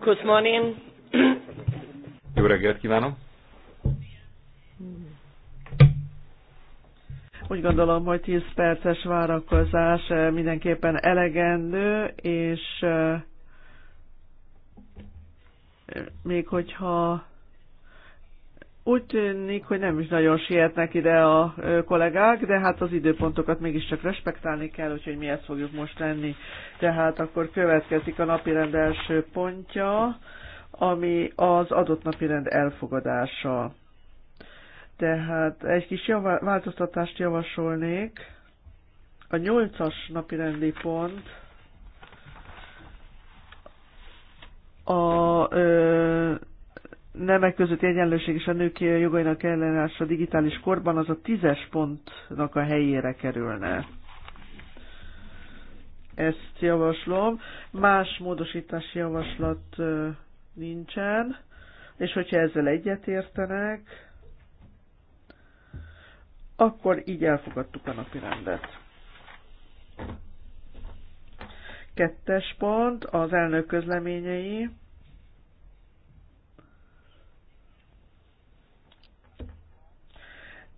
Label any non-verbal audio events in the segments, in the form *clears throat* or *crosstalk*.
Good morning. Jó reggelt kívánom! Úgy gondolom, hogy 10 perces várakozás eh, mindenképpen elegendő, és eh, eh, még hogyha úgy tűnik, hogy nem is nagyon sietnek ide a kollégák, de hát az időpontokat mégiscsak respektálni kell, úgyhogy mi ezt fogjuk most tenni. Tehát akkor következik a napirend első pontja, ami az adott napirend elfogadása. Tehát egy kis jav változtatást javasolnék. A nyolcas napirendi pont a ö, nemek közötti egyenlőség és a nők jogainak ellenállása a digitális korban az a tízes pontnak a helyére kerülne. Ezt javaslom. Más módosítási javaslat nincsen, és hogyha ezzel egyetértenek, akkor így elfogadtuk a napi rendet. Kettes pont, az elnök közleményei.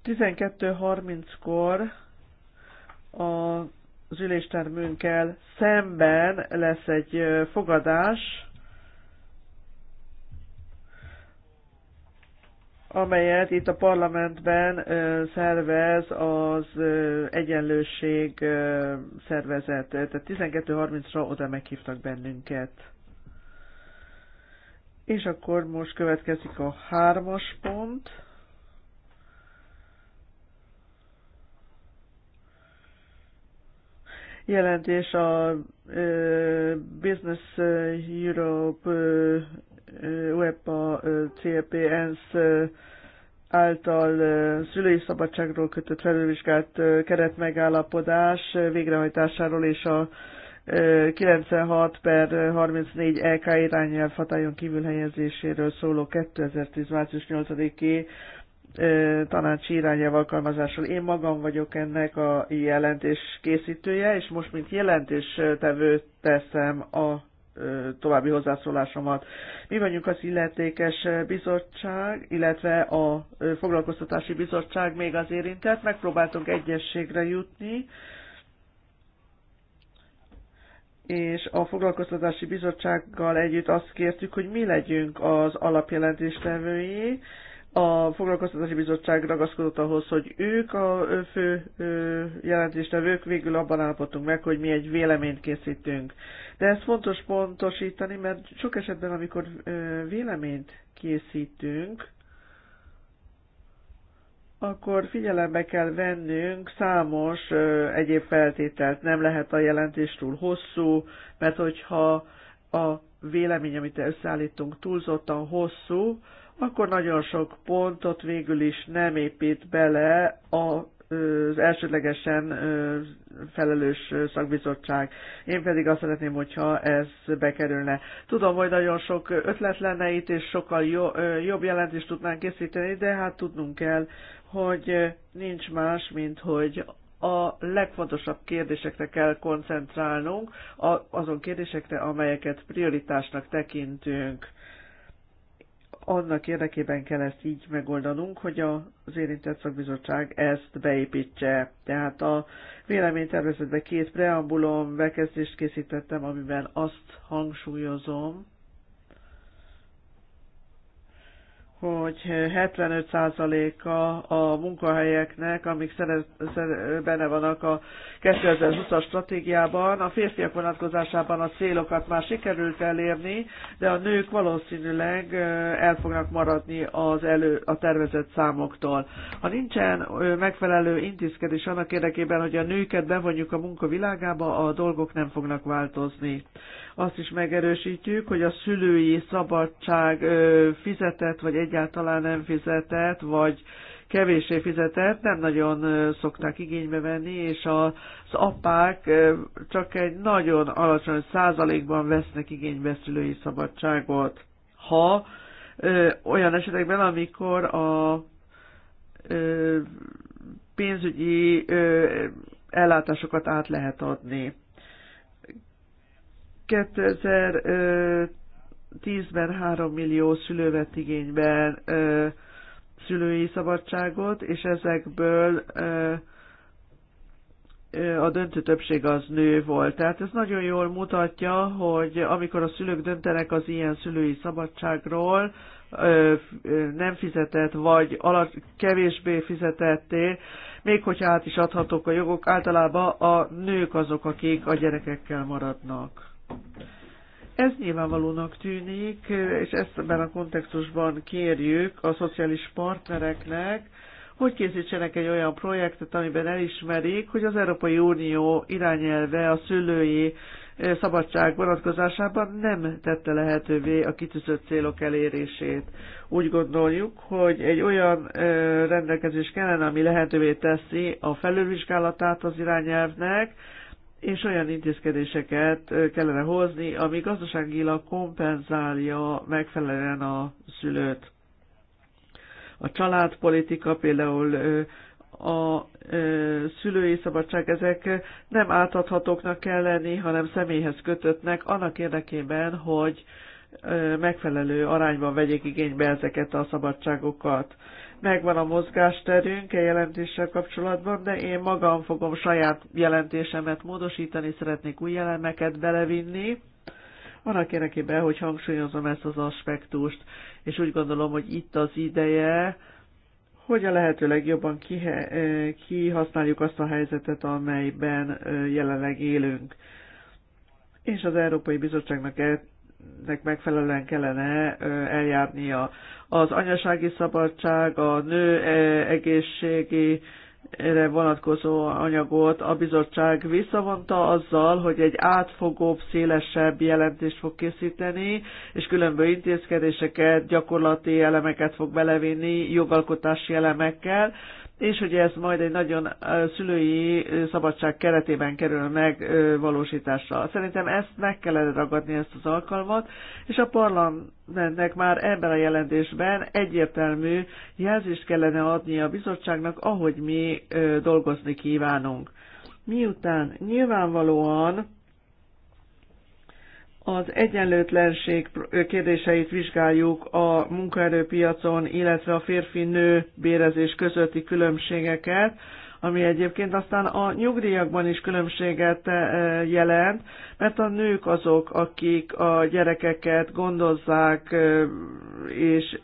12.30-kor az üléstermünkkel szemben lesz egy fogadás, amelyet itt a parlamentben szervez az egyenlőség szervezet. Tehát 12.30-ra oda meghívtak bennünket. És akkor most következik a hármas pont. jelentés a Business Europe UEFA CPNS által szülői szabadságról kötött felülvizsgált keretmegállapodás végrehajtásáról és a 96 per 34 EK irányelv hatályon kívül helyezéséről szóló 2010. március 8-i tanácsi irányelv alkalmazással. Én magam vagyok ennek a jelentés készítője, és most, mint jelentéstevő teszem a további hozzászólásomat. Mi vagyunk az illetékes bizottság, illetve a foglalkoztatási bizottság még az érintett. Megpróbáltunk egyességre jutni, és a foglalkoztatási bizottsággal együtt azt kértük, hogy mi legyünk az alapjelentéstevői, a Foglalkoztatási Bizottság ragaszkodott ahhoz, hogy ők a fő jelentéstevők, végül abban állapodtunk meg, hogy mi egy véleményt készítünk. De ez fontos pontosítani, mert sok esetben, amikor véleményt készítünk, akkor figyelembe kell vennünk számos ö, egyéb feltételt. Nem lehet a jelentés túl hosszú, mert hogyha a vélemény, amit összeállítunk, túlzottan hosszú, akkor nagyon sok pontot végül is nem épít bele a az elsődlegesen felelős szakbizottság. Én pedig azt szeretném, hogyha ez bekerülne. Tudom, hogy nagyon sok ötlet lenne itt, és sokkal jobb jelentést tudnánk készíteni, de hát tudnunk kell, hogy nincs más, mint hogy a legfontosabb kérdésekre kell koncentrálnunk, azon kérdésekre, amelyeket prioritásnak tekintünk annak érdekében kell ezt így megoldanunk, hogy az érintett szakbizottság ezt beépítse. Tehát a véleménytervezetben két preambulum bekezdést készítettem, amiben azt hangsúlyozom, hogy 75%-a a munkahelyeknek, amik szere, szere, benne vannak a 2020-as stratégiában. A férfiak vonatkozásában a célokat már sikerült elérni, de a nők valószínűleg el fognak maradni az elő, a tervezett számoktól. Ha nincsen megfelelő intézkedés annak érdekében, hogy a nőket bevonjuk a munkavilágába, a dolgok nem fognak változni. Azt is megerősítjük, hogy a szülői szabadság fizetett vagy egy egyáltalán nem fizetett, vagy kevéssé fizetett, nem nagyon szokták igénybe venni, és az apák csak egy nagyon alacsony százalékban vesznek igénybe szülői szabadságot. Ha olyan esetekben, amikor a pénzügyi ellátásokat át lehet adni. 2000 10-ben 3 millió szülő vett igénybe ö, szülői szabadságot, és ezekből ö, a döntő többség az nő volt. Tehát ez nagyon jól mutatja, hogy amikor a szülők döntenek az ilyen szülői szabadságról, nem fizetett, vagy alatt, kevésbé fizetetté, még hogyha át is adhatók a jogok, általában a nők azok, akik a gyerekekkel maradnak. Ez nyilvánvalónak tűnik, és ezt ebben a kontextusban kérjük a szociális partnereknek, hogy készítsenek egy olyan projektet, amiben elismerik, hogy az Európai Unió irányelve a szülői szabadság vonatkozásában nem tette lehetővé a kitűzött célok elérését. Úgy gondoljuk, hogy egy olyan rendelkezés kellene, ami lehetővé teszi a felülvizsgálatát az irányelvnek, és olyan intézkedéseket kellene hozni, ami gazdaságilag kompenzálja megfelelően a szülőt. A családpolitika például a szülői szabadság, ezek nem átadhatóknak kell lenni, hanem személyhez kötöttnek annak érdekében, hogy megfelelő arányban vegyék igénybe ezeket a szabadságokat megvan a mozgásterünk a e jelentéssel kapcsolatban, de én magam fogom saját jelentésemet módosítani, szeretnék új elemeket belevinni, a kérekében, hogy hangsúlyozom ezt az aspektust, és úgy gondolom, hogy itt az ideje, hogy a lehető legjobban e, kihasználjuk azt a helyzetet, amelyben e, jelenleg élünk. És az Európai Bizottságnak nek megfelelően kellene eljárnia. Az anyasági szabadság, a nő egészségi erre vonatkozó anyagot a bizottság visszavonta azzal, hogy egy átfogóbb, szélesebb jelentést fog készíteni, és különböző intézkedéseket, gyakorlati elemeket fog belevinni jogalkotási elemekkel, és hogy ez majd egy nagyon szülői szabadság keretében kerül meg valósításra. Szerintem ezt meg kellene ragadni, ezt az alkalmat, és a parlamentnek már ebben a jelentésben egyértelmű jelzést kellene adni a bizottságnak, ahogy mi dolgozni kívánunk. Miután nyilvánvalóan az egyenlőtlenség kérdéseit vizsgáljuk a munkaerőpiacon, illetve a férfi-nő bérezés közötti különbségeket, ami egyébként aztán a nyugdíjakban is különbséget eh, jelent, mert a nők azok, akik a gyerekeket gondozzák, eh, és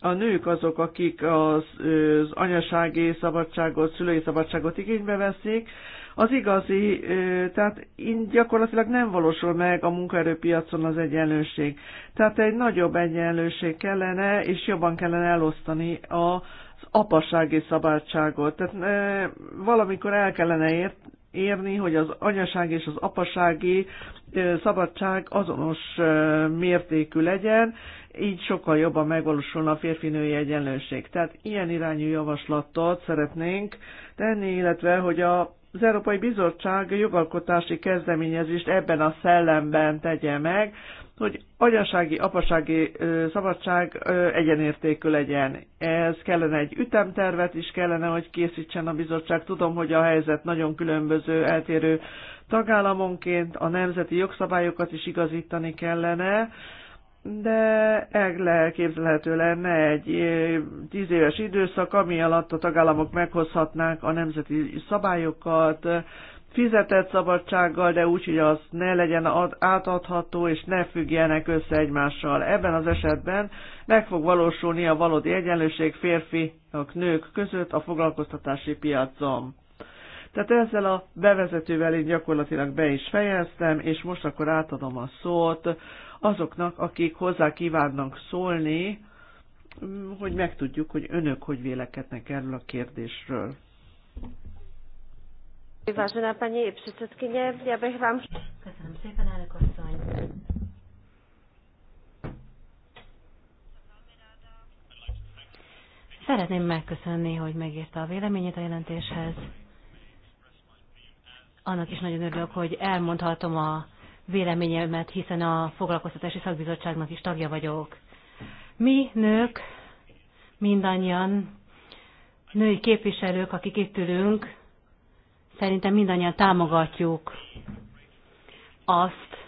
a nők azok, akik az, eh, az anyasági szabadságot, szülői szabadságot igénybe veszik, az igazi, tehát gyakorlatilag nem valósul meg a munkaerőpiacon az egyenlőség. Tehát egy nagyobb egyenlőség kellene, és jobban kellene elosztani az apasági szabadságot. Tehát valamikor el kellene ért, érni, hogy az anyaság és az apasági szabadság azonos mértékű legyen, így sokkal jobban megvalósulna a férfinői egyenlőség. Tehát ilyen irányú javaslatot szeretnénk tenni, illetve hogy a az Európai Bizottság jogalkotási kezdeményezést ebben a szellemben tegye meg, hogy anyasági, apasági szabadság egyenértékű legyen. Ez kellene egy ütemtervet is kellene, hogy készítsen a bizottság. Tudom, hogy a helyzet nagyon különböző, eltérő tagállamonként, a nemzeti jogszabályokat is igazítani kellene, de elképzelhető lenne egy tíz éves időszak, ami alatt a tagállamok meghozhatnák a nemzeti szabályokat, fizetett szabadsággal, de úgy, hogy az ne legyen átadható, és ne függjenek össze egymással. Ebben az esetben meg fog valósulni a valódi egyenlőség férfiak, nők között a foglalkoztatási piacon. Tehát ezzel a bevezetővel én gyakorlatilag be is fejeztem, és most akkor átadom a szót azoknak, akik hozzá kívánnak szólni, hogy megtudjuk, hogy önök hogy vélekednek erről a kérdésről. Vážená paní předsedkyně, já bych vám... Köszönöm szépen, elnök asszony. Szeretném megköszönni, hogy megírta a véleményét a jelentéshez. Annak is nagyon örülök, hogy elmondhatom a véleményemet, hiszen a foglalkoztatási szakbizottságnak is tagja vagyok. Mi nők, mindannyian női képviselők, akik itt ülünk, szerintem mindannyian támogatjuk azt,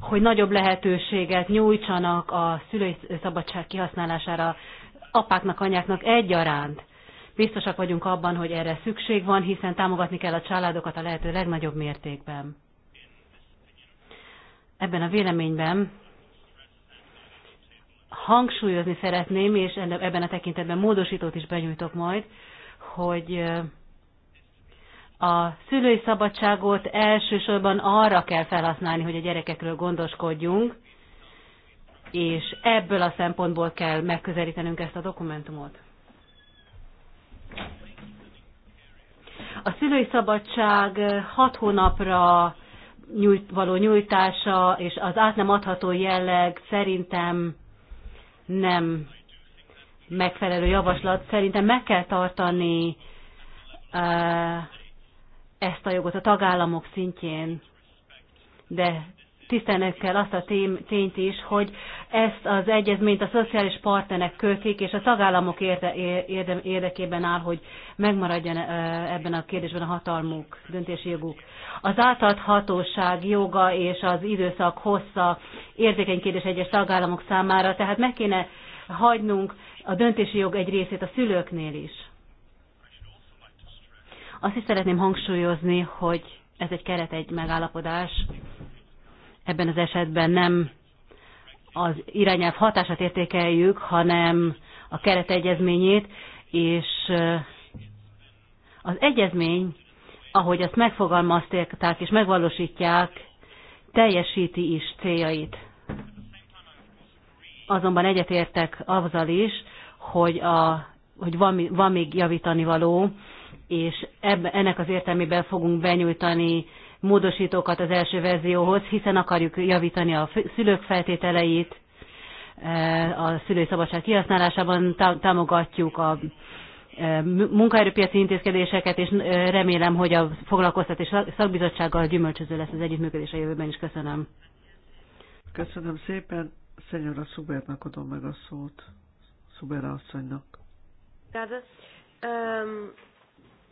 hogy nagyobb lehetőséget nyújtsanak a szülői szabadság kihasználására apáknak, anyáknak egyaránt. Biztosak vagyunk abban, hogy erre szükség van, hiszen támogatni kell a családokat a lehető legnagyobb mértékben ebben a véleményben hangsúlyozni szeretném, és ebben a tekintetben módosítót is benyújtok majd, hogy a szülői szabadságot elsősorban arra kell felhasználni, hogy a gyerekekről gondoskodjunk, és ebből a szempontból kell megközelítenünk ezt a dokumentumot. A szülői szabadság hat hónapra nyújt, való nyújtása és az át nem adható jelleg szerintem nem megfelelő javaslat. Szerintem meg kell tartani ezt a jogot a tagállamok szintjén, de tisztelnünk kell azt a tényt is, hogy ezt az egyezményt a szociális partnerek kötik, és a tagállamok érde, érde, érdekében áll, hogy megmaradjon ebben a kérdésben a hatalmuk, döntési joguk. Az átadhatóság joga és az időszak hossza érzékeny kérdés egyes tagállamok számára, tehát meg kéne hagynunk a döntési jog egy részét a szülőknél is. Azt is szeretném hangsúlyozni, hogy ez egy keret, egy megállapodás, ebben az esetben nem az irányelv hatását értékeljük, hanem a keretegyezményét, és az egyezmény, ahogy azt megfogalmazták és megvalósítják, teljesíti is céljait. Azonban egyetértek azzal is, hogy, a, hogy van, van még javítani való, és eb, ennek az értelmében fogunk benyújtani módosítókat az első verzióhoz, hiszen akarjuk javítani a szülők feltételeit, e, a szülői szabadság kihasználásában támogatjuk a e, munkaerőpiaci intézkedéseket, és e, remélem, hogy a foglalkoztatás szakbizottsággal gyümölcsöző lesz az együttműködés a jövőben is. Köszönöm. Köszönöm szépen. Szenyora Szubernak adom meg a szót. Szubera asszonynak.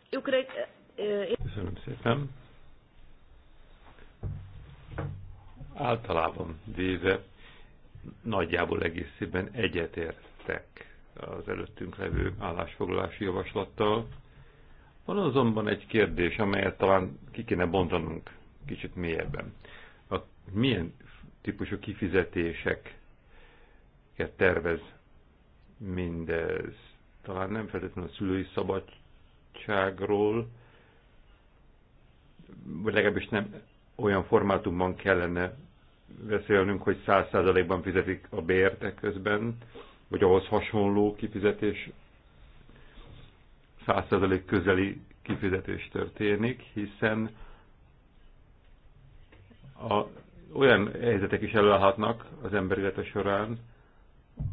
Köszönöm szépen. általában véve nagyjából egészében egyetértek az előttünk levő állásfoglalási javaslattal. Van azonban egy kérdés, amelyet talán ki kéne bontanunk kicsit mélyebben. A milyen típusú kifizetéseket tervez mindez? Talán nem feltétlenül a szülői szabadságról, vagy legalábbis nem olyan formátumban kellene beszélnünk, hogy 100%-ban fizetik a bértek közben, vagy ahhoz hasonló kifizetés, 100% közeli kifizetés történik, hiszen a, olyan helyzetek is előállhatnak az ember élete során,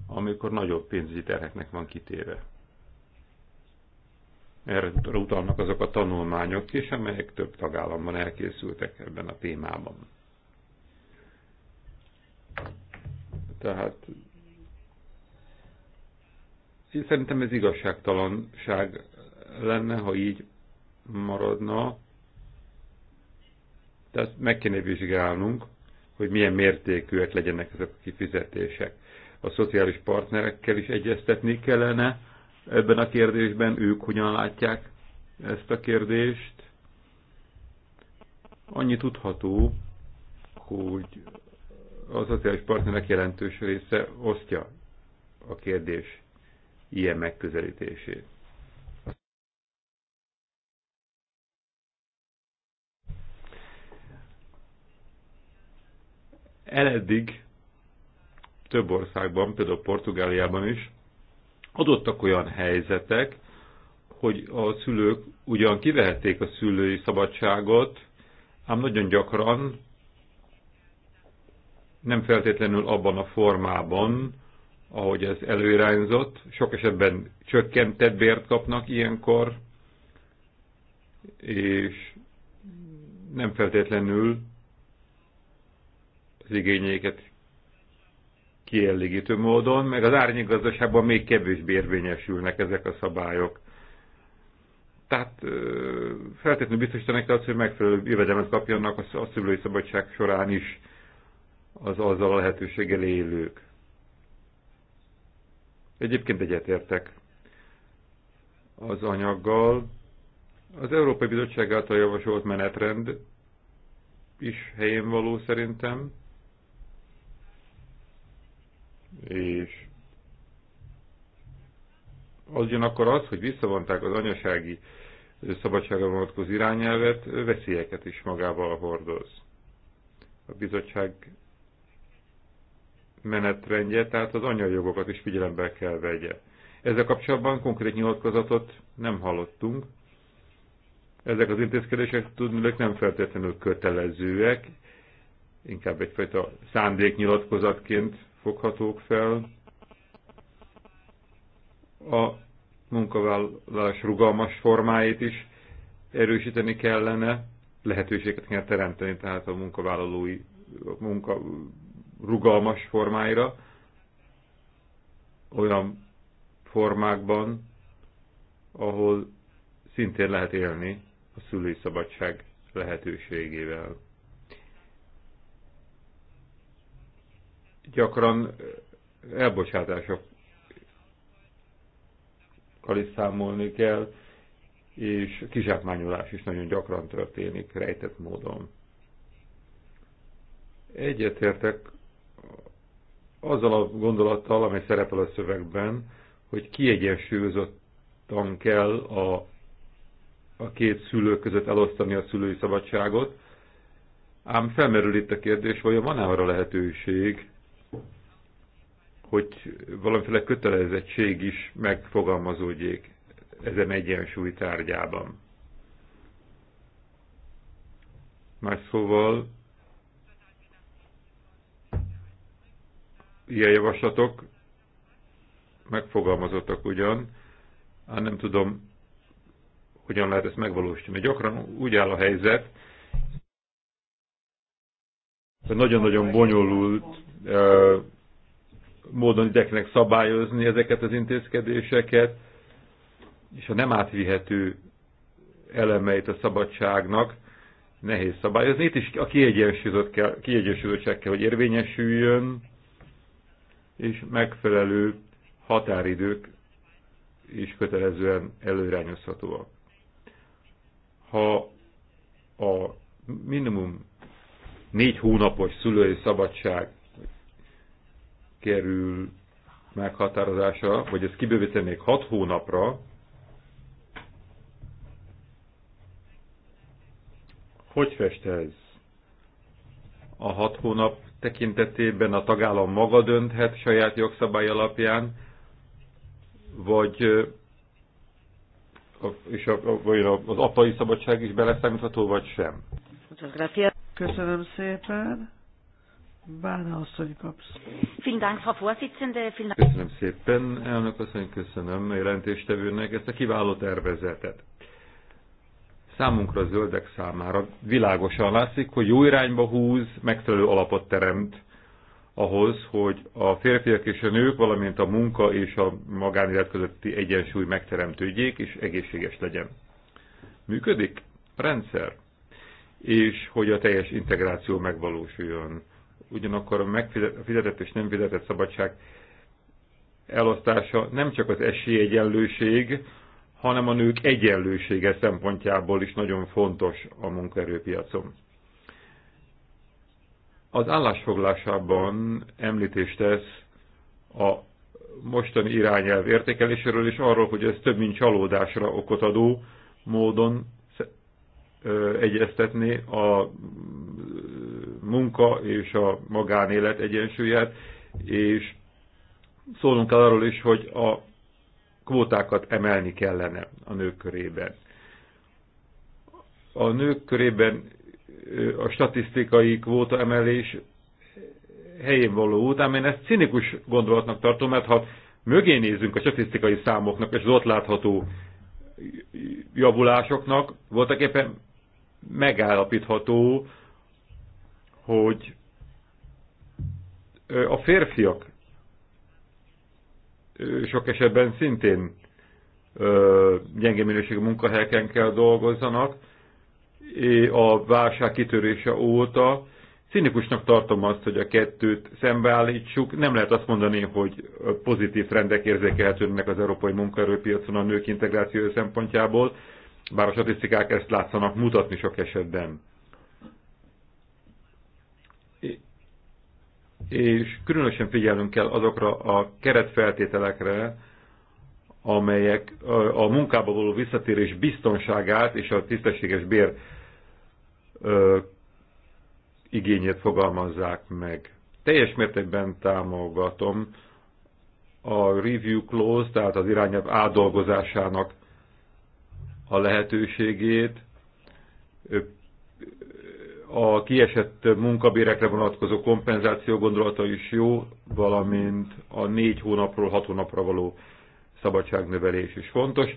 amikor nagyobb pénzügyi terheknek van kitéve erre utalnak azok a tanulmányok is, amelyek több tagállamban elkészültek ebben a témában. Tehát én szerintem ez igazságtalanság lenne, ha így maradna. Tehát meg kéne vizsgálnunk, hogy milyen mértékűek legyenek ezek a kifizetések. A szociális partnerekkel is egyeztetni kellene, ebben a kérdésben, ők hogyan látják ezt a kérdést. Annyi tudható, hogy az szociális partnerek jelentős része osztja a kérdés ilyen megközelítését. Eleddig több országban, például Portugáliában is Adottak olyan helyzetek, hogy a szülők ugyan kivehették a szülői szabadságot, ám nagyon gyakran nem feltétlenül abban a formában, ahogy ez előirányzott, sok esetben csökkentett bért kapnak ilyenkor, és nem feltétlenül az igényeiket kielégítő módon, meg az árnyékgazdaságban még kevésbé érvényesülnek ezek a szabályok. Tehát feltétlenül biztosítanak azt, hogy megfelelő jövedelmet kapjanak a szülői szabadság során is az azzal a lehetőséggel élők. Egyébként egyetértek az anyaggal. Az Európai Bizottság által javasolt menetrend is helyén való szerintem és az jön akkor az, hogy visszavonták az anyasági szabadságra vonatkozó irányelvet, veszélyeket is magával hordoz. A bizottság menetrendje, tehát az anyajogokat is figyelembe kell vegye. Ezzel kapcsolatban konkrét nyilatkozatot nem hallottunk. Ezek az intézkedések tudnak nem feltétlenül kötelezőek, inkább egyfajta szándéknyilatkozatként foghatók fel. A munkavállalás rugalmas formáit is erősíteni kellene, lehetőséget kell teremteni tehát a munkavállalói a munka rugalmas formáira, olyan formákban, ahol szintén lehet élni a szülői szabadság lehetőségével. gyakran eh, elbocsátásokkal is számolni kell, és kizsákmányolás is nagyon gyakran történik rejtett módon. Egyetértek azzal a gondolattal, amely szerepel a szövegben, hogy kiegyensúlyozottan kell a, a két szülő között elosztani a szülői szabadságot, ám felmerül itt a kérdés, vajon van-e arra lehetőség, hogy valamiféle kötelezettség is megfogalmazódjék ezen egyensúly tárgyában. Más szóval ilyen javaslatok megfogalmazottak ugyan, hát nem tudom, hogyan lehet ezt megvalósítani. Gyakran úgy áll a helyzet, hogy nagyon-nagyon bonyolult módon ideknek szabályozni ezeket az intézkedéseket, és a nem átvihető elemeit a szabadságnak nehéz szabályozni. Itt is a kiegyensúlyozott kell, kiegyensúlyozottság kell, hogy érvényesüljön, és megfelelő határidők is kötelezően előrányozhatóak. Ha a minimum négy hónapos szülői szabadság kerül meghatározása, vagy ezt kibővítenék 6 hónapra, hogy fest ez? A 6 hónap tekintetében a tagállam maga dönthet saját jogszabály alapján, vagy és a, vagy az apai szabadság is beleszámítható, vagy sem? Köszönöm szépen asszony kapsz. Köszönöm szépen, elnök asszony, köszönöm a jelentéstevőnek ezt a kiváló tervezetet. Számunkra a zöldek számára világosan látszik, hogy jó irányba húz, megfelelő alapot teremt ahhoz, hogy a férfiak és a nők, valamint a munka és a magánélet közötti egyensúly megteremtődjék és egészséges legyen. Működik? A rendszer. És hogy a teljes integráció megvalósuljon ugyanakkor a megfizetett és nem fizetett szabadság elosztása nem csak az esélyegyenlőség, hanem a nők egyenlősége szempontjából is nagyon fontos a munkaerőpiacon. Az állásfoglásában említést tesz a mostani irányelv értékeléséről és arról, hogy ez több mint csalódásra okot adó módon egyeztetni a munka és a magánélet egyensúlyát, és szólunk kell arról is, hogy a kvótákat emelni kellene a nők körében. A nők körében a statisztikai kvóta emelés helyén való után, én ezt cinikus gondolatnak tartom, mert ha mögé nézünk a statisztikai számoknak és az ott látható javulásoknak, voltak éppen megállapítható, hogy a férfiak sok esetben szintén gyenge minőségű munkahelyeken kell dolgozzanak, a válság kitörése óta. Cinikusnak tartom azt, hogy a kettőt szembeállítsuk. Nem lehet azt mondani, hogy pozitív trendek érzékelhetőnek az európai munkaerőpiacon a nők integráció szempontjából, bár a statisztikák ezt látszanak mutatni sok esetben. és különösen figyelnünk kell azokra a keretfeltételekre, amelyek a munkába való visszatérés biztonságát és a tisztességes bér ö, igényét fogalmazzák meg. Teljes mértékben támogatom a review clause, tehát az irányelv átdolgozásának a lehetőségét, a kiesett munkabérekre vonatkozó kompenzáció gondolata is jó, valamint a négy hónapról hat hónapra való szabadságnövelés is fontos.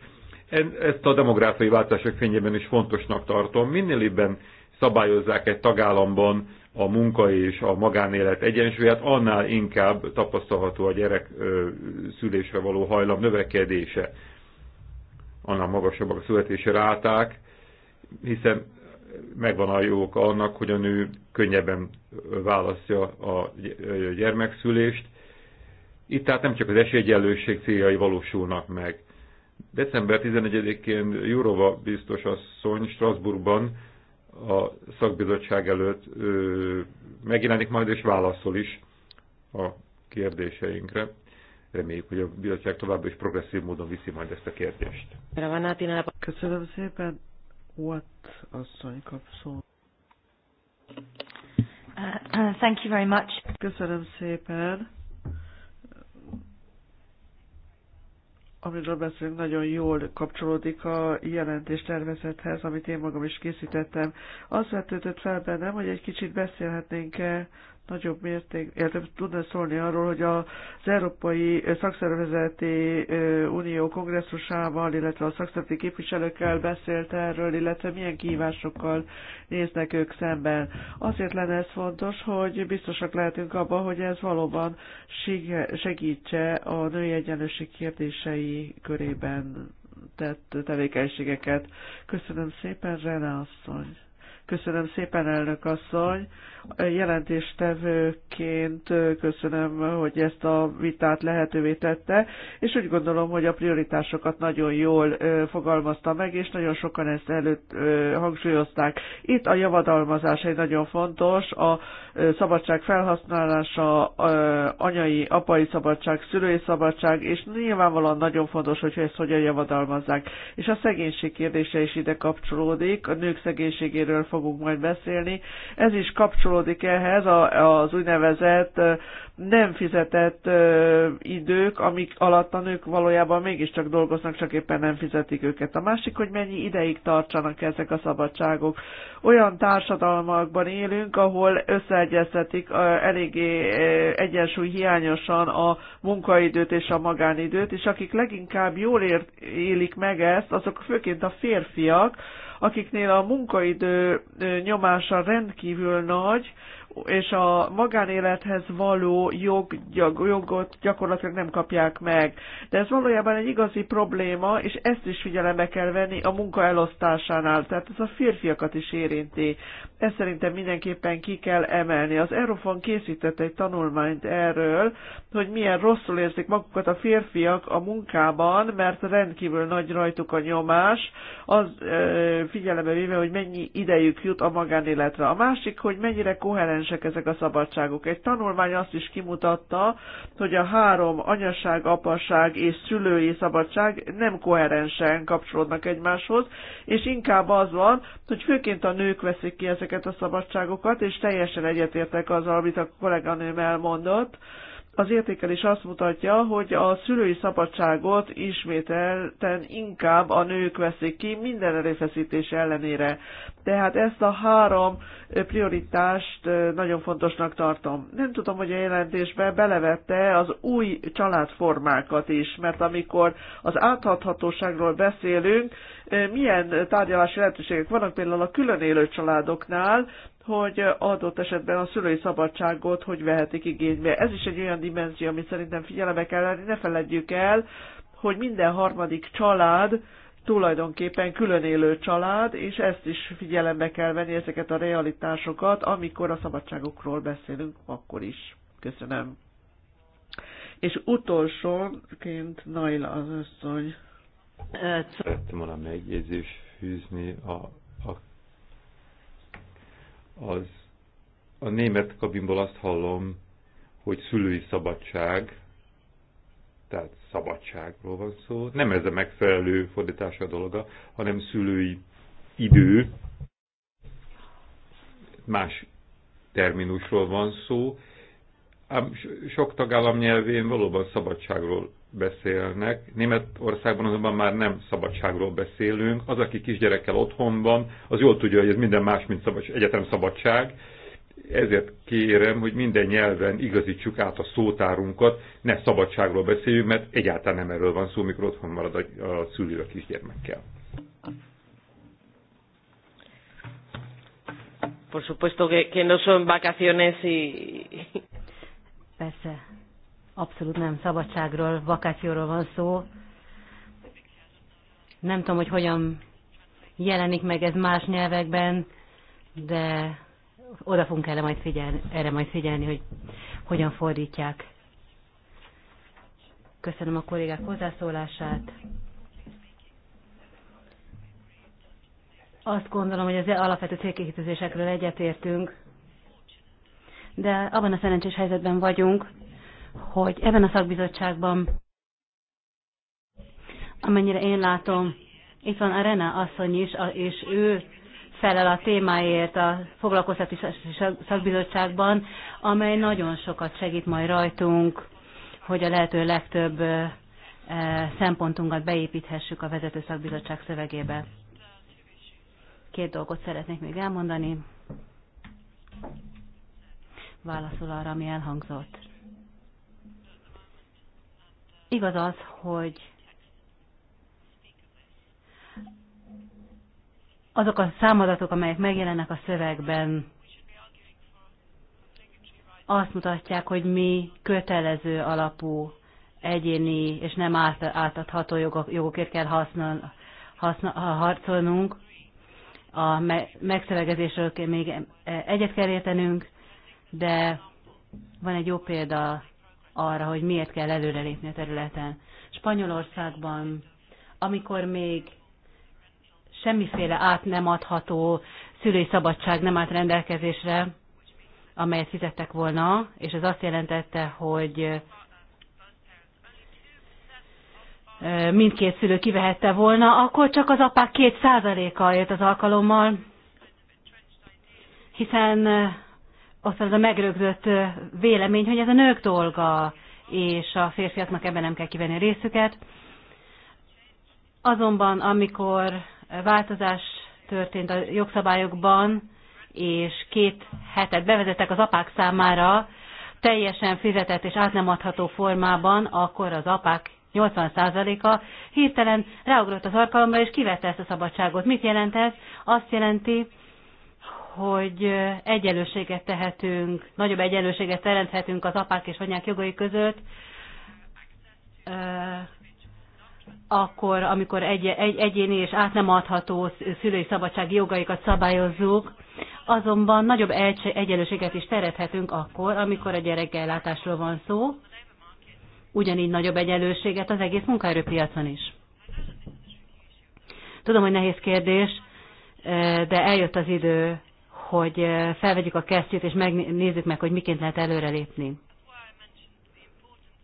Ezt a demográfiai változások fényében is fontosnak tartom. Minél ebben szabályozzák egy tagállamban a munka és a magánélet egyensúlyát, annál inkább tapasztalható a gyerek szülésre való hajlam növekedése, annál magasabbak a születési ráták, hiszen megvan a jó oka annak, hogy a nő könnyebben választja a gyermekszülést. Itt tehát nem csak az esélyegyenlőség céljai valósulnak meg. December 11-én Jurova biztos asszony Strasbourgban a szakbizottság előtt ö, megjelenik majd és válaszol is a kérdéseinkre. Reméljük, hogy a bizottság továbbra is progresszív módon viszi majd ezt a kérdést. Köszönöm szépen. What asszony kap szót. Uh, uh, thank you very much. Köszönöm szépen. amiről beszélünk, nagyon jól kapcsolódik a jelentés tervezethez, amit én magam is készítettem. Az vetődött fel bennem, hogy egy kicsit beszélhetnénk -e nagyobb mérték, illetve tudna szólni arról, hogy az Európai Szakszervezeti Unió kongresszusával, illetve a szakszervezeti képviselőkkel beszélt erről, illetve milyen kihívásokkal néznek ők szemben. Azért lenne ez fontos, hogy biztosak lehetünk abban, hogy ez valóban segítse a női egyenlőség kérdései körében tett tevékenységeket. Köszönöm szépen, Rene asszony! Köszönöm szépen, elnök asszony! jelentéstevőként köszönöm, hogy ezt a vitát lehetővé tette, és úgy gondolom, hogy a prioritásokat nagyon jól fogalmazta meg, és nagyon sokan ezt előtt hangsúlyozták. Itt a javadalmazás egy nagyon fontos, a szabadság felhasználása, anyai, apai szabadság, szülői szabadság, és nyilvánvalóan nagyon fontos, hogy ezt hogyan javadalmazzák. És a szegénység kérdése is ide kapcsolódik, a nők szegénységéről fogunk majd beszélni. Ez is kapcsolódik kapcsolódik ehhez az úgynevezett nem fizetett idők, amik alatt a nők valójában mégiscsak dolgoznak, csak éppen nem fizetik őket. A másik, hogy mennyi ideig tartsanak ezek a szabadságok. Olyan társadalmakban élünk, ahol összeegyeztetik eléggé egyensúly hiányosan a munkaidőt és a magánidőt, és akik leginkább jól élik meg ezt, azok főként a férfiak, akiknél a munkaidő nyomása rendkívül nagy, és a magánélethez való jog, jog, jogot gyakorlatilag nem kapják meg. De ez valójában egy igazi probléma, és ezt is figyelembe kell venni a munka elosztásánál, tehát ez a férfiakat is érinti. Ezt szerintem mindenképpen ki kell emelni. Az Eurofon készített egy tanulmányt erről, hogy milyen rosszul érzik magukat a férfiak a munkában, mert rendkívül nagy rajtuk a nyomás, az figyelembe véve, hogy mennyi idejük jut a magánéletre. A másik, hogy mennyire koherens jelentősek ezek a szabadságok. Egy tanulmány azt is kimutatta, hogy a három anyaság, apaság és szülői szabadság nem koherensen kapcsolódnak egymáshoz, és inkább az van, hogy főként a nők veszik ki ezeket a szabadságokat, és teljesen egyetértek azzal, amit a kolléganőm elmondott, az értékelés azt mutatja, hogy a szülői szabadságot ismételten inkább a nők veszik ki minden erőfeszítés ellenére. Tehát ezt a három prioritást nagyon fontosnak tartom. Nem tudom, hogy a jelentésbe belevette az új családformákat is, mert amikor az áthathatóságról beszélünk, milyen tárgyalási lehetőségek vannak például a különélő családoknál, hogy adott esetben a szülői szabadságot hogy vehetik igénybe. Ez is egy olyan dimenzió, amit szerintem figyelembe kell lenni. Ne feledjük el, hogy minden harmadik család tulajdonképpen külön élő család, és ezt is figyelembe kell venni, ezeket a realitásokat, amikor a szabadságokról beszélünk, akkor is. Köszönöm. És utolsóként Naila az összony. Szerettem volna megjegyzés fűzni a az a német kabinból azt hallom, hogy szülői szabadság, tehát szabadságról van szó, nem ez a megfelelő fordítása a dolga, hanem szülői idő, más terminusról van szó, ám sok tagállam nyelvén valóban szabadságról beszélnek. Németországban azonban már nem szabadságról beszélünk. Az, aki kisgyerekkel otthon van, az jól tudja, hogy ez minden más, mint szabadság, egyetem szabadság. Ezért kérem, hogy minden nyelven igazítsuk át a szótárunkat, ne szabadságról beszéljünk, mert egyáltalán nem erről van szó, mikor otthon marad a, a szülő a kisgyermekkel. Por supuesto que, que no son vacaciones y... Persze, abszolút nem szabadságról, vakációról van szó. Nem tudom, hogy hogyan jelenik meg ez más nyelvekben, de oda fogunk erre majd figyelni, erre majd figyelni hogy hogyan fordítják. Köszönöm a kollégák hozzászólását. Azt gondolom, hogy az e alapvető célkihitőzésekről egyetértünk, de abban a szerencsés helyzetben vagyunk, hogy ebben a szakbizottságban, amennyire én látom, itt van Rena asszony is, és ő felel a témáért a foglalkoztatási szakbizottságban, amely nagyon sokat segít majd rajtunk, hogy a lehető legtöbb szempontunkat beépíthessük a vezető szakbizottság szövegébe. Két dolgot szeretnék még elmondani. Válaszol arra, ami elhangzott. Igaz az, hogy azok a számadatok, amelyek megjelennek a szövegben, azt mutatják, hogy mi kötelező alapú egyéni és nem átadható jogokért kell használ, használ, harcolnunk. A megszövegezésről még egyet kell értenünk, de van egy jó példa arra, hogy miért kell előrelépni a területen. Spanyolországban, amikor még semmiféle át nem adható szülői szabadság nem állt rendelkezésre, amelyet fizettek volna, és ez azt jelentette, hogy mindkét szülő kivehette volna, akkor csak az apák két százaléka élt az alkalommal, hiszen ott van az a megrögzött vélemény, hogy ez a nők dolga, és a férfiaknak ebben nem kell kivenni a részüket. Azonban, amikor változás történt a jogszabályokban, és két hetet bevezettek az apák számára teljesen fizetett és át nem adható formában, akkor az apák 80%-a hirtelen ráugrott az alkalomra, és kivette ezt a szabadságot. Mit jelent ez? Azt jelenti, hogy egyenlőséget tehetünk, nagyobb egyenlőséget teremthetünk az apák és anyák jogai között, akkor, amikor egy, egy, egyéni és át nem adható szülői szabadsági jogaikat szabályozzuk, azonban nagyobb egy, egyenlőséget is teremthetünk akkor, amikor a gyerekellátásról van szó, ugyanígy nagyobb egyenlőséget az egész munkaerőpiacon is. Tudom, hogy nehéz kérdés, de eljött az idő hogy felvegyük a kesztyűt, és megnézzük meg, hogy miként lehet előrelépni.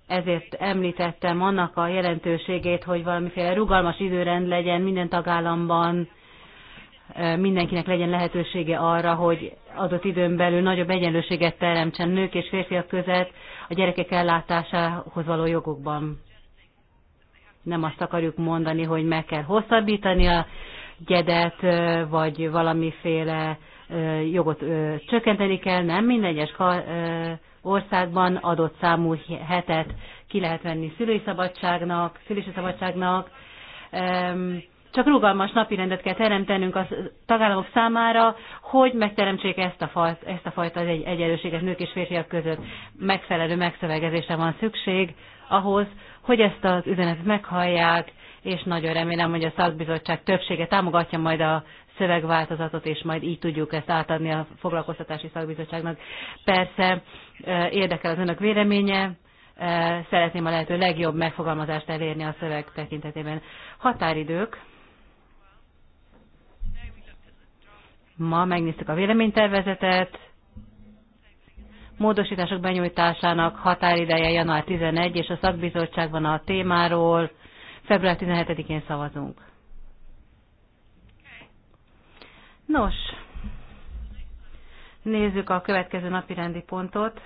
Ezért említettem annak a jelentőségét, hogy valamiféle rugalmas időrend legyen minden tagállamban, mindenkinek legyen lehetősége arra, hogy adott időn belül nagyobb egyenlőséget teremtsen nők és férfiak között a gyerekek ellátásához való jogokban. Nem azt akarjuk mondani, hogy meg kell hosszabbítani a gyedet, vagy valamiféle jogot csökkenteni kell, nem minden egyes országban adott számú hetet ki lehet venni szülői szabadságnak, szülési szabadságnak. Csak rugalmas napirendet kell teremtenünk a tagállamok számára, hogy megteremtsék ezt a, fa, ezt a fajta egy, egyenlőséget nők és férfiak között. Megfelelő megszövegezésre van szükség ahhoz, hogy ezt az üzenetet meghallják, és nagyon remélem, hogy a szakbizottság többsége támogatja majd a szövegváltozatot, és majd így tudjuk ezt átadni a foglalkoztatási szakbizottságnak. Persze érdekel az önök véleménye, szeretném a lehető legjobb megfogalmazást elérni a szöveg tekintetében. Határidők. Ma megnéztük a véleménytervezetet. Módosítások benyújtásának határideje január 11, és a szakbizottságban a témáról február 17-én szavazunk. Nos, nézzük a következő napi rendi pontot.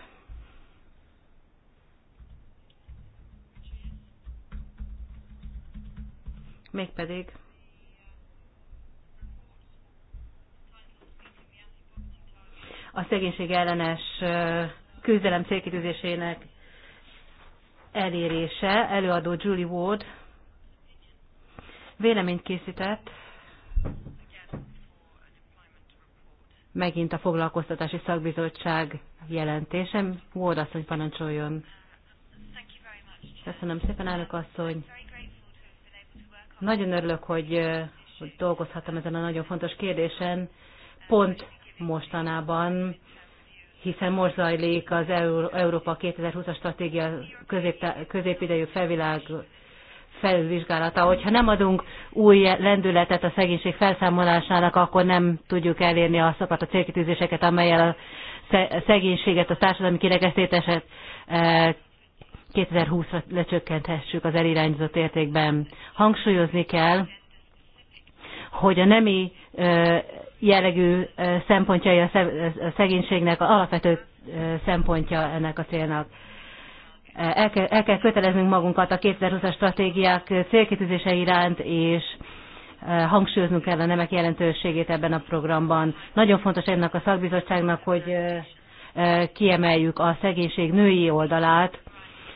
Mégpedig a szegénység ellenes küzdelem célkitűzésének elérése, előadó Julie Ward véleményt készített megint a foglalkoztatási szakbizottság jelentése. Ward asszony parancsoljon. Köszönöm szépen, elnök asszony. Nagyon örülök, hogy dolgozhattam ezen a nagyon fontos kérdésen, pont mostanában, hiszen most zajlik az Európa 2020-as stratégia közép, középidejű felvilág felvizsgálata. Hogyha nem adunk új lendületet a szegénység felszámolásának, akkor nem tudjuk elérni azokat a célkitűzéseket, amelyel a szegénységet, a társadalmi kirekesztéteset e, 2020-ra lecsökkenthessük az elirányzott értékben. Hangsúlyozni kell, hogy a nemi e, jellegű e, szempontjai a szegénységnek alapvető szempontja ennek a célnak el kell, el kell köteleznünk magunkat a 2020-as stratégiák célkitűzése iránt, és e, hangsúlyoznunk kell a nemek jelentőségét ebben a programban. Nagyon fontos ennek a szakbizottságnak, hogy e, e, kiemeljük a szegénység női oldalát,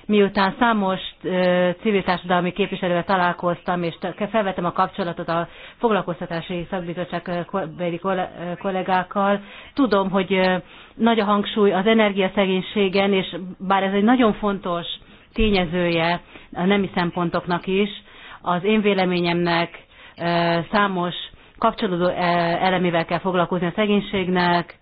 miután számos civil társadalmi képviselővel találkoztam, és felvettem a kapcsolatot a foglalkoztatási szakbizottság kollégákkal, tudom, hogy nagy a hangsúly az energiaszegénységen, és bár ez egy nagyon fontos tényezője a nemi szempontoknak is, az én véleményemnek számos kapcsolódó elemével kell foglalkozni a szegénységnek,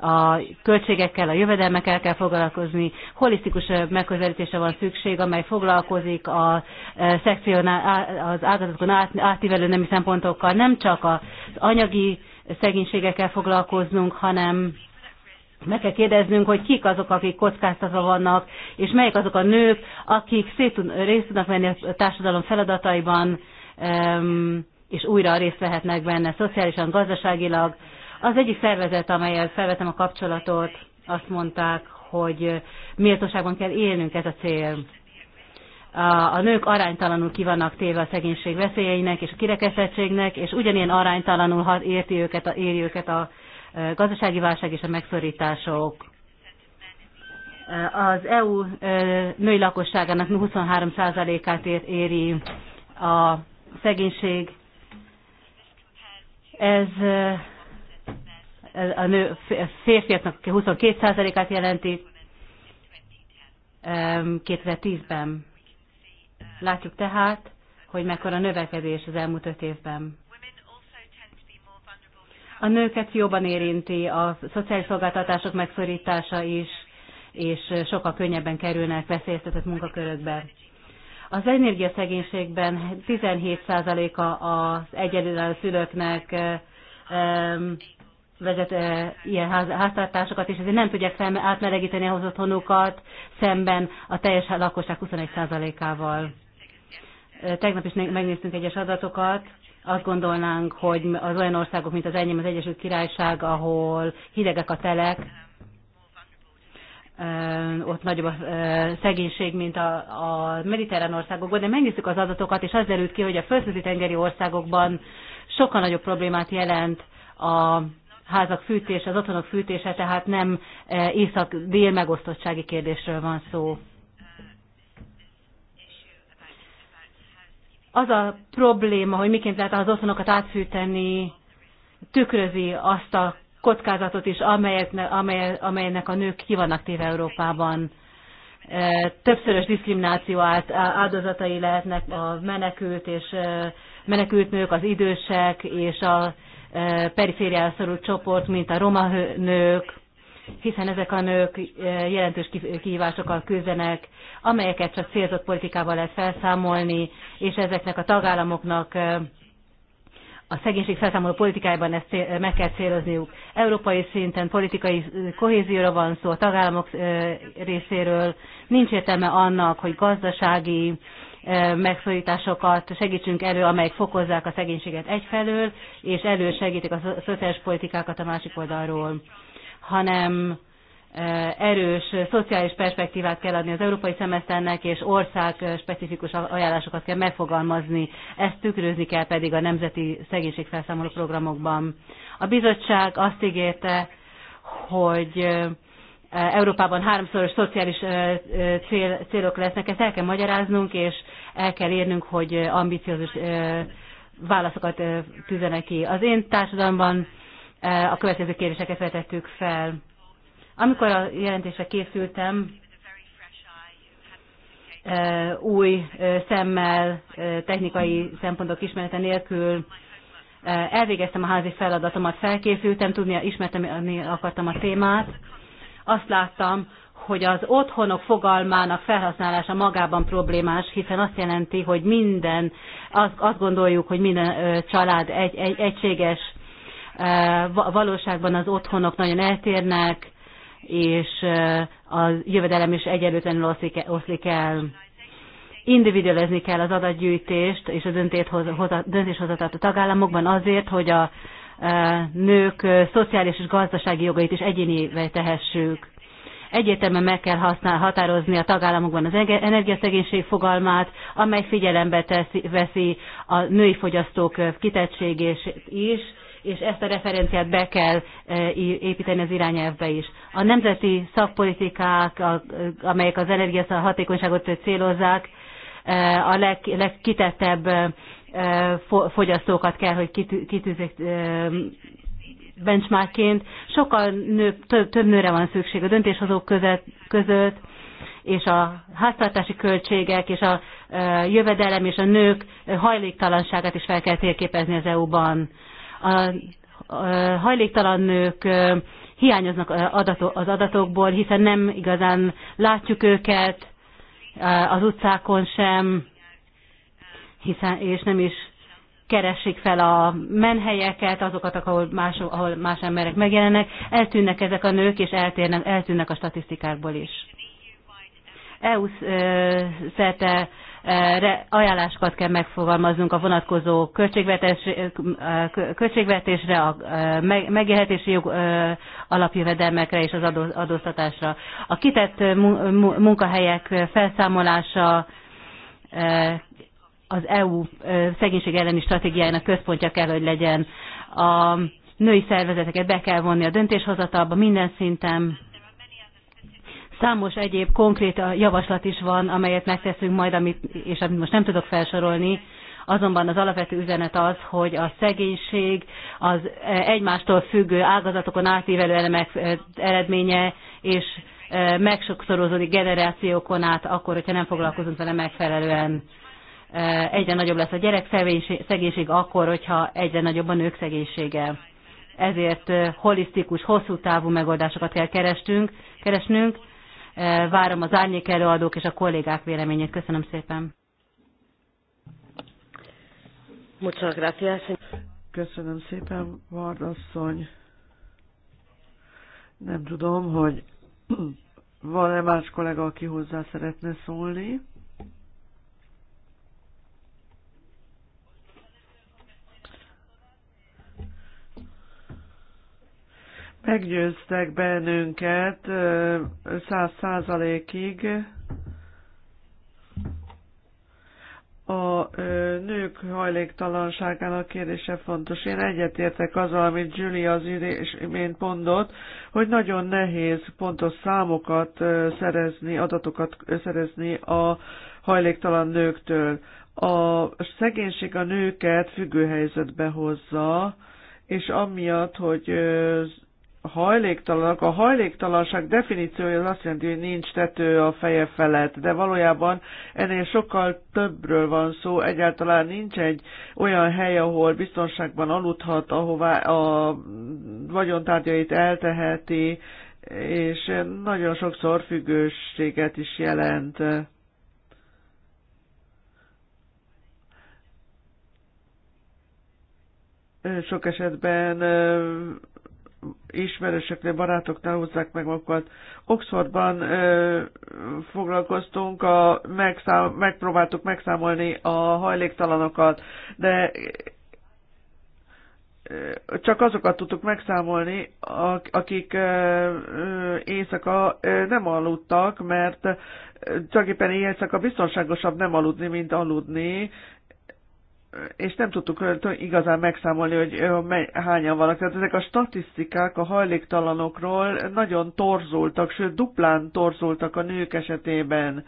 a költségekkel, a jövedelmekkel kell foglalkozni, holisztikus megközelítése van szükség, amely foglalkozik a e, szekción, az áldozatokon át, átívelő nemi szempontokkal. Nem csak az anyagi szegénységekkel foglalkoznunk, hanem meg kell kérdeznünk, hogy kik azok, akik kockáztatva vannak, és melyik azok a nők, akik szét tud, részt tudnak venni a társadalom feladataiban, és újra részt vehetnek benne szociálisan, gazdaságilag, az egyik szervezet, amelyel felvetem a kapcsolatot, azt mondták, hogy méltóságban kell élnünk ez a cél. A nők aránytalanul kivannak téve a szegénység veszélyeinek és a kirekesztettségnek, és ugyanilyen aránytalanul érti őket, a, éri őket a gazdasági válság és a megszorítások. Az EU női lakosságának 23%-át éri a szegénység. Ez a nő férfiaknak 22%-át jelenti 2010-ben. Látjuk tehát, hogy mekkora növekedés az elmúlt öt évben. A nőket jobban érinti a szociális szolgáltatások megszorítása is, és sokkal könnyebben kerülnek veszélyeztetett munkakörökbe. Az energiaszegénységben 17%-a az egyedülálló szülőknek vezet e, ilyen ház, háztartásokat, és ezért nem tudják szem, átmelegíteni ahhoz otthonukat szemben a teljes lakosság 21%-ával. Tegnap is megnéztünk egyes adatokat, azt gondolnánk, hogy az olyan országok, mint az enyém, az Egyesült Királyság, ahol hidegek a telek, ott nagyobb a szegénység, mint a, a mediterrán országokban, de megnéztük az adatokat, és az derült ki, hogy a földközi tengeri országokban sokkal nagyobb problémát jelent a házak fűtése, az otthonok fűtése, tehát nem eh, észak-dél megosztottsági kérdésről van szó. Az a probléma, hogy miként lehet az otthonokat átfűteni, tükrözi azt a kockázatot is, amelyet amely, amelynek a nők ki vannak téve Európában. Eh, többszörös diszkrimináció áldozatai lehetnek a menekült és eh, menekült nők, az idősek és a perifériára szorult csoport, mint a roma nők, hiszen ezek a nők jelentős kihívásokkal küzdenek, amelyeket csak célzott politikával lehet felszámolni, és ezeknek a tagállamoknak a szegénység felszámoló politikájában ezt meg kell célozniuk. Európai szinten politikai kohézióra van szó a tagállamok részéről, nincs értelme annak, hogy gazdasági megszorításokat segítsünk elő, amelyek fokozzák a szegénységet egyfelől, és elősegítik a szociális politikákat a másik oldalról, hanem erős szociális perspektívát kell adni az európai szemeszternek, és ország specifikus ajánlásokat kell megfogalmazni. Ezt tükrözni kell pedig a nemzeti szegénységfelszámoló programokban. A bizottság azt ígérte, hogy Európában háromszoros szociális cél, célok lesznek, ezt el kell magyaráznunk, és el kell érnünk, hogy ambiciózus válaszokat tüzenek ki. Az én társadalomban a következő kérdéseket vetettük fel. Amikor a jelentésre készültem, új szemmel, technikai szempontok ismerete nélkül elvégeztem a házi feladatomat, felkészültem, tudni, ismertem, akartam a témát, azt láttam, hogy az otthonok fogalmának felhasználása magában problémás, hiszen azt jelenti, hogy minden, azt, azt gondoljuk, hogy minden ö, család egy, egy, egységes, valóságban az otthonok nagyon eltérnek, és a jövedelem is egyenlőtlenül oszlik, oszlik el. Individualizni kell az adatgyűjtést és a döntéshozatát a tagállamokban azért, hogy a E, nők e, szociális és gazdasági jogait is egyénivé tehessük. Egyértelműen meg kell használ, határozni a tagállamokban az energiaszegénység fogalmát, amely figyelembe teszi, veszi a női fogyasztók e, kitettségét is, és ezt a referenciát be kell építeni az irányelvbe is. A nemzeti szakpolitikák, amelyek az energiahatékonyságot célozzák, a leg, legkitettebb fogyasztókat kell, hogy kitűzzék benchmarkként. Sokkal nő, több, több nőre van szükség a döntéshozók között, között és a háztartási költségek, és a jövedelem, és a nők hajléktalanságát is fel kell térképezni az EU-ban. A hajléktalan nők hiányoznak az adatokból, hiszen nem igazán látjuk őket az utcákon sem, hiszen, és nem is keresik fel a menhelyeket, azokat, ahol más, ahol más emberek megjelennek, eltűnnek ezek a nők, és eltérnek, eltűnnek a statisztikákból is. EU szerte ajánlásokat kell megfogalmaznunk a vonatkozó költségvetés, költségvetésre, a megélhetési jog alapjövedelmekre és az adóztatásra. A kitett munkahelyek felszámolása az EU szegénység elleni stratégiájának központja kell, hogy legyen. A női szervezeteket be kell vonni a döntéshozatalba minden szinten. Számos egyéb konkrét javaslat is van, amelyet megteszünk majd, amit, és amit most nem tudok felsorolni, azonban az alapvető üzenet az, hogy a szegénység az egymástól függő ágazatokon átívelő elemek eredménye, és megsokszorozódik generációkon át, akkor, hogyha nem foglalkozunk vele megfelelően. Eh, egyre nagyobb lesz a gyerek szegénység akkor, hogyha egyre nagyobb a nők szegénysége. Ezért eh, holisztikus, hosszú távú megoldásokat kell kerestünk, keresnünk. Eh, várom az árnyék előadók és a kollégák véleményét. Köszönöm szépen. Muchas gracias. Köszönöm szépen, Vardasszony. Nem tudom, hogy *clears throat* van-e más kollega, aki hozzá szeretne szólni. Meggyőztek bennünket száz százalékig a nők hajléktalanságának kérdése fontos. Én egyetértek azzal, amit Julia az imént mondott, hogy nagyon nehéz pontos számokat szerezni, adatokat szerezni a hajléktalan nőktől. A szegénység a nőket függő helyzetbe hozza, és amiatt, hogy hajléktalanok. A hajléktalanság definíciója az azt jelenti, hogy nincs tető a feje felett, de valójában ennél sokkal többről van szó. Egyáltalán nincs egy olyan hely, ahol biztonságban aludhat, ahová a vagyontárgyait elteheti, és nagyon sokszor függőséget is jelent. Sok esetben ismerősöknél, barátoknál hozzák meg magukat. Oxfordban ö, foglalkoztunk, a, megszám, megpróbáltuk megszámolni a hajléktalanokat, de csak azokat tudtuk megszámolni, akik éjszaka nem aludtak, mert csak éppen éjszaka biztonságosabb nem aludni, mint aludni, és nem tudtuk igazán megszámolni, hogy hányan vannak. Tehát ezek a statisztikák a hajléktalanokról nagyon torzultak, sőt duplán torzultak a nők esetében.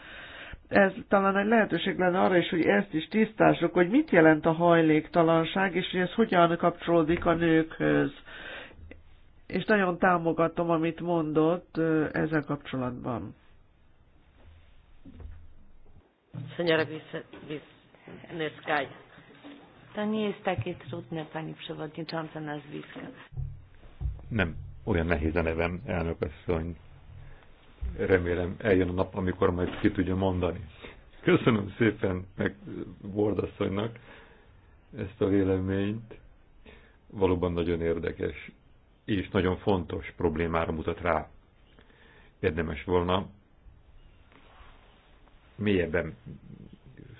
Ez talán egy lehetőség lenne arra is, hogy ezt is tisztázzuk, hogy mit jelent a hajléktalanság, és hogy ez hogyan kapcsolódik a nőkhöz. És nagyon támogatom, amit mondott ezzel kapcsolatban. Señora Viz, Viz, To nie jest takie trudne, Pani Przewodnicząca, nazwiska. Nem olyan nehéz a nevem, elnök asszony. Remélem eljön a nap, amikor majd ki tudja mondani. Köszönöm szépen meg Bordasszonynak ezt a véleményt. Valóban nagyon érdekes és nagyon fontos problémára mutat rá. Érdemes volna mélyebben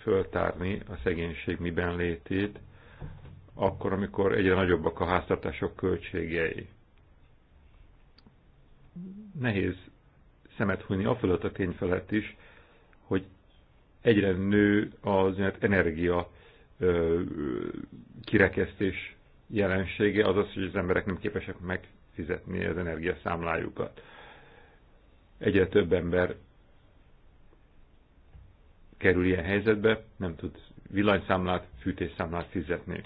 föltárni a szegénység miben létét, akkor, amikor egyre nagyobbak a háztartások költségei. Nehéz szemet hunyni a fölött a tény felett is, hogy egyre nő az energia kirekesztés jelensége, az az, hogy az emberek nem képesek megfizetni az energiaszámlájukat. Egyre több ember kerül ilyen helyzetbe, nem tud villanyszámlát, fűtésszámlát fizetni.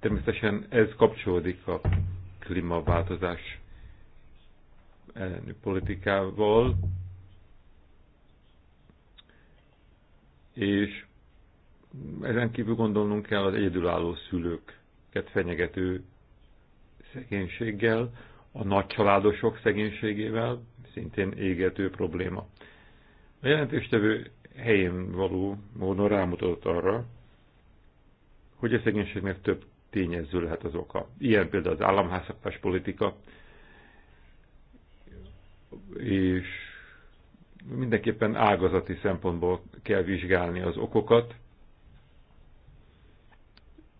Természetesen ez kapcsolódik a klímaváltozás elleni politikával, és ezen kívül gondolnunk kell az egyedülálló szülőket fenyegető szegénységgel, a nagy családosok szegénységével, szintén égető probléma. A jelentéstevő helyén való módon rámutatott arra, hogy a szegénységnek több tényező lehet az oka. Ilyen például az államháztartás politika, és mindenképpen ágazati szempontból kell vizsgálni az okokat.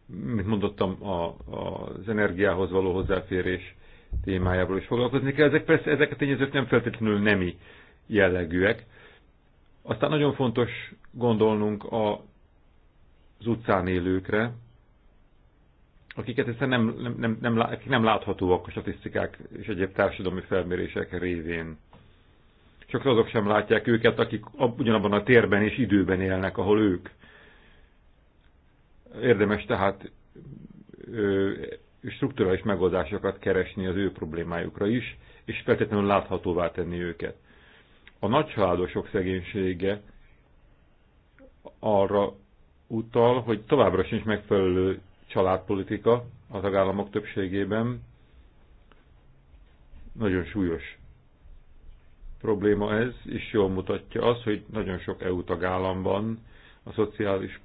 Mint mondottam, a, a, az energiához való hozzáférés témájából is foglalkozni kell. Ezek persze, ezek a tényezők nem feltétlenül nemi jellegűek, aztán nagyon fontos gondolnunk a, az utcán élőkre, akiket egyszerűen nem, nem, nem, nem, akik nem láthatóak a statisztikák és egyéb társadalmi felmérések révén. Csak azok sem látják őket, akik ugyanabban a térben és időben élnek, ahol ők. Érdemes tehát ö, strukturális megoldásokat keresni az ő problémájukra is, és feltétlenül láthatóvá tenni őket. A nagycsaládosok szegénysége arra utal, hogy továbbra sincs megfelelő családpolitika a tagállamok többségében. Nagyon súlyos probléma ez, és jól mutatja az, hogy nagyon sok EU tagállamban a szociális,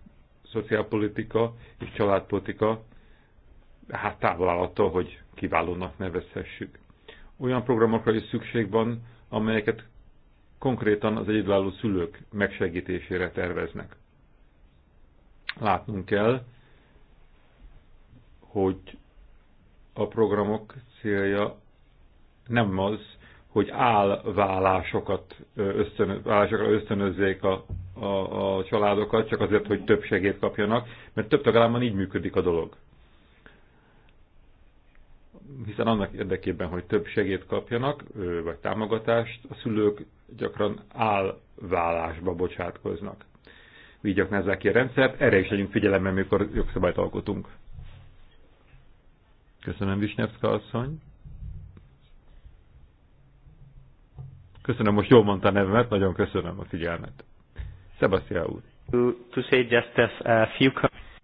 szociálpolitika és családpolitika hát távol áll attól, hogy kiválónak nevezhessük. Olyan programokra is szükség van, amelyeket konkrétan az egyedülálló szülők megsegítésére terveznek. Látnunk kell, hogy a programok célja nem az, hogy állvállásokat ösztönöz, ösztönözzék a, a, a családokat, csak azért, hogy több segélyt kapjanak, mert több tagállamban így működik a dolog hiszen annak érdekében, hogy több segét kapjanak, vagy támogatást, a szülők gyakran állvállásba bocsátkoznak. Így aknázzák ki a rendszert, erre is legyünk figyelembe, mikor jogszabályt alkotunk. Köszönöm, Visnyevszka asszony. Köszönöm, most jól mondta a nevemet, nagyon köszönöm a figyelmet. Sebastian úr. To, to say just a few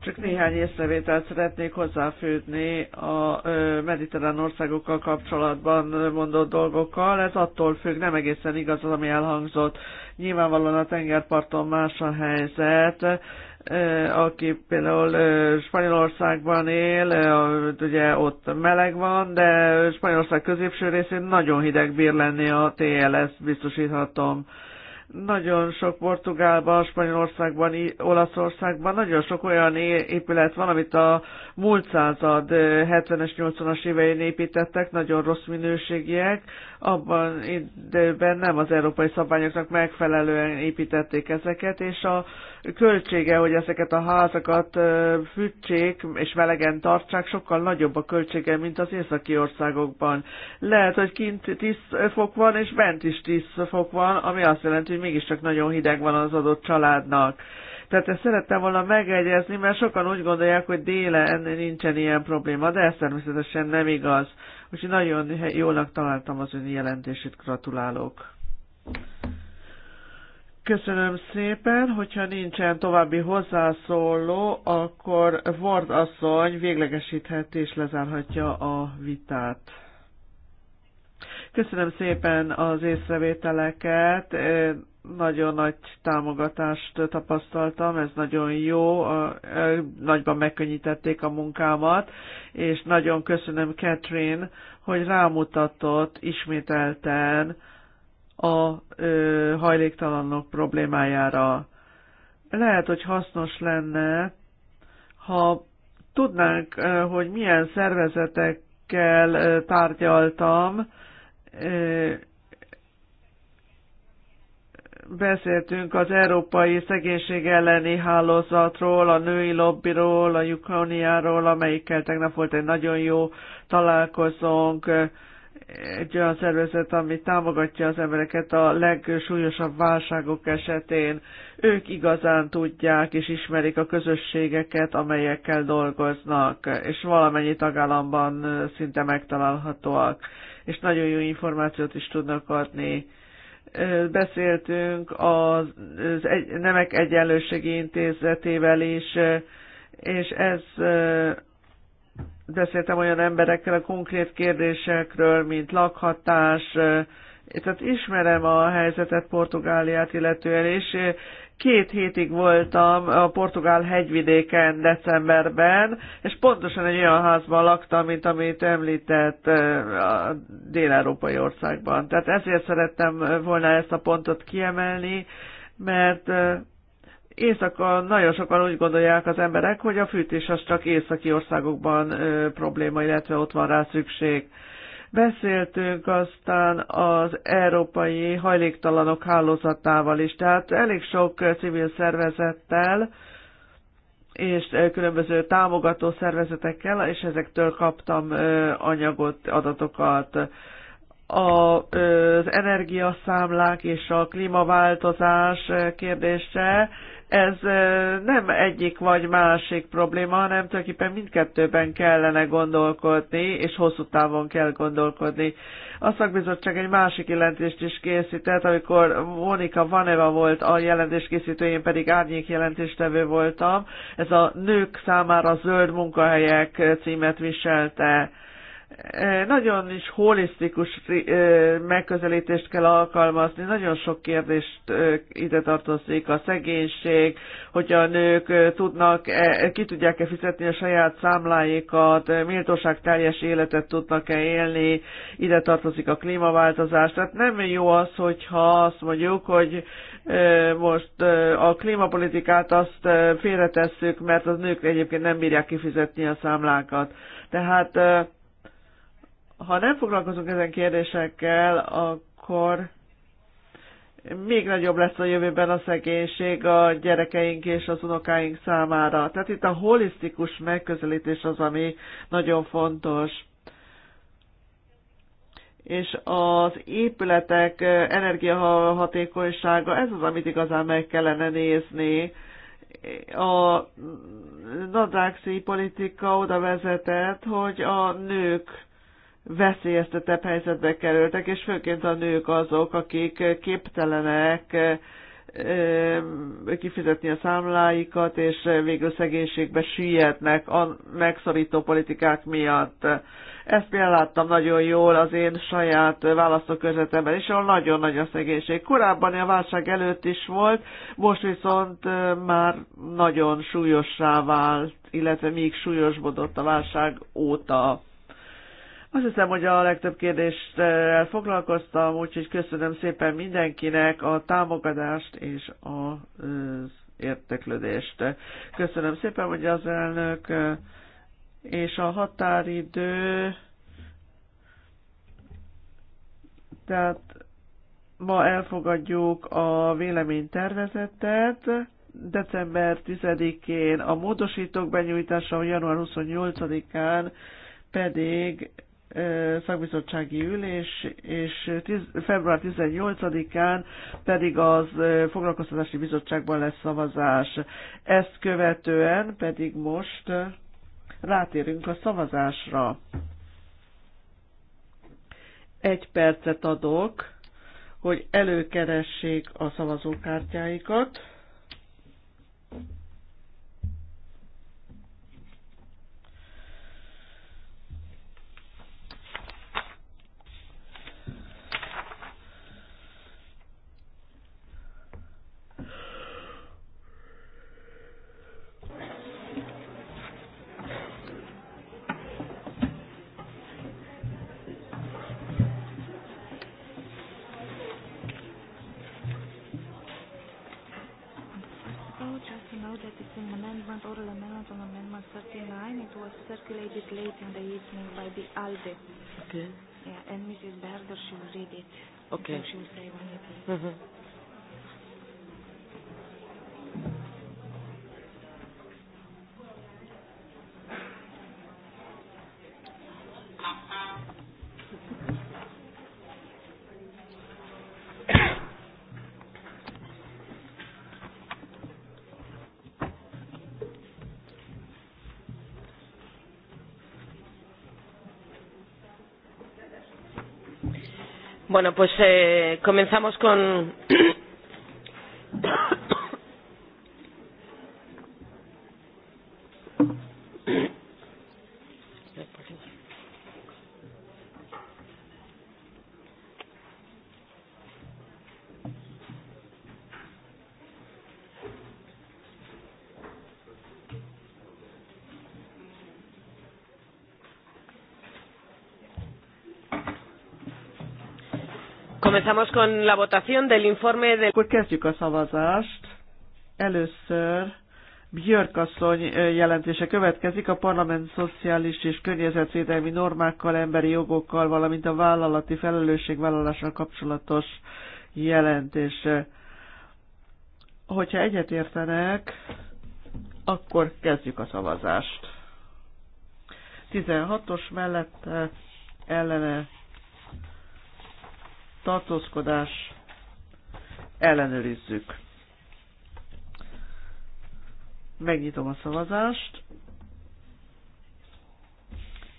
csak néhány észrevételt szeretnék hozzáfűzni a mediterrán országokkal kapcsolatban mondott dolgokkal. Ez attól függ, nem egészen igaz az, ami elhangzott. Nyilvánvalóan a tengerparton más a helyzet, aki például Spanyolországban él, ugye ott meleg van, de Spanyolország középső részén nagyon hideg bír lenni a TLS, biztosíthatom nagyon sok Portugálban, Spanyolországban, Olaszországban nagyon sok olyan épület van, amit a múlt század 70-es, 80-as évein építettek, nagyon rossz minőségiek, abban időben nem az európai szabványoknak megfelelően építették ezeket, és a költsége, hogy ezeket a házakat fűtsék és melegen tartsák, sokkal nagyobb a költsége, mint az északi országokban. Lehet, hogy kint 10 fok van, és bent is 10 fok van, ami azt jelenti, hogy mégiscsak nagyon hideg van az adott családnak. Tehát ezt szerettem volna megegyezni, mert sokan úgy gondolják, hogy déle ennél nincsen ilyen probléma, de ez természetesen nem igaz. Úgyhogy nagyon jólnak találtam az ön jelentését, gratulálok. Köszönöm szépen, hogyha nincsen további hozzászóló, akkor Ward asszony véglegesíthet és lezárhatja a vitát. Köszönöm szépen az észrevételeket. Nagyon nagy támogatást tapasztaltam, ez nagyon jó, nagyban megkönnyítették a munkámat, és nagyon köszönöm Catherine, hogy rámutatott ismételten a hajléktalanok problémájára. Lehet, hogy hasznos lenne, ha tudnánk, hogy milyen szervezetekkel tárgyaltam, beszéltünk az Európai Szegénység elleni hálózatról, a női lobbiról, a Ukrajnáról, amelyikkel tegnap volt egy nagyon jó találkozónk, egy olyan szervezet, ami támogatja az embereket a legsúlyosabb válságok esetén. Ők igazán tudják és ismerik a közösségeket, amelyekkel dolgoznak, és valamennyi tagállamban szinte megtalálhatóak és nagyon jó információt is tudnak adni. Beszéltünk az Nemek Egyenlőségi Intézetével is, és ez beszéltem olyan emberekkel a konkrét kérdésekről, mint lakhatás, tehát ismerem a helyzetet Portugáliát illetően, és Két hétig voltam a portugál hegyvidéken decemberben, és pontosan egy olyan házban laktam, mint amit említett a dél-európai országban. Tehát ezért szerettem volna ezt a pontot kiemelni, mert éjszaka nagyon sokan úgy gondolják az emberek, hogy a fűtés az csak északi országokban ö, probléma, illetve ott van rá szükség. Beszéltünk aztán az Európai Hajléktalanok Hálózatával is, tehát elég sok civil szervezettel, és különböző támogató szervezetekkel, és ezektől kaptam anyagot, adatokat. Az energiaszámlák és a klímaváltozás kérdése ez nem egyik vagy másik probléma, hanem tulajdonképpen mindkettőben kellene gondolkodni, és hosszú távon kell gondolkodni. A szakbizottság egy másik jelentést is készített, amikor Mónika Vaneva volt a jelentéskészítő, én pedig árnyék jelentéstevő voltam. Ez a nők számára zöld munkahelyek címet viselte nagyon is holisztikus megközelítést kell alkalmazni, nagyon sok kérdést ide tartozik, a szegénység, hogy a nők tudnak, e, ki tudják-e fizetni a saját számláikat, méltóság teljes életet tudnak-e élni, ide tartozik a klímaváltozás, tehát nem jó az, hogyha azt mondjuk, hogy most a klímapolitikát azt félretesszük, mert az nők egyébként nem bírják kifizetni a számlákat. Tehát ha nem foglalkozunk ezen kérdésekkel, akkor még nagyobb lesz a jövőben a szegénység a gyerekeink és az unokáink számára. Tehát itt a holisztikus megközelítés az, ami nagyon fontos és az épületek energiahatékonysága, ez az, amit igazán meg kellene nézni. A nadrágszi politika oda vezetett, hogy a nők veszélyeztetebb helyzetbe kerültek, és főként a nők azok, akik képtelenek kifizetni a számláikat, és végül szegénységbe süllyednek a megszorító politikák miatt. Ezt például láttam nagyon jól az én saját választókörzetemben is, ahol nagyon nagy a szegénység. Korábban a válság előtt is volt, most viszont már nagyon súlyossá vált, illetve még súlyosbodott a válság óta. Azt hiszem, hogy a legtöbb kérdést foglalkoztam, úgyhogy köszönöm szépen mindenkinek a támogatást és az érteklődést. Köszönöm szépen, hogy az elnök és a határidő, tehát ma elfogadjuk a véleménytervezetet, december 10-én a módosítók benyújtása, január 28-án pedig szakbizottsági ülés, és február 18-án pedig az foglalkoztatási bizottságban lesz szavazás. Ezt követően pedig most rátérünk a szavazásra. Egy percet adok, hogy előkeressék a szavazókártyáikat. an oral amendment on Amendment 39. It was circulated late in the evening by the ALDE. Okay. Yeah, and Mrs. Berger, she will read it. Okay. And she will say when it is. Mm-hmm. Bueno, pues eh, comenzamos con, Comenzamos con la votación del informe del... Akkor kezdjük a szavazást. Először Björk asszony jelentése következik a parlament szociális és környezetvédelmi normákkal, emberi jogokkal, valamint a vállalati felelősségvállalással kapcsolatos jelentése. Hogyha egyetértenek, akkor kezdjük a szavazást. 16-os mellett ellene tartózkodás, ellenőrizzük. Megnyitom a szavazást,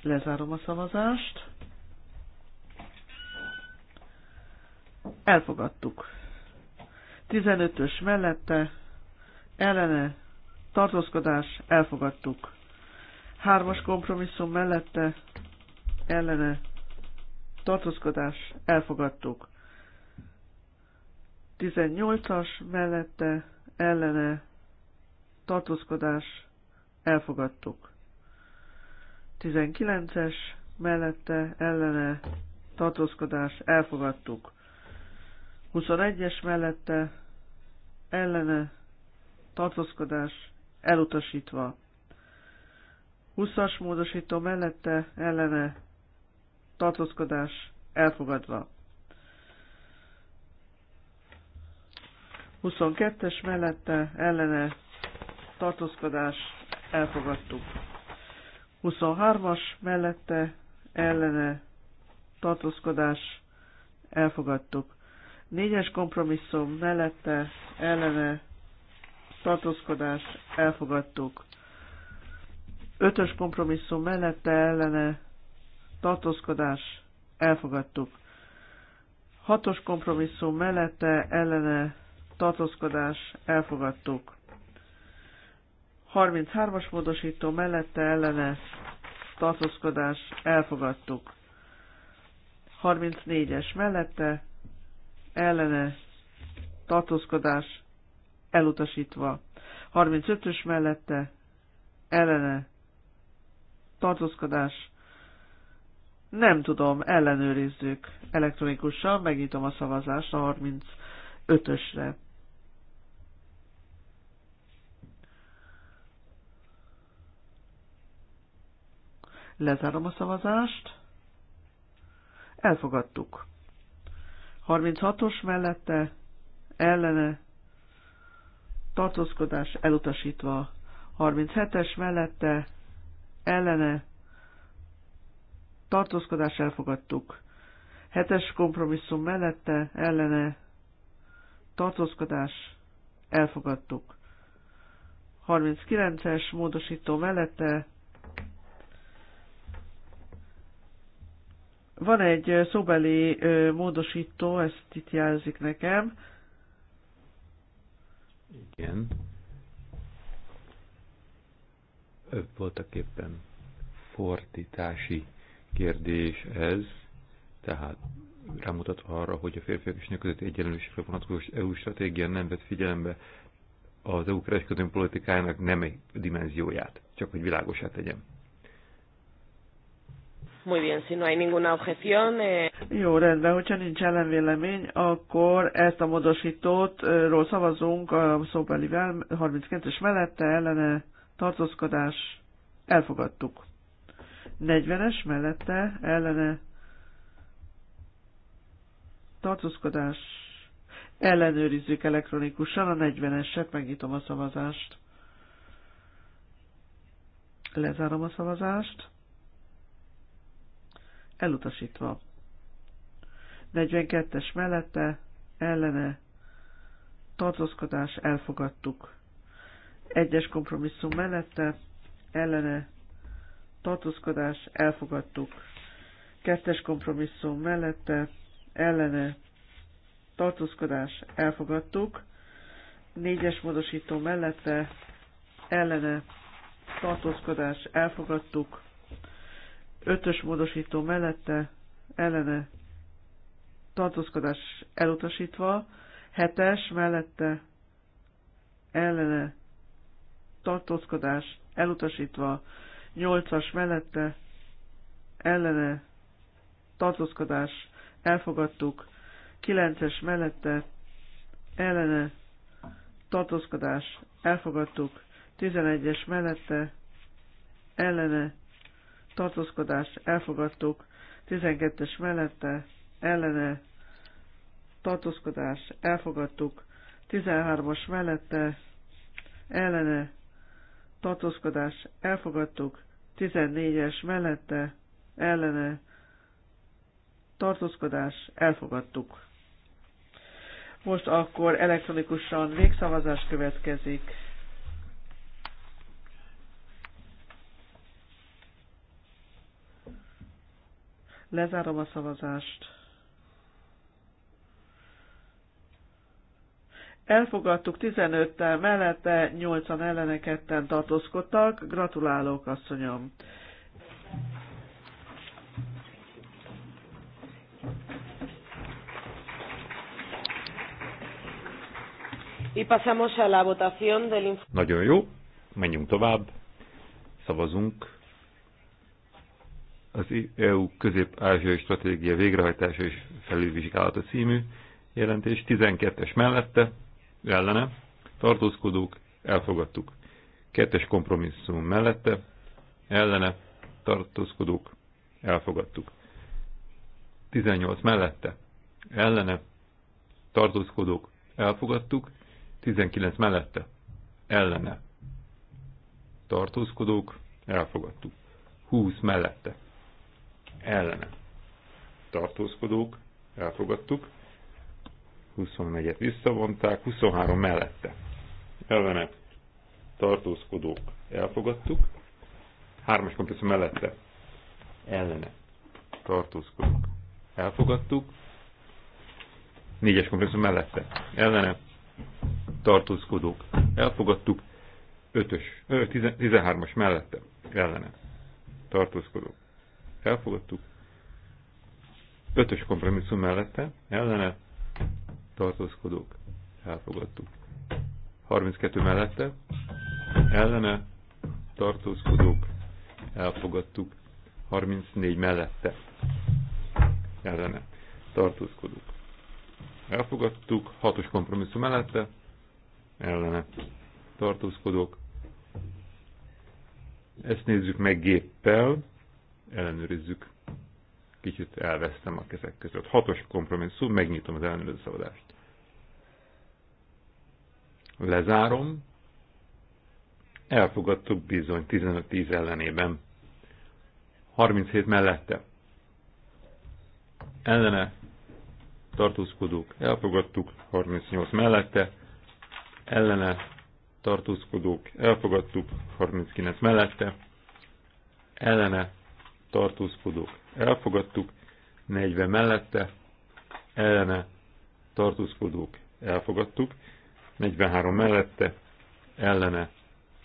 lezárom a szavazást, elfogadtuk. 15-ös mellette, ellene, tartózkodás, elfogadtuk. Hármas kompromisszum mellette, ellene, tartózkodás, elfogadtuk. 18-as mellette ellene tartózkodás, elfogadtuk. 19-es mellette ellene tartózkodás, elfogadtuk. 21-es mellette ellene tartózkodás, elutasítva. 20-as módosító mellette ellene tartózkodás elfogadva. 22-es mellette ellene tartózkodás elfogadtuk. 23-as mellette ellene tartózkodás elfogadtuk. 4-es kompromisszum mellette ellene tartózkodás elfogadtuk. 5-ös kompromisszum mellette ellene tartózkodás, elfogadtuk. Hatos kompromisszum mellette ellene tartózkodás, elfogadtuk. 33-as módosító mellette ellene tartózkodás, elfogadtuk. 34-es mellette ellene tartózkodás, elutasítva. 35-ös mellette ellene tartózkodás, nem tudom, ellenőrizzük elektronikusan, megnyitom a szavazást a 35-ösre. Lezárom a szavazást. Elfogadtuk. 36-os mellette, ellene, tartózkodás elutasítva. 37-es mellette, ellene, tartózkodás elfogadtuk. Hetes kompromisszum mellette ellene tartózkodás elfogadtuk. 39-es módosító mellette van egy szóbeli módosító, ezt itt jelzik nekem. Igen. Ők voltak éppen fordítási kérdés ez, tehát rámutat arra, hogy a férfiak és nők közötti egyenlőségre vonatkozó EU stratégia nem vett figyelembe az EU kereskedelmi politikájának nem egy dimenzióját, csak hogy világosát tegyem. Muy bien, si no hay ninguna objeción. Eh... Jó, rendben, hogyha nincs ellenvélemény, akkor ezt a módosítótról eh, szavazunk a szóbeli 32-es mellette, ellene tartózkodás, elfogadtuk. 40-es mellette ellene tartózkodás. Ellenőrizzük elektronikusan a 40-eset, megnyitom a szavazást. Lezárom a szavazást. Elutasítva. 42-es mellette ellene tartózkodás elfogadtuk. Egyes kompromisszum mellette ellene tartózkodás, elfogadtuk. Kettes kompromisszum mellette, ellene, tartózkodás, elfogadtuk. Négyes módosító mellette, ellene, tartózkodás, elfogadtuk. Ötös módosító mellette, ellene, tartózkodás elutasítva, hetes mellette, ellene, tartózkodás elutasítva, Nyolcas mellette ellene tartózkodás elfogadtuk, Kilences mellette ellene tartózkodás elfogadtuk, Tizenegyes mellette ellene tartózkodás elfogadtuk, Tizenkettes mellette ellene tartózkodás elfogadtuk, Tizenhármas mellette ellene tartózkodás elfogadtuk, 14-es mellette ellene tartózkodás elfogadtuk. Most akkor elektronikusan végszavazás következik. Lezárom a szavazást. Elfogadtuk 15-tel mellette, 80 ellene ketten tartózkodtak. Gratulálok, asszonyom! Y pasamos a la votación del Nagyon jó, menjünk tovább, szavazunk. Az EU közép-ázsiai stratégia végrehajtása és felülvizsgálata című jelentés 12-es mellette, ellene, tartózkodók, elfogadtuk. Kettes kompromisszum mellette, ellene, tartózkodók, elfogadtuk. 18 mellette, ellene, tartózkodók, elfogadtuk. 19 mellette, ellene, tartózkodók, elfogadtuk. 20 mellette, ellene, tartózkodók, elfogadtuk. 24-et visszavonták, 23 mellette. Ellene tartózkodók elfogadtuk, 3-as kompresszum mellette. Ellene tartózkodók elfogadtuk, 4-es kompresszum mellette. Ellene tartózkodók elfogadtuk, 5-ös, 13-as mellette. Ellene tartózkodók elfogadtuk, 5-ös kompromisszum mellette. Ellene tartózkodók, elfogadtuk. 32 mellette, ellene, tartózkodók, elfogadtuk. 34 mellette, ellene, tartózkodók, elfogadtuk. 6-os kompromisszum mellette, ellene, tartózkodók. Ezt nézzük meg géppel, ellenőrizzük kicsit elvesztem a kezek között. Hatos kompromisszum, megnyitom az ellenőrző szavazást. Lezárom. Elfogadtuk bizony 15-10 ellenében. 37 mellette. Ellene tartózkodók elfogadtuk, 38 mellette. Ellene tartózkodók elfogadtuk, 39 mellette. Ellene tartózkodók elfogadtuk, 40 mellette ellene tartózkodók elfogadtuk, 43 mellette ellene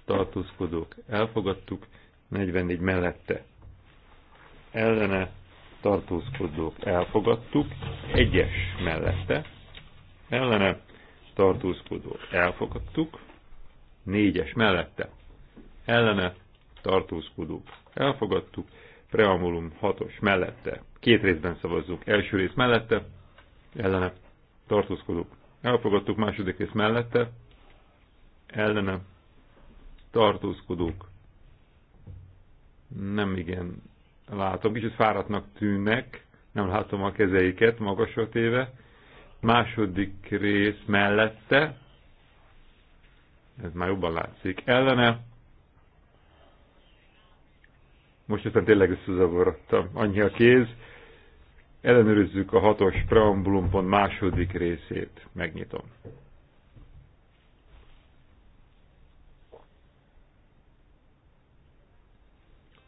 tartózkodók elfogadtuk, 44 mellette ellene tartózkodók elfogadtuk, egyes mellette ellene tartózkodók elfogadtuk, négyes mellette ellene tartózkodók elfogadtuk, preambulum 6-os mellette. Két részben szavazzunk. Első rész mellette, ellene tartózkodunk. Elfogadtuk második rész mellette, ellene tartózkodunk. Nem igen látom, kicsit fáradtnak tűnnek, nem látom a kezeiket magasra téve. Második rész mellette, ez már jobban látszik, ellene most aztán tényleg összezavarodtam. Annyi a kéz. Ellenőrizzük a hatos pont második részét. Megnyitom.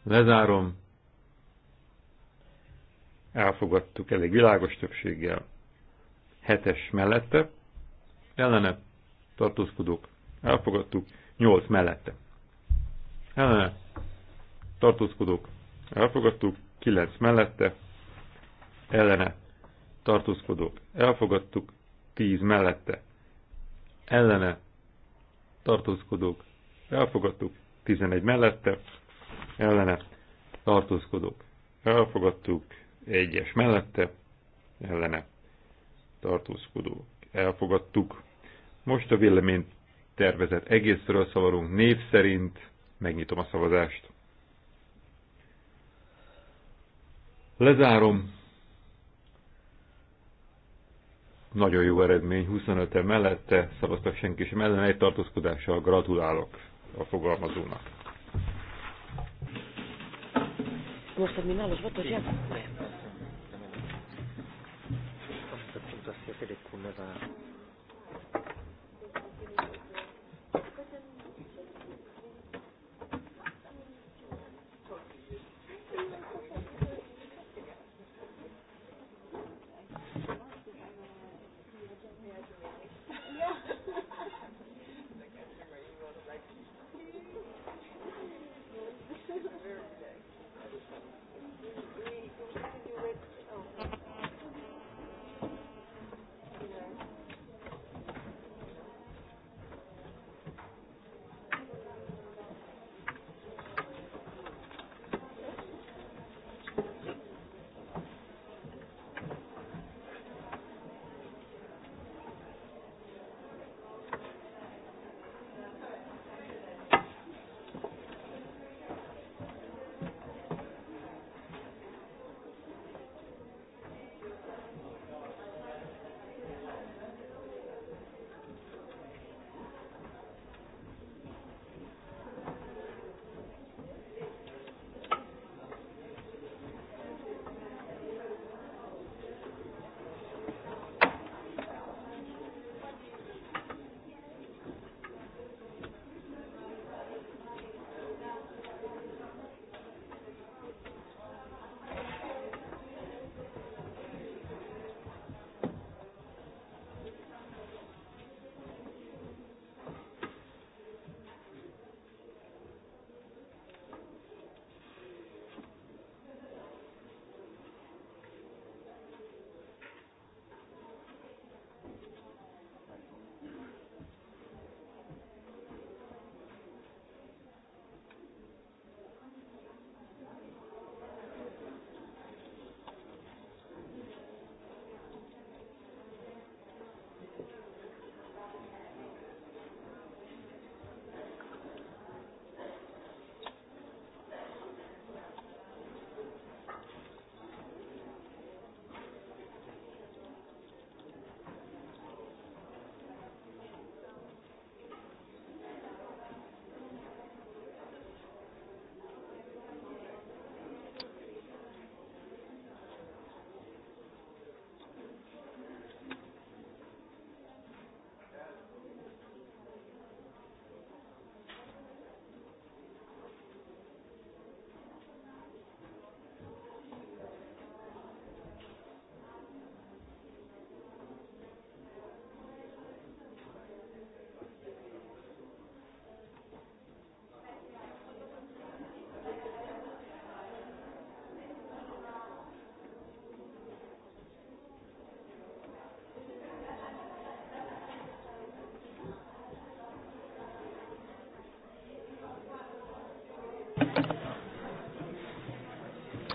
Lezárom. Elfogadtuk elég világos többséggel. Hetes mellette. Ellene tartózkodók. Elfogadtuk. Nyolc mellette. Ellene tartózkodók elfogadtuk, 9 mellette, ellene tartózkodók elfogadtuk, 10 mellette, ellene tartózkodók elfogadtuk, 11 mellette, ellene tartózkodók elfogadtuk, 1-es mellette, ellene tartózkodók elfogadtuk. Most a vélemény tervezett egészről szavarunk név szerint, megnyitom a szavazást. Lezárom. Nagyon jó eredmény, 25 -e mellette szavaztak senki sem ellen, egy tartózkodással gratulálok a fogalmazónak. Most terminálod, volt, hogy jelent?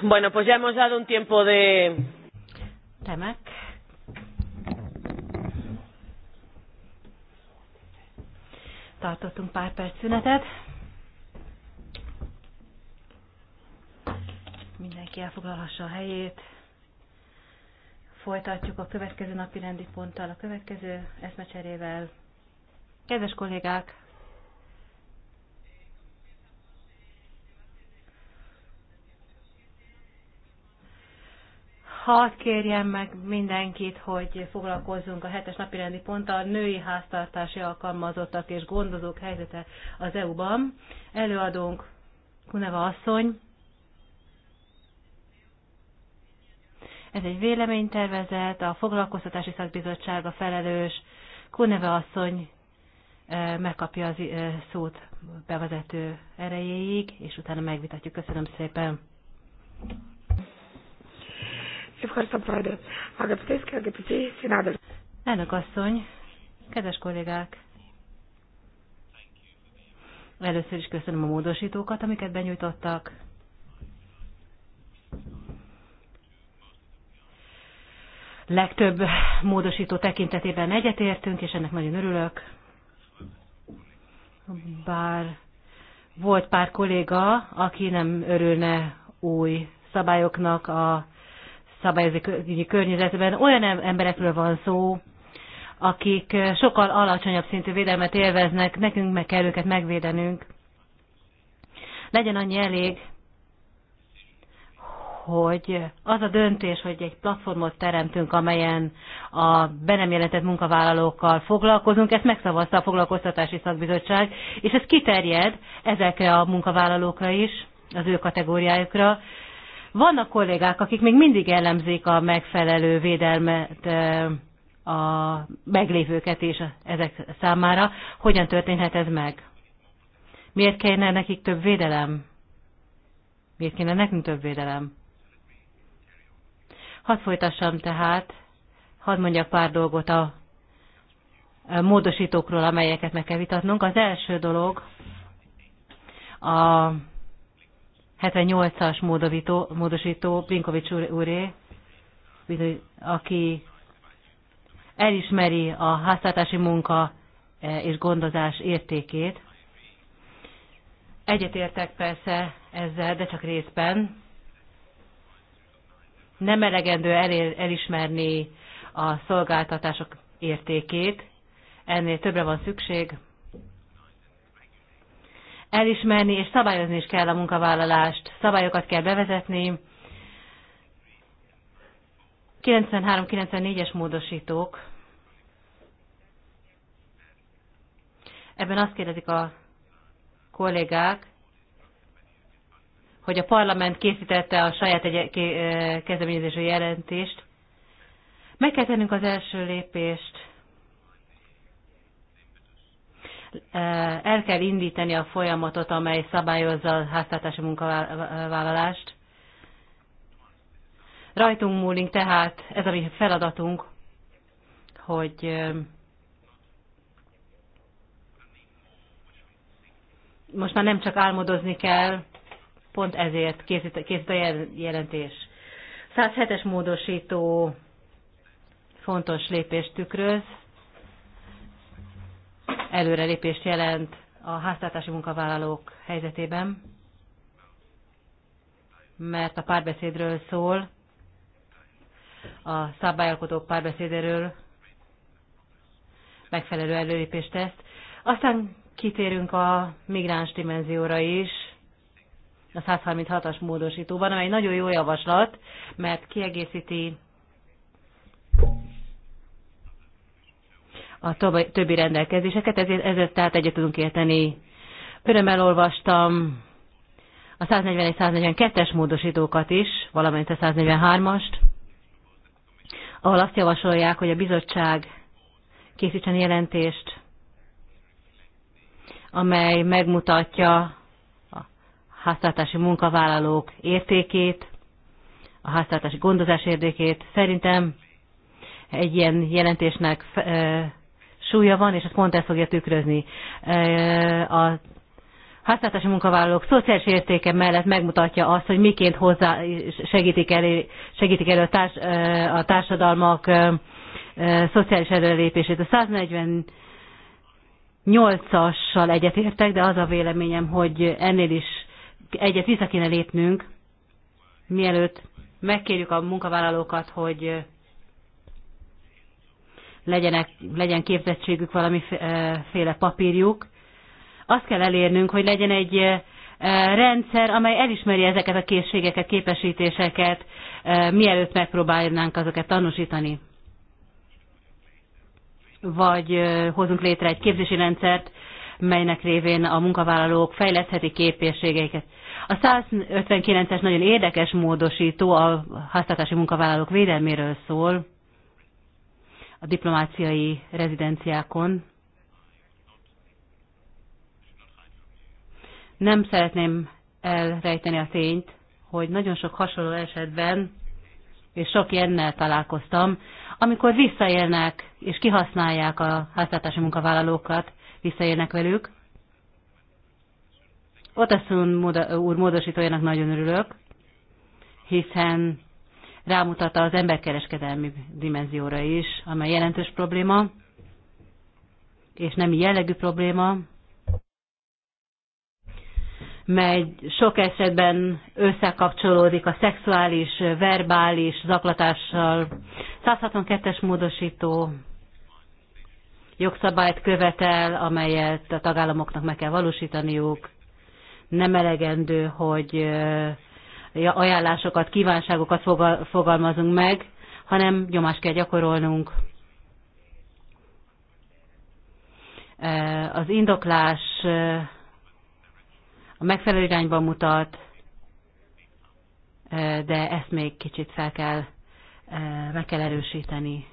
Bueno, pues ya hemos dado un tiempo de. Tamac. Tartottunk pár perc szünetet. Mindenki elfoglalhassa a helyét. Folytatjuk a következő napi rendi ponttal, a következő eszmecserével. Kedves kollégák, Hadd kérjem meg mindenkit, hogy foglalkozzunk a hetes napi rendi ponttal női háztartási alkalmazottak és gondozók helyzete az EU-ban. Előadónk Kuneva asszony. Ez egy véleménytervezet, a foglalkoztatási szakbizottság a felelős. Kuneva asszony eh, megkapja az eh, szót bevezető erejéig, és utána megvitatjuk. Köszönöm szépen! Ευχαριστώ, Πρόεδρε. Αγαπητέ και Elnök asszony, kedves kollégák! Először is köszönöm a módosítókat, amiket benyújtottak. Legtöbb módosító tekintetében egyetértünk, és ennek nagyon örülök. Bár volt pár kolléga, aki nem örülne új szabályoknak a szabályozói környezetben olyan emberekről van szó, akik eh, sokkal alacsonyabb szintű védelmet élveznek, nekünk meg kell őket megvédenünk. Legyen annyi elég, hogy az a döntés, hogy egy platformot teremtünk, amelyen a be nem jelentett munkavállalókkal foglalkozunk, ezt megszavazta a Foglalkoztatási Szakbizottság, és ez kiterjed ezekre a munkavállalókra is, az ő kategóriájukra, vannak kollégák, akik még mindig ellenzik a megfelelő védelmet a meglévőket és ezek számára. Hogyan történhet ez meg? Miért kellene nekik több védelem? Miért kéne nekünk több védelem? Hadd folytassam tehát, hadd mondjak pár dolgot a módosítókról, amelyeket meg kell vitatnunk. Az első dolog a 78-as módosító, módosító úr, úré, aki elismeri a háztartási munka eh, és gondozás értékét. Egyetértek persze ezzel, de csak részben. Nem elegendő elér, elismerni a szolgáltatások értékét, ennél többre van szükség elismerni, és szabályozni is kell a munkavállalást, szabályokat kell bevezetni. 93-94-es módosítók. Ebben azt kérdezik a kollégák, hogy a parlament készítette a saját egy kezdeményezési jelentést. Meg kell tennünk az első lépést E, el kell indítani a folyamatot, amely szabályozza a háztartási munkavállalást. Rajtunk múlik tehát, ez a mi feladatunk, hogy e, most már nem csak álmodozni kell, pont ezért készít, készít a jelentés. 107-es módosító fontos lépést tükröz, előrelépést jelent a háztartási munkavállalók helyzetében, mert a párbeszédről szól, a szabályalkotók párbeszédéről megfelelő előrépést tesz. Aztán kitérünk a migráns dimenzióra is, a 136-as módosítóban, amely nagyon jó javaslat, mert kiegészíti a többi rendelkezéseket, ezért, ezért tehát egyet tudunk érteni. Örömmel olvastam a 141-142-es módosítókat is, valamint a 143-ast, ahol azt javasolják, hogy a bizottság készítsen jelentést, amely megmutatja a háztartási munkavállalók értékét, a háztartási gondozás érdekét. Szerintem egy ilyen jelentésnek súlya van, és ez pont ezt fogja tükrözni. A háztartási munkavállalók szociális értéke mellett megmutatja azt, hogy miként hozzá segítik elő, segítik elő a, társ, a társadalmak szociális előrelépését. A 148 8-assal egyetértek, de az a véleményem, hogy ennél is egyet vissza kéne lépnünk, mielőtt megkérjük a munkavállalókat, hogy legyenek, legyen képzettségük, valamiféle papírjuk. Azt kell elérnünk, hogy legyen egy rendszer, amely elismeri ezeket a készségeket, képesítéseket, mielőtt megpróbálnánk azokat tanúsítani. Vagy hozunk létre egy képzési rendszert, melynek révén a munkavállalók fejleszthetik képességeiket. A 159-es nagyon érdekes módosító a háztartási munkavállalók védelméről szól a diplomáciai rezidenciákon. Nem szeretném elrejteni a tényt, hogy nagyon sok hasonló esetben, és sok ilyennel találkoztam, amikor visszaélnek és kihasználják a háztartási munkavállalókat, visszaélnek velük. Otaszun úr módosítójának nagyon örülök, hiszen rámutat az emberkereskedelmi dimenzióra is, amely jelentős probléma, és nem jellegű probléma, mely sok esetben összekapcsolódik a szexuális, verbális zaklatással. 162-es módosító jogszabályt követel, amelyet a tagállamoknak meg kell valósítaniuk. Nem elegendő, hogy ajánlásokat, kívánságokat fogalmazunk meg, hanem nyomást kell gyakorolnunk. Az indoklás a megfelelő irányba mutat, de ezt még kicsit fel kell, meg kell erősíteni.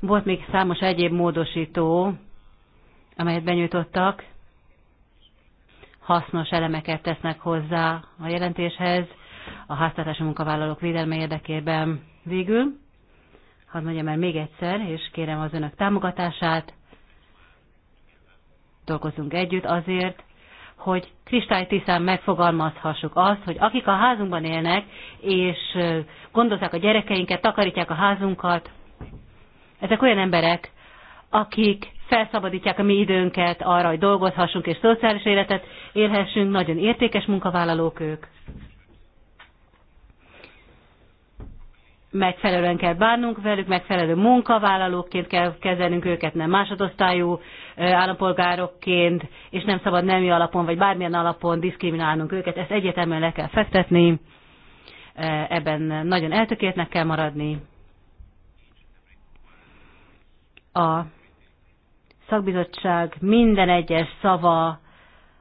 Volt még számos egyéb módosító, amelyet benyújtottak, hasznos elemeket tesznek hozzá a jelentéshez, a háztartási munkavállalók védelme érdekében végül. Hadd mondjam el még egyszer, és kérem az önök támogatását. Dolgozunk együtt azért, hogy kristálytisztán megfogalmazhassuk azt, hogy akik a házunkban élnek, és gondozzák a gyerekeinket, takarítják a házunkat, ezek olyan emberek, akik felszabadítják a mi időnket arra, hogy dolgozhassunk és szociális életet élhessünk, nagyon értékes munkavállalók ők. Megfelelően kell bánnunk velük, megfelelő munkavállalóként kell kezelnünk őket, nem másodosztályú állampolgárokként, és nem szabad nemi alapon vagy bármilyen alapon diszkriminálnunk őket, ezt egyetemben le kell fektetni, ebben nagyon eltökéltnek kell maradni. A szakbizottság minden egyes szava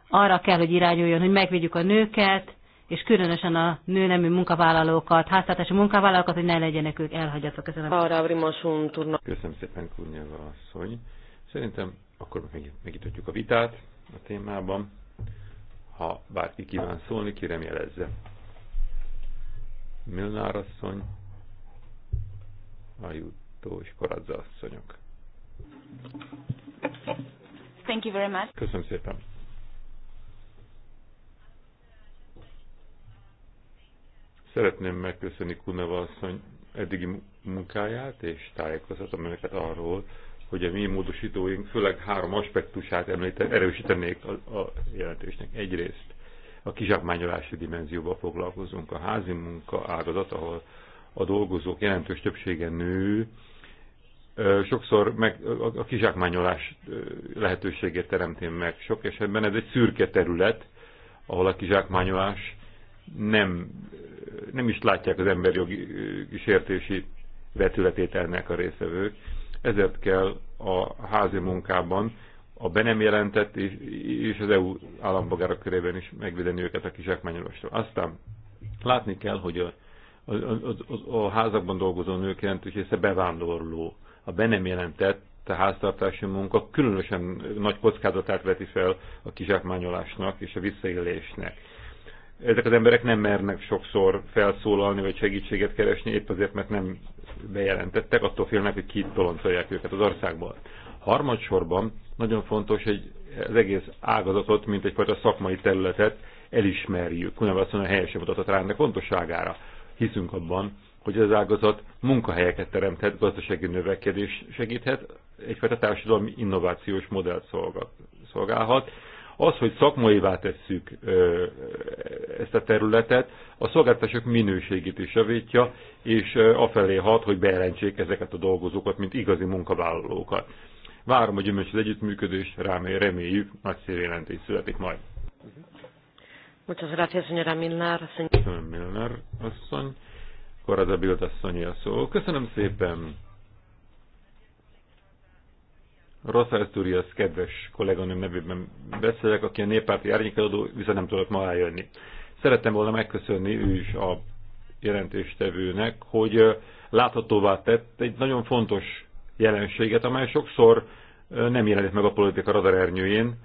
arra kell, hogy irányuljon, hogy megvédjük a nőket, és különösen a nőnemű munkavállalókat, háztartási munkavállalókat, hogy ne legyenek ők elhagyatok ezen a... Köszönöm szépen, Kurnyava asszony. Szerintem akkor megnyitotjuk a vitát a témában. Ha bárki kíván szólni, kérem jelezze. Milnár asszony, a jutó és Thank you. Thank you very much. Köszönöm szépen. Szeretném megköszönni Kuneva asszony eddigi munkáját és tájékoztatom önöket arról, hogy a mi módosítóink főleg három aspektusát említen, erősítenék a, a jelentésnek. Egyrészt a kizsákmányolási dimenzióba foglalkozunk, a házi munka ágazat, ahol a dolgozók jelentős többsége nő, sokszor meg a kizsákmányolás lehetőségét teremtén meg. Sok esetben ez egy szürke terület, ahol a kizsákmányolás nem, nem is látják az emberi jogi kísértési vetületét ennek a részevők. Ezért kell a házi munkában a be nem jelentett és, és az EU állampolgárok körében is megvédeni őket a kizsákmányolástól. Aztán látni kell, hogy a, a, a, a házakban dolgozó nők jelentős része bevándorló a be nem jelentett a háztartási munka különösen nagy kockázatát veti fel a kizsákmányolásnak és a visszaélésnek. Ezek az emberek nem mernek sokszor felszólalni vagy segítséget keresni, épp azért, mert nem bejelentettek, attól félnek, hogy kitoloncolják őket az országból. Harmadsorban nagyon fontos, hogy az egész ágazatot, mint egyfajta szakmai területet elismerjük. különösen a helyesen mutatott rá ennek fontosságára. Hiszünk abban, hogy az ágazat munkahelyeket teremthet, gazdasági növekedés segíthet, egyfajta társadalmi innovációs modellt szolgálhat. Az, hogy szakmaivá tesszük ezt a területet, a szolgáltatások minőségét is javítja, és afelé hat, hogy bejelentsék ezeket a dolgozókat, mint igazi munkavállalókat. Várom a gyümölcs együttműködés, rám reméljük, nagy széljelentés születik majd. Muchas gracias, señora Milner. Köszönöm, Milner asszony a Bildasszonyi a szó. Köszönöm szépen! Rosszár az kedves kolléganőm nevében beszélek, aki a néppárti árnyékadó, viszont nem tudott ma eljönni. Szerettem volna megköszönni ő is a jelentéstevőnek, hogy láthatóvá tett egy nagyon fontos jelenséget, amely sokszor nem jelenik meg a politika radarernyőjén.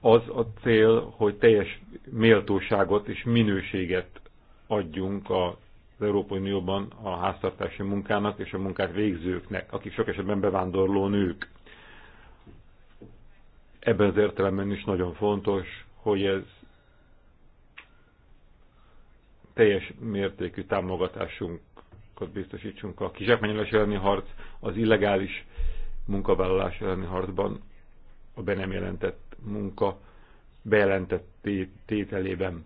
Az a cél, hogy teljes méltóságot és minőséget adjunk a az Európai Unióban a háztartási munkának és a munkát végzőknek, akik sok esetben bevándorló nők. Ebben az értelemben is nagyon fontos, hogy ez teljes mértékű támogatásunkat biztosítsunk a kizsákmányolás elleni harc, az illegális munkavállalás elleni harcban, a be nem jelentett munka bejelentett tételében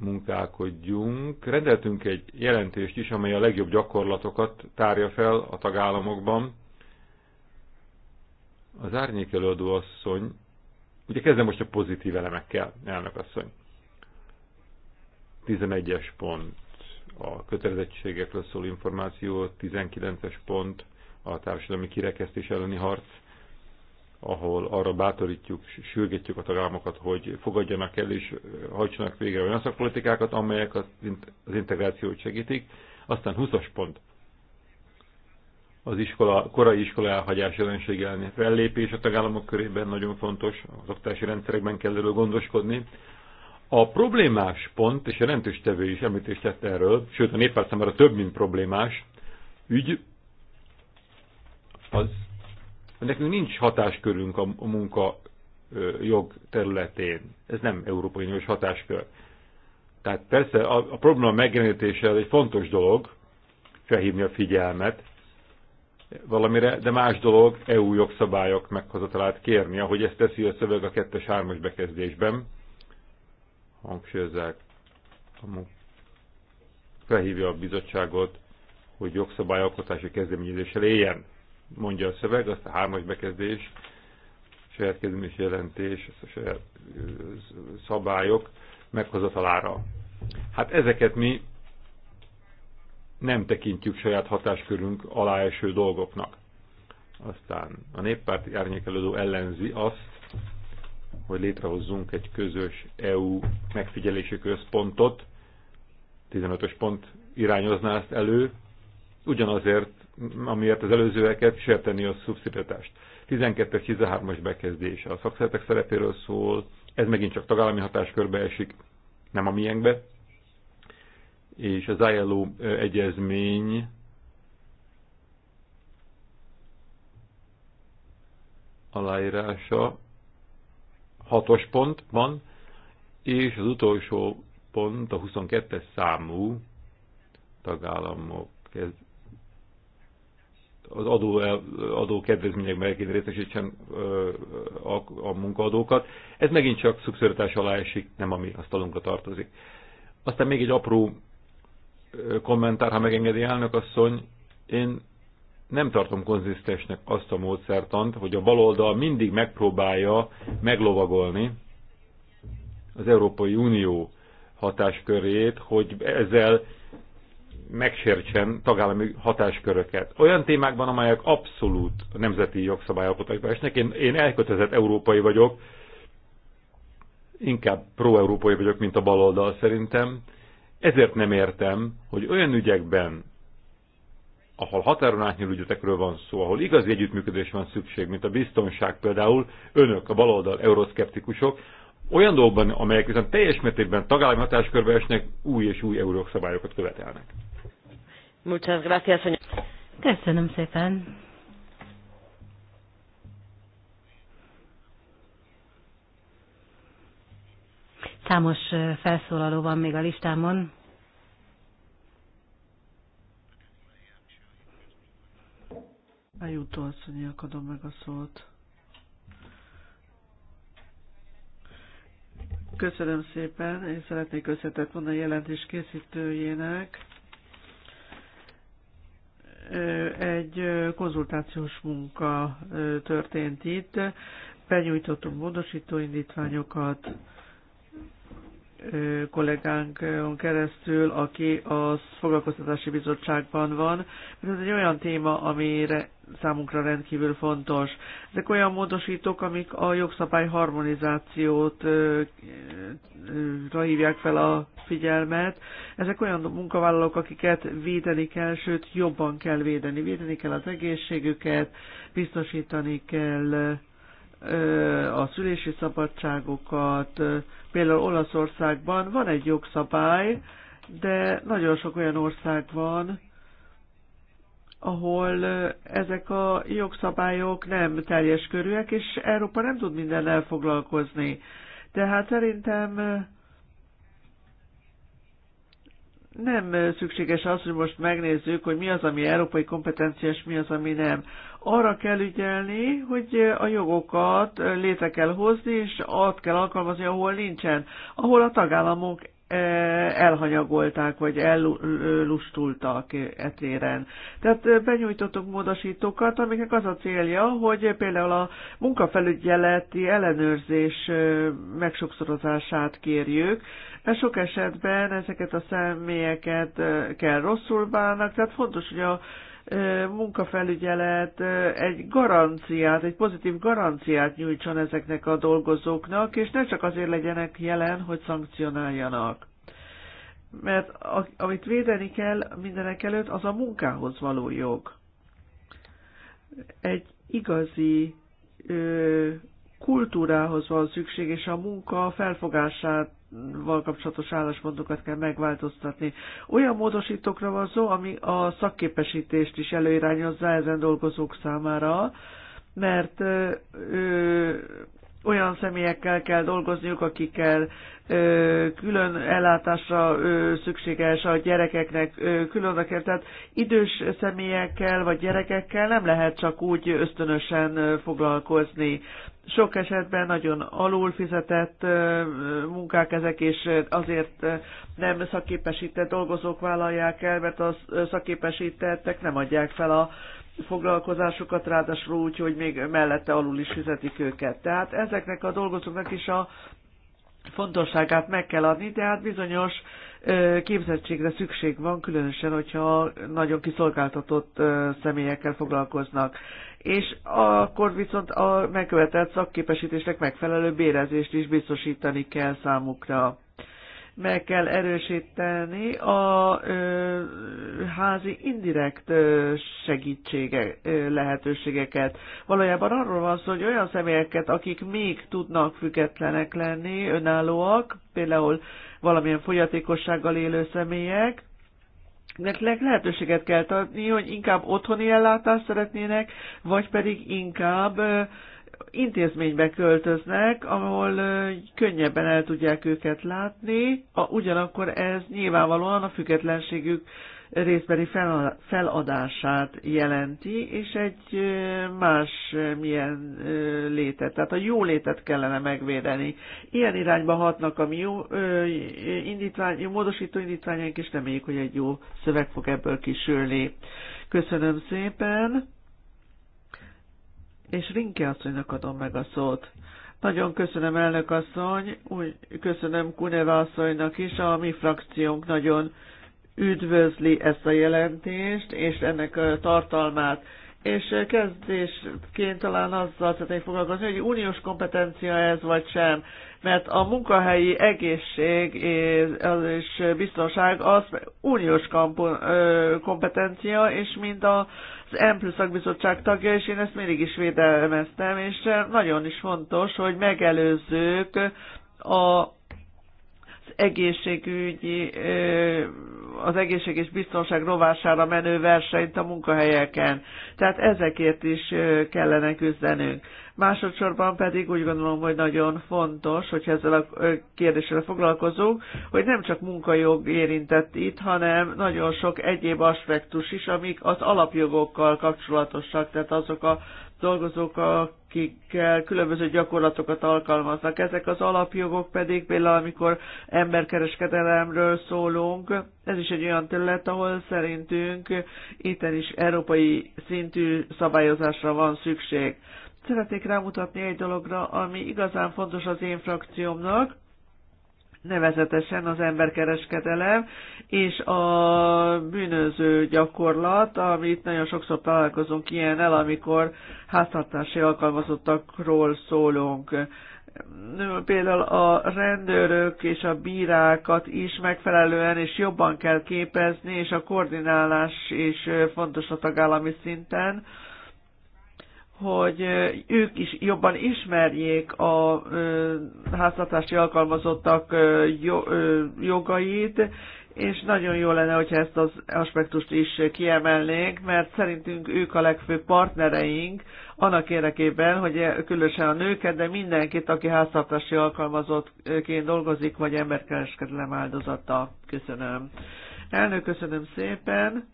munkálkodjunk. Rendeltünk egy jelentést is, amely a legjobb gyakorlatokat tárja fel a tagállamokban. Az előadó asszony, ugye kezdem most a pozitív elemekkel, elnök asszony. 11-es pont a kötelezettségekről szól információ, 19-es pont a társadalmi kirekesztés elleni harc, ahol arra bátorítjuk, sürgetjük a tagállamokat, hogy fogadjanak el és hajtsanak végre olyan szakpolitikákat, amelyek az integrációt segítik. Aztán 20-as pont. Az iskola, korai iskola elhagyás jelenség elleni fellépés a tagállamok körében nagyon fontos, az oktatási rendszerekben kell elő gondoskodni. A problémás pont, és rendős tevő is említést tett erről, sőt a néppárt számára több, mint problémás ügy, az Nekünk nincs hatáskörünk a munka jog területén. Ez nem Európai Uniós hatáskör. Tehát persze a, a probléma megjelenítése egy fontos dolog, felhívni a figyelmet valamire, de más dolog EU jogszabályok meghozatalát kérni, ahogy ezt teszi a szöveg a 2-3-as bekezdésben. Hangsúlyozzák. Felhívja a bizottságot, hogy jogszabályalkotási kezdeményezéssel éljen mondja a szöveg, azt a hármas bekezdés, saját kezdeményes jelentés, a saját szabályok meghozatalára. Hát ezeket mi nem tekintjük saját hatáskörünk alá eső dolgoknak. Aztán a néppárt árnyékelődő ellenzi azt, hogy létrehozzunk egy közös EU megfigyelési központot, 15-ös pont irányozná ezt elő, ugyanazért, amiért az előzőeket sérteni a szubszidiatást. 12-es, 13-as bekezdés a szakszeretek szerepéről szól, ez megint csak tagállami hatáskörbe esik, nem a miénkbe, és az ILO egyezmény aláírása hatos pont van, és az utolsó pont a 22-es számú tagállamok az adó, adó kedvezményekben részesítsen a, a munkaadókat. Ez megint csak szubszidatás alá esik, nem ami asztalunkra tartozik. Aztán még egy apró kommentár, ha megengedi elnök asszony, én nem tartom konzisztensnek azt a módszertant, hogy a baloldal mindig megpróbálja meglovagolni az Európai Unió hatáskörét, hogy ezzel megsértsen tagállami hatásköröket. Olyan témákban, amelyek abszolút nemzeti jogszabályalkotásba esnek. Én, én elkötelezett európai vagyok, inkább pro-európai vagyok, mint a baloldal szerintem. Ezért nem értem, hogy olyan ügyekben, ahol határon átnyúló ügyetekről van szó, ahol igazi együttműködés van szükség, mint a biztonság például, önök, a baloldal, euroszkeptikusok, olyan dolgokban, amelyek viszont teljes mértékben tagállami hatáskörbe esnek, új és új eurók szabályokat követelnek. Muchas gracias, señor. Köszönöm szépen. Számos felszólaló van még a listámon. A jutó asszonynak adom meg a szót. Köszönöm szépen, én szeretnék összetett mondani a jelentés készítőjének egy konzultációs munka történt itt. Benyújtottunk módosító indítványokat kollégánkon keresztül, aki a Foglalkoztatási Bizottságban van. Ez egy olyan téma, amire számunkra rendkívül fontos. Ezek olyan módosítók, amik a jogszabály harmonizációt hívják fel a figyelmet. Ezek olyan munkavállalók, akiket védeni kell, sőt jobban kell védeni. Védeni kell az egészségüket, biztosítani kell a szülési szabadságokat. Például Olaszországban van egy jogszabály, de nagyon sok olyan ország van, ahol ezek a jogszabályok nem teljes körűek, és Európa nem tud mindennel foglalkozni. Tehát szerintem nem szükséges az, hogy most megnézzük, hogy mi az, ami európai kompetencia, és mi az, ami nem. Arra kell ügyelni, hogy a jogokat létre kell hozni, és azt kell alkalmazni, ahol nincsen, ahol a tagállamok elhanyagolták, vagy ellustultak etéren. Tehát benyújtottunk módosítókat, amiknek az a célja, hogy például a munkafelügyeleti ellenőrzés megsokszorozását kérjük, mert sok esetben ezeket a személyeket kell rosszul bánnak, tehát fontos, hogy a munkafelügyelet egy garanciát, egy pozitív garanciát nyújtson ezeknek a dolgozóknak, és ne csak azért legyenek jelen, hogy szankcionáljanak. Mert amit védeni kell mindenek előtt, az a munkához való jog. Egy igazi ö, kultúrához van szükség, és a munka felfogását val kapcsolatos álláspontokat kell megváltoztatni. Olyan módosítókra van szó, ami a szakképesítést is előirányozza ezen dolgozók számára, mert ö, olyan személyekkel kell dolgozniuk, akikkel ö, külön ellátásra ö, szükséges a gyerekeknek, ö, külön tehát idős személyekkel vagy gyerekekkel nem lehet csak úgy ösztönösen ö, foglalkozni. Sok esetben nagyon alul fizetett ö, munkák ezek, és azért nem szakképesített dolgozók vállalják el, mert a szakképesítettek nem adják fel a foglalkozásukat, ráadásul úgy, hogy még mellette alul is fizetik őket. Tehát ezeknek a dolgozóknak is a fontosságát meg kell adni, de hát bizonyos képzettségre szükség van, különösen, hogyha nagyon kiszolgáltatott személyekkel foglalkoznak. És akkor viszont a megkövetelt szakképesítésnek megfelelő bérezést is biztosítani kell számukra meg kell erősíteni a ö, házi indirekt ö, segítsége ö, lehetőségeket. Valójában arról van szó, hogy olyan személyeket, akik még tudnak függetlenek lenni, önállóak, például valamilyen fogyatékossággal élő személyek, nekik lehetőséget kell adni, hogy inkább otthoni ellátást szeretnének, vagy pedig inkább intézménybe költöznek, ahol könnyebben el tudják őket látni, a, ugyanakkor ez nyilvánvalóan a függetlenségük részbeli feladását jelenti, és egy más milyen létet, tehát a jó létet kellene megvédeni. Ilyen irányba hatnak a mi jó, indítvány, módosító indítványaink, és reméljük, hogy egy jó szöveg fog ebből kisülni. Köszönöm szépen! és Rinke asszonynak adom meg a szót. Nagyon köszönöm, elnök asszony, úgy köszönöm Kuneva asszonynak is, a mi frakciónk nagyon üdvözli ezt a jelentést, és ennek a tartalmát. És kezdésként talán azzal szeretnék foglalkozni, hogy uniós kompetencia ez vagy sem, mert a munkahelyi egészség és biztonság az uniós kompetencia, és mind a EMPL szakbizottság tagja, és én ezt mindig is védelmeztem, és eh, nagyon is fontos, hogy megelőzzük a egészségügyi, eh, az egészség és biztonság rovására menő versenyt a munkahelyeken. Tehát ezekért is eh, kellene küzdenünk. Másodszorban pedig úgy gondolom, hogy nagyon fontos, hogy ezzel a kérdéssel foglalkozunk, hogy nem csak munkajog érintett itt, hanem nagyon sok egyéb aspektus is, amik az alapjogokkal kapcsolatosak, tehát azok a dolgozók, akikkel különböző gyakorlatokat alkalmaznak. Ezek az alapjogok pedig például, amikor emberkereskedelemről szólunk, ez is egy olyan terület, ahol szerintünk itten is európai szintű szabályozásra van szükség. Szeretnék rámutatni egy dologra, ami igazán fontos az én frakciómnak, nevezetesen az emberkereskedelem és a bűnöző gyakorlat, amit nagyon sokszor találkozunk el, amikor háztartási alkalmazottakról szólunk. Például a rendőrök és a bírákat is megfelelően és jobban kell képezni, és a koordinálás is fontos a tagállami szinten hogy ők is jobban ismerjék a háztartási alkalmazottak jogait, és nagyon jó lenne, hogyha ezt az aspektust is kiemelnénk, mert szerintünk ők a legfőbb partnereink annak érdekében, hogy e, különösen a nőket, de mindenkit, aki háztartási alkalmazottként dolgozik, vagy emberkereskedelem áldozata. Köszönöm. Elnök, köszönöm szépen.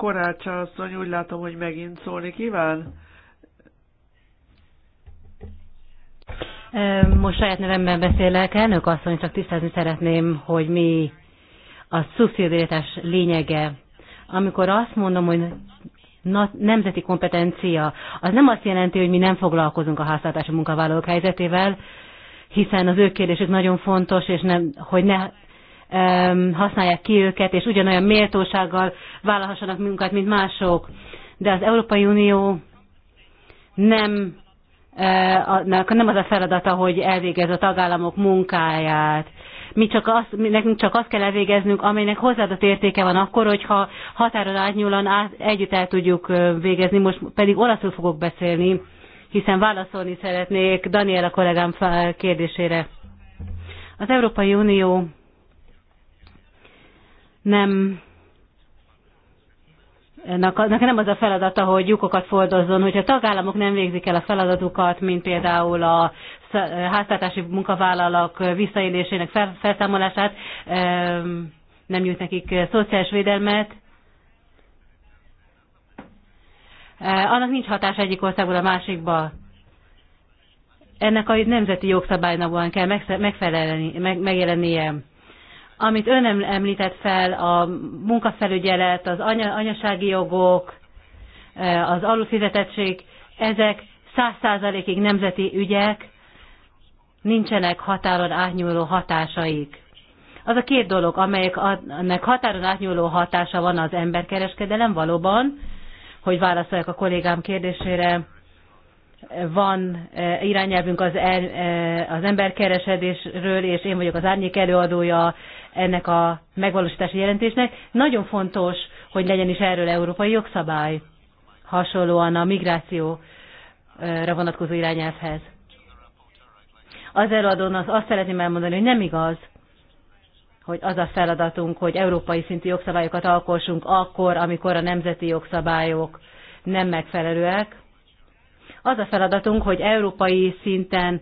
Korácsa asszony, úgy látom, hogy megint szólni kíván. Most saját nevemben beszélek, elnök asszony, csak tisztázni szeretném, hogy mi a szubszidiaritás lényege. Amikor azt mondom, hogy nemzeti kompetencia, az nem azt jelenti, hogy mi nem foglalkozunk a háztartási munkavállalók helyzetével, hiszen az ő kérdésük nagyon fontos, és nem, hogy ne használják ki őket, és ugyanolyan méltósággal vállalhassanak munkát, mint mások. De az Európai Unió nem, e, nem az a feladata, hogy elvégez a tagállamok munkáját. Mi csak azt, mi, nekünk csak azt kell elvégeznünk, amelynek hozzáadott értéke van akkor, hogyha határon átnyúlan át, együtt el tudjuk végezni. Most pedig olaszul fogok beszélni, hiszen válaszolni szeretnék Daniela kollégám kérdésére. Az Európai Unió nem Nekem nem az a feladata, hogy lyukokat fordozzon, hogyha a tagállamok nem végzik el a feladatukat, mint például a háztartási munkavállalók visszaélésének felszámolását, nem nyújt nekik szociális védelmet, e, annak nincs hatás egyik országból a másikba. Ennek a nemzeti jogszabálynak kell megfelelni, megjelennie amit ön említett fel, a munkafelügyelet, az anya, anyasági jogok, e, az alulfizetettség, ezek száz százalékig nemzeti ügyek, nincsenek határon átnyúló hatásaik. Az a két dolog, amelyeknek határon átnyúló hatása van az emberkereskedelem valóban, hogy válaszoljak a kollégám kérdésére, van e, irányelvünk az, e, az emberkeresedésről, és én vagyok az árnyék előadója ennek a megvalósítási jelentésnek. Nagyon fontos, hogy legyen is erről európai jogszabály, hasonlóan a migrációra vonatkozó irányelvhez. Az előadón az azt szeretném elmondani, hogy nem igaz, hogy az a feladatunk, hogy európai szintű jogszabályokat alkossunk akkor, amikor a nemzeti jogszabályok nem megfelelőek. Az a feladatunk, hogy európai szinten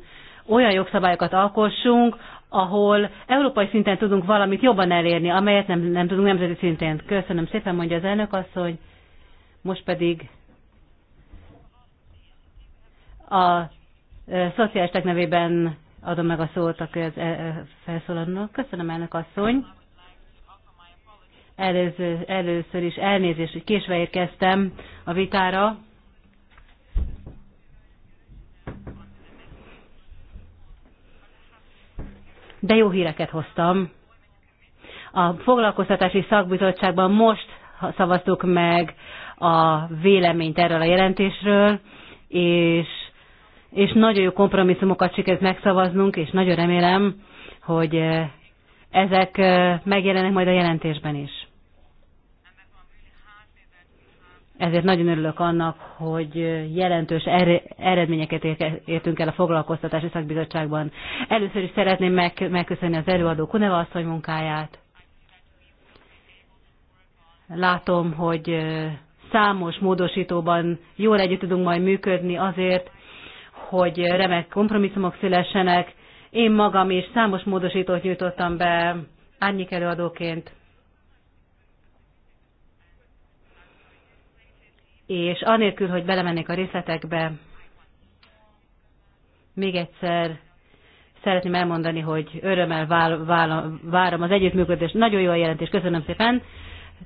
olyan jogszabályokat alkossunk, ahol európai szinten tudunk valamit jobban elérni, amelyet nem, nem tudunk nemzeti szinten. Köszönöm szépen, mondja az elnök asszony. Most pedig a szociálisták nevében adom meg a szót a felszólalónak. Köszönöm, elnök asszony. Előző, először is elnézést, hogy késve érkeztem a vitára. de jó híreket hoztam. A foglalkoztatási szakbizottságban most szavaztuk meg a véleményt erről a jelentésről, és, és nagyon jó kompromisszumokat sikerült megszavaznunk, és nagyon remélem, hogy eh, ezek eh, megjelennek majd a jelentésben is. Ezért nagyon örülök annak, hogy jelentős er- eredményeket értünk el a foglalkoztatási szakbizottságban. Először is szeretném megköszönni az előadó Kuneva asszony munkáját. Látom, hogy számos módosítóban jól együtt tudunk majd működni azért, hogy remek kompromisszumok szülessenek. Én magam is számos módosítót nyújtottam be árnyék előadóként és anélkül, hogy belemennék a részletekbe, még egyszer szeretném elmondani, hogy örömmel vál, vál, várom az együttműködést. Nagyon jó a jelentés, köszönöm szépen.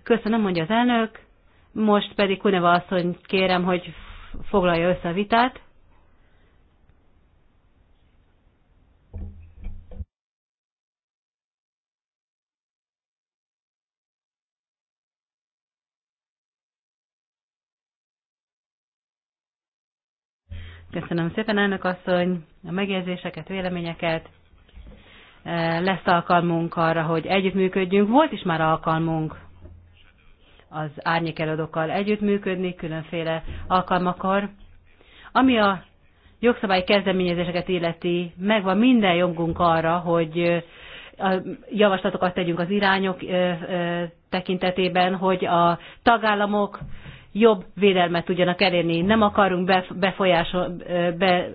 Köszönöm, mondja az elnök. Most pedig Kuneva asszony kérem, hogy foglalja össze a vitát. Köszönöm szépen, elnök asszony, a megjegyzéseket, véleményeket. E, lesz alkalmunk arra, hogy együttműködjünk. Volt is már alkalmunk az árnyékelődokkal együttműködni különféle alkalmakor. Ami a jogszabályi kezdeményezéseket illeti, megvan minden jogunk arra, hogy e, a javaslatokat tegyünk az irányok e, tekintetében, hogy a tagállamok jobb védelmet tudjanak elérni. Nem akarunk befolyásol, be,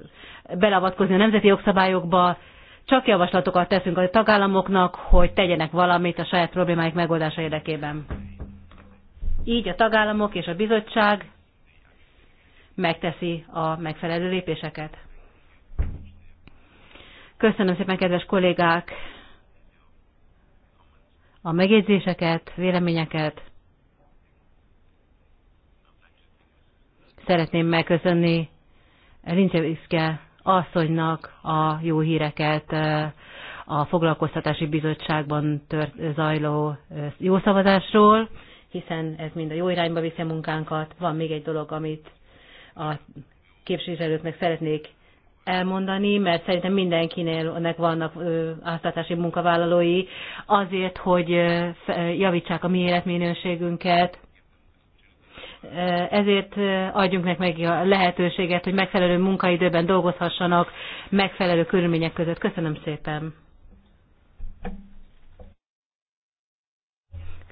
belavatkozni a nemzeti jogszabályokba, csak javaslatokat teszünk a tagállamoknak, hogy tegyenek valamit a saját problémáik megoldása érdekében. Így a tagállamok és a bizottság megteszi a megfelelő lépéseket. Köszönöm szépen, kedves kollégák, a megjegyzéseket, véleményeket. szeretném megköszönni Lincseviszke asszonynak a jó híreket a foglalkoztatási bizottságban tört, zajló jó szavazásról, hiszen ez mind a jó irányba viszi a munkánkat. Van még egy dolog, amit a képviselőknek szeretnék elmondani, mert szerintem mindenkinél ennek vannak áztatási munkavállalói, azért, hogy javítsák a mi életminőségünket, ezért adjunk nekik meg a lehetőséget, hogy megfelelő munkaidőben dolgozhassanak, megfelelő körülmények között. Köszönöm szépen!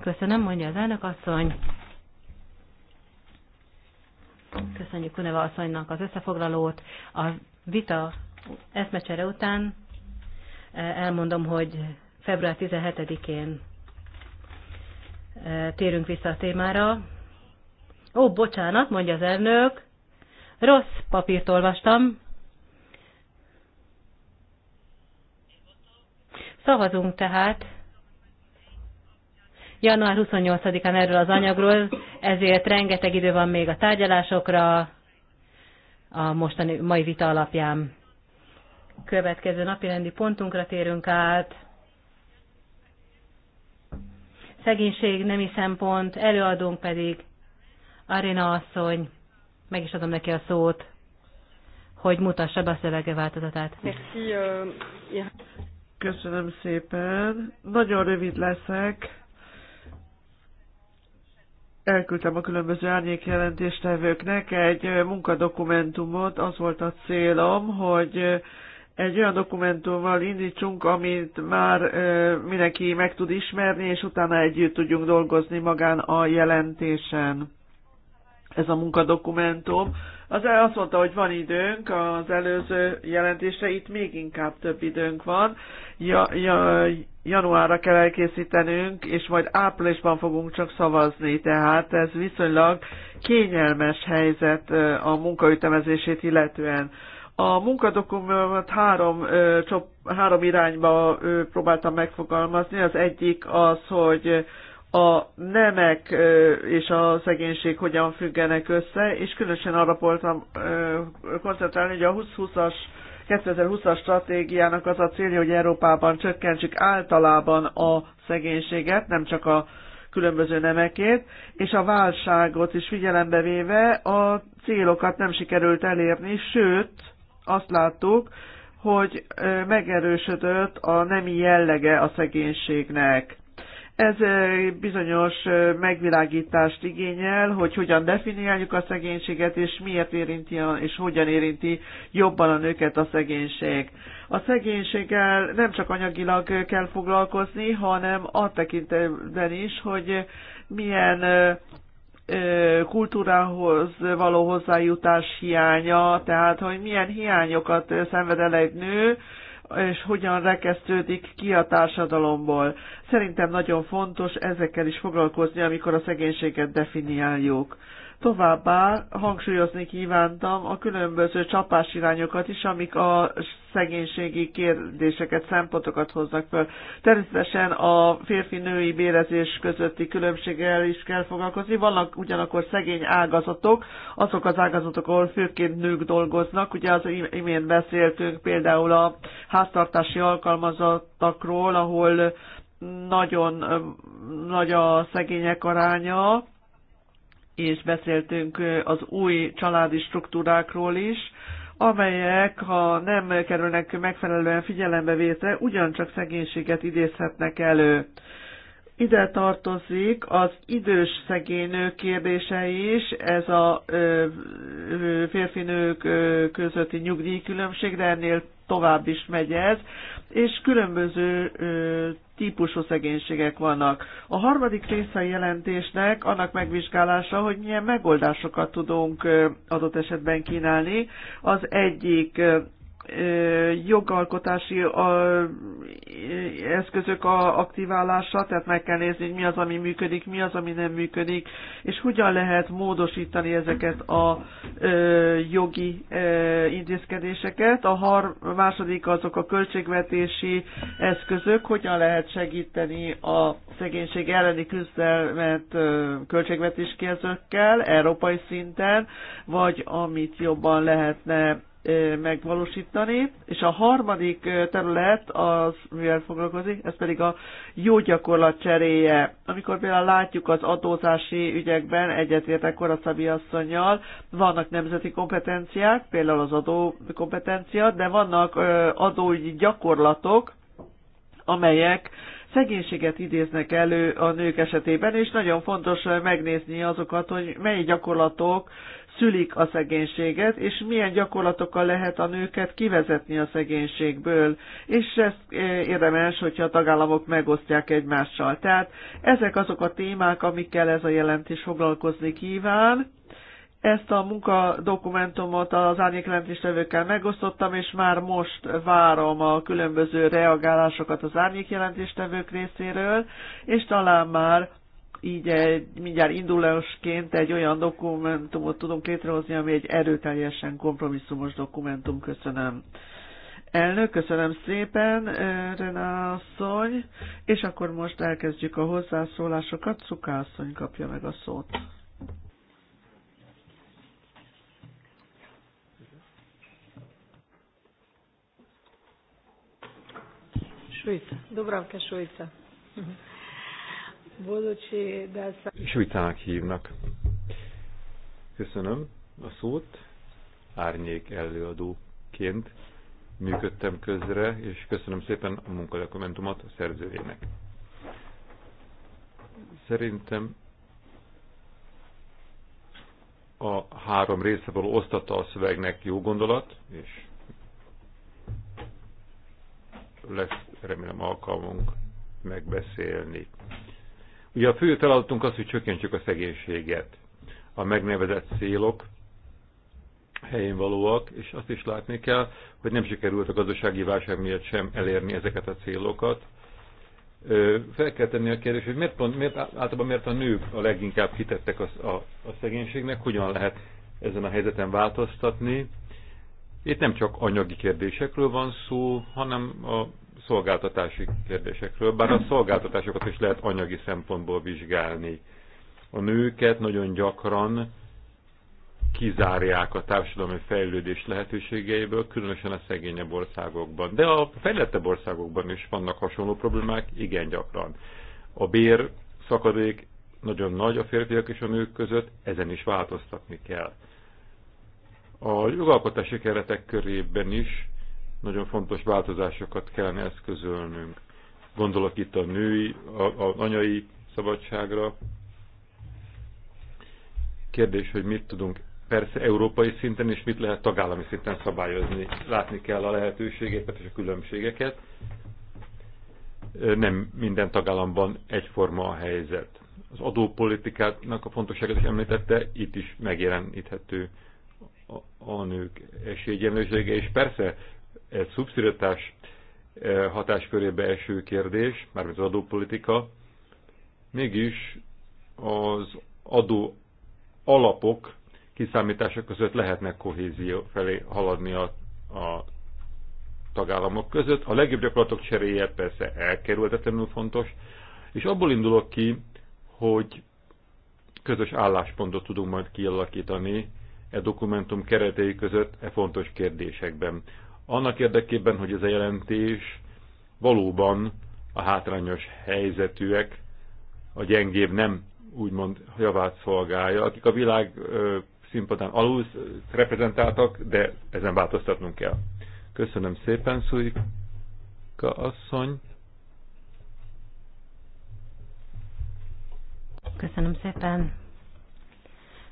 Köszönöm, mondja az elnök asszony. Köszönjük Kuneva asszonynak az összefoglalót. A vita eszmecsere után elmondom, hogy február 17-én térünk vissza a témára, Ó, bocsánat, mondja az elnök. Rossz papírt olvastam. Szavazunk tehát január 28-án erről az anyagról, ezért rengeteg idő van még a tárgyalásokra a mostani, mai vita alapján. Következő napirendi pontunkra térünk át. Szegénység nemi szempont, előadónk pedig Arena asszony, meg is adom neki a szót, hogy mutassa be a szövege változatát. Euh, Köszönöm szépen. Nagyon rövid leszek. Elküldtem a különböző árnyékjelentéstevőknek egy munkadokumentumot. Az volt a célom, hogy egy olyan dokumentummal indítsunk, amit már mindenki meg tud ismerni, és utána együtt tudjunk dolgozni magán a jelentésen ez a munkadokumentum. Az el azt mondta, hogy van időnk az előző jelentése, itt még inkább több időnk van. Ja, ja, januárra kell elkészítenünk, és majd áprilisban fogunk csak szavazni, tehát ez viszonylag kényelmes helyzet a munkaütemezését illetően. A munkadokumentumot három, három irányba próbáltam megfogalmazni. Az egyik az, hogy a nemek és a szegénység hogyan függenek össze, és különösen arra voltam koncentrálni, hogy a 2020-as 2020-as stratégiának az a célja, hogy Európában csökkentsük általában a szegénységet, nem csak a különböző nemekét, és a válságot is figyelembe véve a célokat nem sikerült elérni, sőt, azt láttuk, hogy megerősödött a nemi jellege a szegénységnek ez bizonyos megvilágítást igényel, hogy hogyan definiáljuk a szegénységet, és miért érinti, és hogyan érinti jobban a nőket a szegénység. A szegénységgel nem csak anyagilag kell foglalkozni, hanem a tekintetben is, hogy milyen kultúrához való hozzájutás hiánya, tehát hogy milyen hiányokat szenved el egy nő, és hogyan rekesztődik ki a társadalomból. Szerintem nagyon fontos ezekkel is foglalkozni, amikor a szegénységet definiáljuk. Továbbá hangsúlyozni kívántam a különböző csapásirányokat is, amik a szegénységi kérdéseket, szempontokat hoznak föl. Természetesen a férfi-női bérezés közötti különbséggel is kell foglalkozni. Vannak ugyanakkor szegény ágazatok, azok az ágazatok, ahol főként nők dolgoznak. Ugye az imént beszéltünk például a háztartási alkalmazottakról, ahol nagyon nagy a szegények aránya, és beszéltünk az új családi struktúrákról is, amelyek, ha nem kerülnek megfelelően figyelembe vétre, ugyancsak szegénységet idézhetnek elő. Ide tartozik az idős szegénynők kérdése is, ez a férfinők közötti nyugdíjkülönbség, de ennél tovább is megy ez, és különböző típusú szegénységek vannak. A harmadik része a jelentésnek annak megvizsgálása, hogy milyen megoldásokat tudunk adott esetben kínálni. Az egyik jogalkotási eszközök a aktiválása, tehát meg kell nézni, hogy mi az, ami működik, mi az, ami nem működik, és hogyan lehet módosítani ezeket a jogi intézkedéseket. A har második azok a költségvetési eszközök, hogyan lehet segíteni a szegénység elleni küzdelmet költségvetés eszközökkel, európai szinten, vagy amit jobban lehetne megvalósítani, és a harmadik terület, az, mivel foglalkozik, ez pedig a jó gyakorlat cseréje. Amikor például látjuk az adózási ügyekben, egyetértek Koraszabi asszonyjal, vannak nemzeti kompetenciák, például az adó kompetencia, de vannak adóügyi gyakorlatok, amelyek szegénységet idéznek elő a nők esetében, és nagyon fontos megnézni azokat, hogy mely gyakorlatok szülik a szegénységet, és milyen gyakorlatokkal lehet a nőket kivezetni a szegénységből, és ez eh, érdemes, hogyha a tagállamok megosztják egymással. Tehát ezek azok a témák, amikkel ez a jelentés foglalkozni kíván. Ezt a munkadokumentumot az árnyékjelentéstevőkkel megosztottam, és már most várom a különböző reagálásokat az árnyékjelentéstevők részéről, és talán már így egy, eh, mindjárt indulásként egy olyan dokumentumot tudunk létrehozni, ami egy erőteljesen kompromisszumos dokumentum. Köszönöm. Elnök, köszönöm szépen, eh, Rená asszony, és akkor most elkezdjük a hozzászólásokat. szuka, asszony kapja meg a szót. Sújta, Dubravka Sújta. És vitának hívnak. Köszönöm a szót. Árnyék előadóként működtem közre, és köszönöm szépen a munkadokumentumot a szerzőjének. Szerintem a három való osztata a szövegnek jó gondolat, és lesz remélem alkalmunk megbeszélni Ugye a fő feladatunk az, hogy csökkentsük a szegénységet. A megnevezett célok helyén valóak, és azt is látni kell, hogy nem sikerült a gazdasági válság miatt sem elérni ezeket a célokat. Fel kell tenni a kérdést, hogy miért, pont, miért általában miért a nők a leginkább hitettek a, a, a szegénységnek, hogyan lehet ezen a helyzeten változtatni. Itt nem csak anyagi kérdésekről van szó, hanem a szolgáltatási kérdésekről, bár a szolgáltatásokat is lehet anyagi szempontból vizsgálni. A nőket nagyon gyakran kizárják a társadalmi fejlődés lehetőségeiből, különösen a szegényebb országokban. De a fejlettebb országokban is vannak hasonló problémák, igen gyakran. A bér szakadék nagyon nagy a férfiak és a nők között, ezen is változtatni kell. A jogalkotási keretek körében is nagyon fontos változásokat kellene eszközölnünk. Gondolok itt a női, a, a anyai szabadságra. Kérdés, hogy mit tudunk persze európai szinten, és mit lehet tagállami szinten szabályozni. Látni kell a lehetőségeket és a különbségeket. Nem minden tagállamban egyforma a helyzet. Az adópolitikának a fontosságát is említette, itt is megjeleníthető a nők esélyegyenlősége, és persze egy szubszidiatás e, hatáskörébe eső kérdés, mármint az adópolitika, mégis az adó alapok kiszámítása között lehetnek kohézió felé haladni a, a tagállamok között. A legjobb gyakorlatok cseréje persze elkerülhetetlenül fontos, és abból indulok ki, hogy közös álláspontot tudunk majd kialakítani e dokumentum keretei között e fontos kérdésekben annak érdekében, hogy ez a jelentés valóban a hátrányos helyzetűek, a gyengébb nem úgymond javát szolgálja, akik a világ színpadán alul reprezentáltak, de ezen változtatnunk kell. Köszönöm szépen, Szújka asszony. Köszönöm szépen.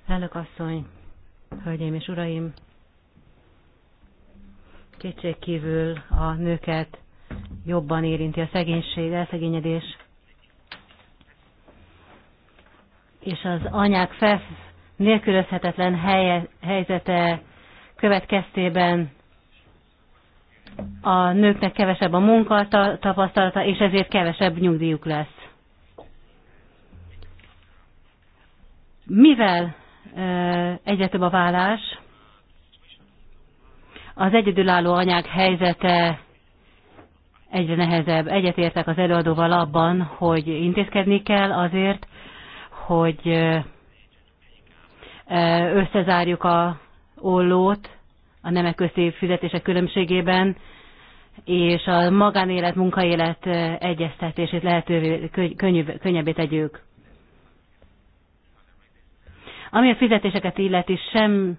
Elnök asszony, hölgyeim és uraim, Kétségkívül a nőket jobban érinti a szegénység, elszegényedés, és az anyák fesz nélkülözhetetlen helye, helyzete következtében a nőknek kevesebb a munka tapasztalata, és ezért kevesebb nyugdíjuk lesz. Mivel egyre több a vállás, az egyedülálló anyák helyzete egyre nehezebb. Egyetértek az előadóval abban, hogy intézkedni kell azért, hogy összezárjuk a ollót a nemek közti fizetések különbségében, és a magánélet, munkaélet egyeztetését lehetővé, könnyű, könnyebbé tegyük. Ami a fizetéseket illeti, sem,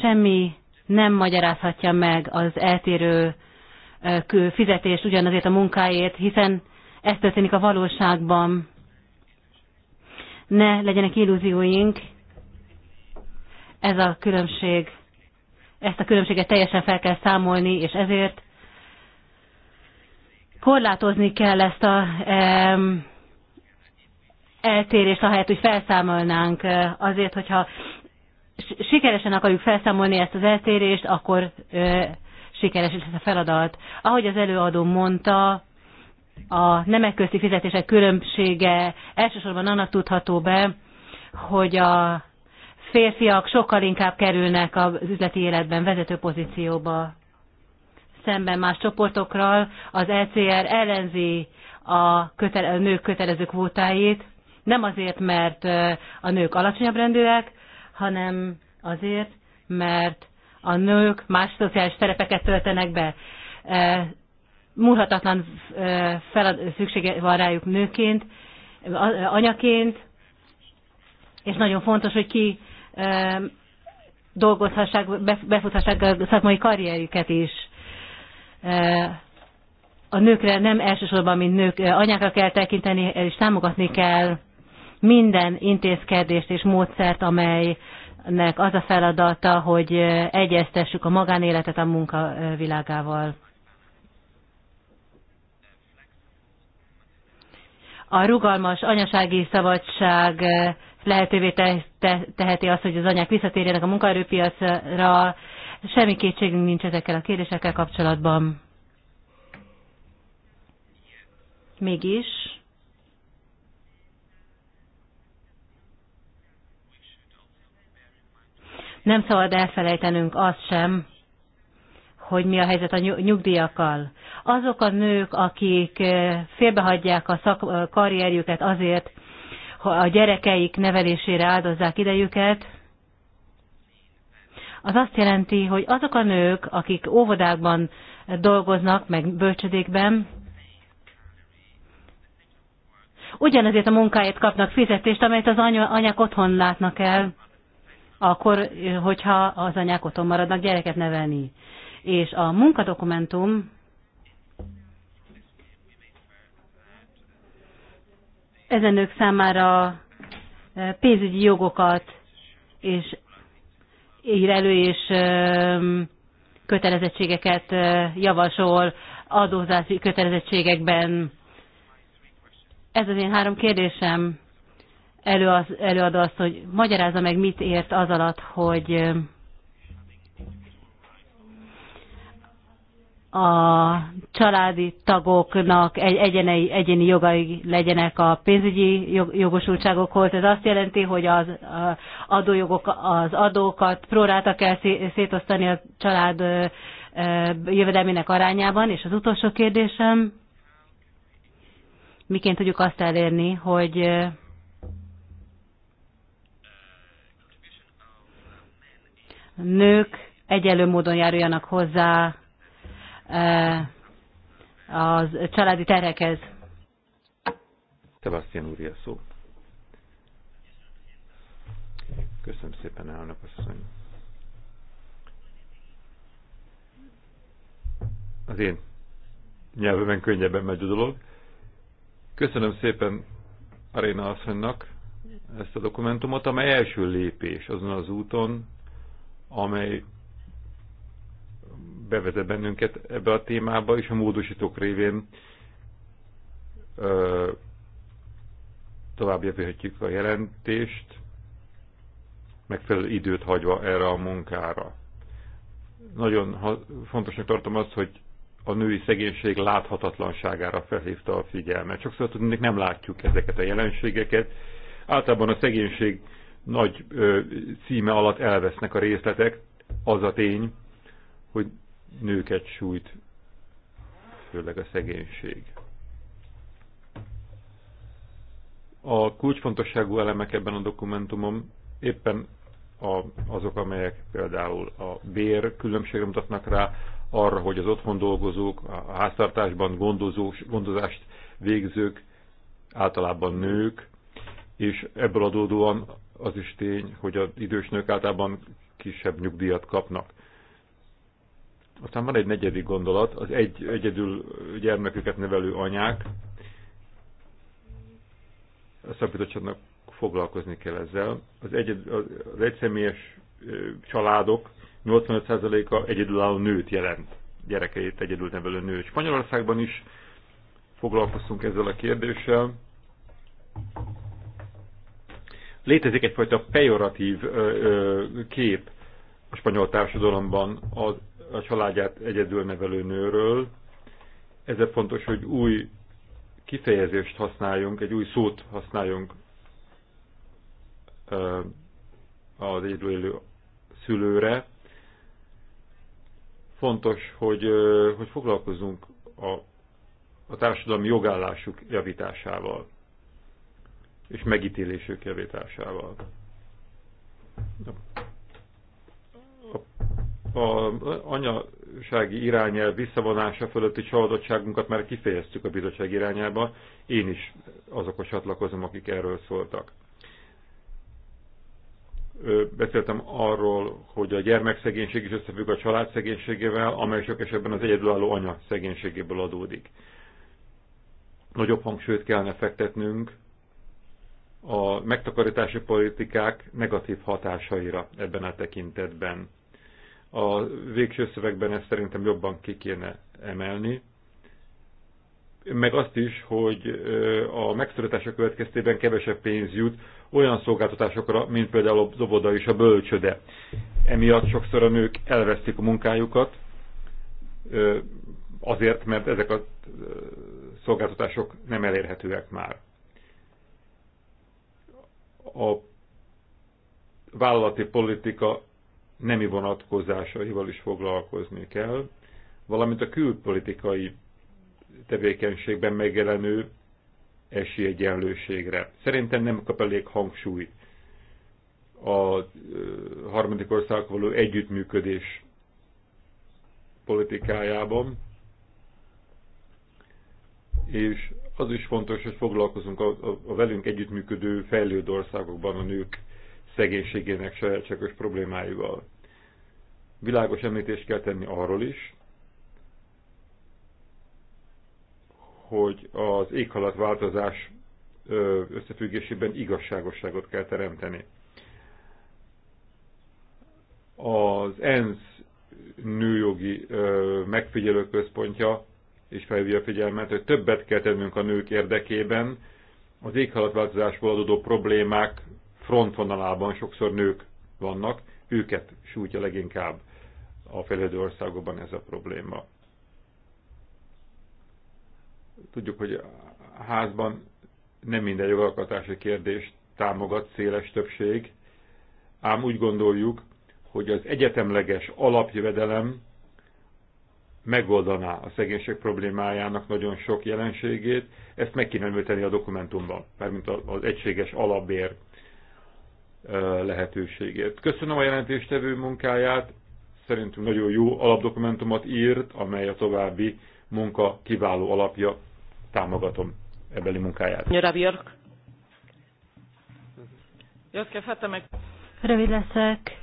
semmi nem magyarázhatja meg az eltérő fizetést ugyanazért a munkáért, hiszen ez történik a valóságban. Ne legyenek illúzióink, ez a különbség, ezt a különbséget teljesen fel kell számolni, és ezért korlátozni kell ezt a e, eltérést, ahelyett, hogy felszámolnánk azért, hogyha sikeresen akarjuk felszámolni ezt az eltérést, akkor sikeres lesz a feladat. Ahogy az előadó mondta, a nemek közti fizetések különbsége elsősorban annak tudható be, hogy a férfiak sokkal inkább kerülnek az üzleti életben vezető pozícióba szemben más csoportokral. Az LCR e ellenzi a, kötele, a nők kötelező kvótáit, nem azért, mert a nők alacsonyabb rendűek, hanem azért, mert a nők más szociális szerepeket töltenek be. E, múlhatatlan e, felad, szüksége van rájuk nőként, anyaként, és nagyon fontos, hogy ki e, dolgozhassák, befuthassák a szakmai karrierjüket is. A nőkre nem elsősorban, mint nők, anyákra kell tekinteni, és támogatni kell minden intézkedést és módszert, amelynek az a feladata, hogy egyeztessük a magánéletet a munkavilágával. A rugalmas anyasági szabadság lehetővé te, te, teheti azt, hogy az anyák visszatérjenek a munkaerőpiacra. Semmi kétségünk nincs ezekkel a kérdésekkel kapcsolatban. Mégis Nem szabad elfelejtenünk azt sem, hogy mi a helyzet a nyugdíjakkal. Azok a nők, akik eh, félbehagyják a szak, eh, karrierjüket azért, hogy a gyerekeik nevelésére áldozzák idejüket, az azt jelenti, hogy azok a nők, akik óvodákban dolgoznak, meg bölcsödékben, ugyanazért a munkáért kapnak fizetést, amelyet az anyák otthon látnak el akkor, hogyha az anyák otthon maradnak gyereket nevelni. És a munkadokumentum ezen ők számára eh, pénzügyi jogokat és ír elő és eh, kötelezettségeket eh, javasol adózási kötelezettségekben. Ez az én három kérdésem elő az, előadó azt, hogy magyarázza meg, mit ért az alatt, hogy a családi tagoknak egy, egyenei, egyéni jogai legyenek a pénzügyi jog, jogosultságokhoz. Ez azt jelenti, hogy az adójogok, az adókat próráta kell szétosztani a család jövedelmének arányában. És az utolsó kérdésem, miként tudjuk azt elérni, hogy nők egyenlő módon járuljanak hozzá e, a családi terhekhez. Sebastian úr, a szó. Köszönöm szépen, elnök asszony. Az én nyelvemen könnyebben megy a dolog. Köszönöm szépen Aréna asszonynak ezt a dokumentumot, amely első lépés azon az úton, amely bevezet bennünket ebbe a témába, és a módosítók révén ö, tovább jövőhetjük a jelentést, megfelelő időt hagyva erre a munkára. Nagyon fontosnak tartom azt, hogy a női szegénység láthatatlanságára felhívta a figyelmet. Sokszor tudnék nem látjuk ezeket a jelenségeket. Általában a szegénység nagy ö, címe alatt elvesznek a részletek, az a tény, hogy nőket sújt, főleg a szegénység. A kulcsfontosságú elemek ebben a dokumentumom éppen a, azok, amelyek például a bér különbségre mutatnak rá, arra, hogy az otthon dolgozók, a háztartásban gondozós, gondozást végzők általában nők, és ebből adódóan az is tény, hogy az idős nők általában kisebb nyugdíjat kapnak. Aztán van egy negyedik gondolat, az egy egyedül gyermeküket nevelő anyák. A szabítottságnak foglalkozni kell ezzel. Az, egyed, az egyszemélyes családok 85%-a egyedülálló nőt jelent, gyerekeit egyedül nevelő nő. Spanyolországban is foglalkoztunk ezzel a kérdéssel. Létezik egyfajta pejoratív kép a spanyol társadalomban a, a családját egyedül nevelő nőről. Ezért fontos, hogy új kifejezést használjunk, egy új szót használjunk az egyedül élő szülőre. Fontos, hogy, hogy foglalkozunk a, a társadalmi jogállásuk javításával és megítélésük javításával. A, a anyasági irányelv visszavonása fölötti csalódottságunkat már kifejeztük a bizottság irányába, én is azokhoz csatlakozom, akik erről szóltak beszéltem arról, hogy a gyermekszegénység is összefügg a család szegénységével, amely sok esetben az egyedülálló anya szegénységéből adódik. Nagyobb hangsúlyt kellene fektetnünk a megtakarítási politikák negatív hatásaira ebben a tekintetben. A végső szövegben ezt szerintem jobban ki kéne emelni, meg azt is, hogy a megszületése következtében kevesebb pénz jut olyan szolgáltatásokra, mint például a zoboda és a bölcsöde. Emiatt sokszor a nők elvesztik a munkájukat, azért, mert ezek a szolgáltatások nem elérhetőek már a vállalati politika nemi vonatkozásaival is foglalkozni kell, valamint a külpolitikai tevékenységben megjelenő esélyegyenlőségre. Szerintem nem kap elég hangsúlyt a harmadik ország való együttműködés politikájában, és az is fontos, hogy foglalkozunk a, a, a velünk együttműködő fejlődő országokban a nők szegénységének sajátságos problémáival. Világos említést kell tenni arról is, hogy az éghalatváltozás összefüggésében igazságosságot kell teremteni. Az ENSZ nőjogi megfigyelőközpontja és felhívja a figyelmet, hogy többet kell tennünk a nők érdekében. Az éghajlatváltozásból adódó problémák frontvonalában sokszor nők vannak, őket sújtja leginkább a fejlődő országokban ez a probléma. Tudjuk, hogy a házban nem minden jogalkotási kérdést támogat széles többség, ám úgy gondoljuk, hogy az egyetemleges alapjövedelem megoldaná a szegénység problémájának nagyon sok jelenségét, ezt meg kéne műteni a dokumentumban, mármint az egységes alapér lehetőségét. Köszönöm a jelentéstevő munkáját, szerintünk nagyon jó alapdokumentumot írt, amely a további munka kiváló alapja. Támogatom ebbeli munkáját. Nyora Björk. Rövid leszek.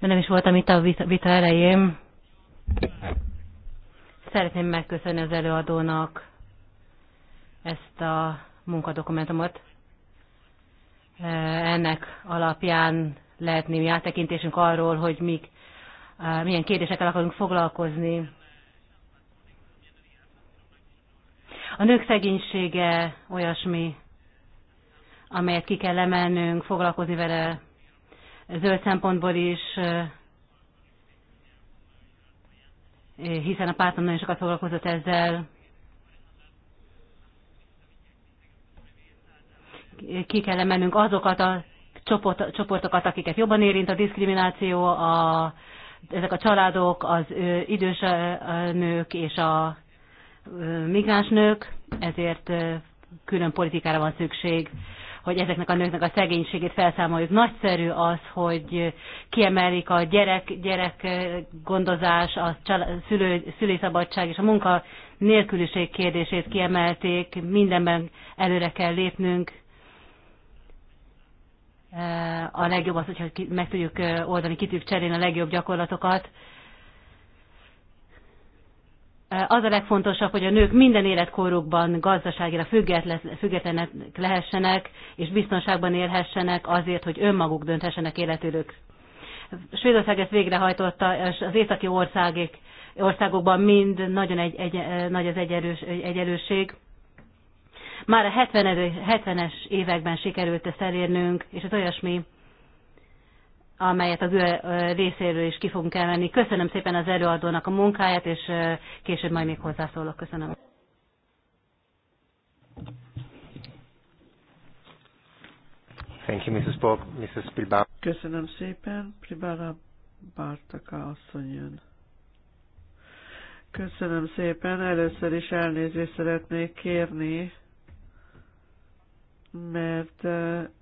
De nem is voltam itt a vita elején. Szeretném megköszönni az előadónak ezt a munkadokumentumot. E, ennek alapján lehet némi áttekintésünk arról, hogy mik, e, milyen kérdésekkel akarunk foglalkozni. A nők szegénysége olyasmi, amelyet ki kell emelnünk, foglalkozni vele zöld szempontból is, hiszen a pártom nagyon sokat foglalkozott ezzel. Ki kell emelnünk azokat a csoportokat, akiket jobban érint a diszkrimináció, a, ezek a családok, az idős nők és a migráns nők, ezért külön politikára van szükség hogy ezeknek a nőknek a szegénységét felszámoljuk. Nagyszerű az, hogy kiemelik a gyerek, gyerek gondozás, a szülő, szülői szabadság és a munka nélküliség kérdését kiemelték, mindenben előre kell lépnünk. E, a legjobb az, hogyha meg tudjuk e, oldani, ki tudjuk cserélni a legjobb gyakorlatokat Eh, az a legfontosabb, hogy a nők minden életkorukban gazdaságra függetlenek lehessenek, és biztonságban élhessenek azért, hogy önmaguk dönthessenek életülük. Svédország ezt végrehajtotta, és az északi országék, országokban mind nagyon egy, egy, eh, nagy az egyenlős, egyenlőség. Már a 70-es években sikerült ezt elérnünk, és az olyasmi, amelyet az ő részéről is ki fogunk emelni. Köszönöm szépen az előadónak a munkáját, és később majd még hozzászólok. Köszönöm. Thank you, Mrs. Bog, Mrs. Bilbao. Köszönöm szépen, Pribára Bartaka asszony jön. Köszönöm szépen, először is elnézést szeretnék kérni mert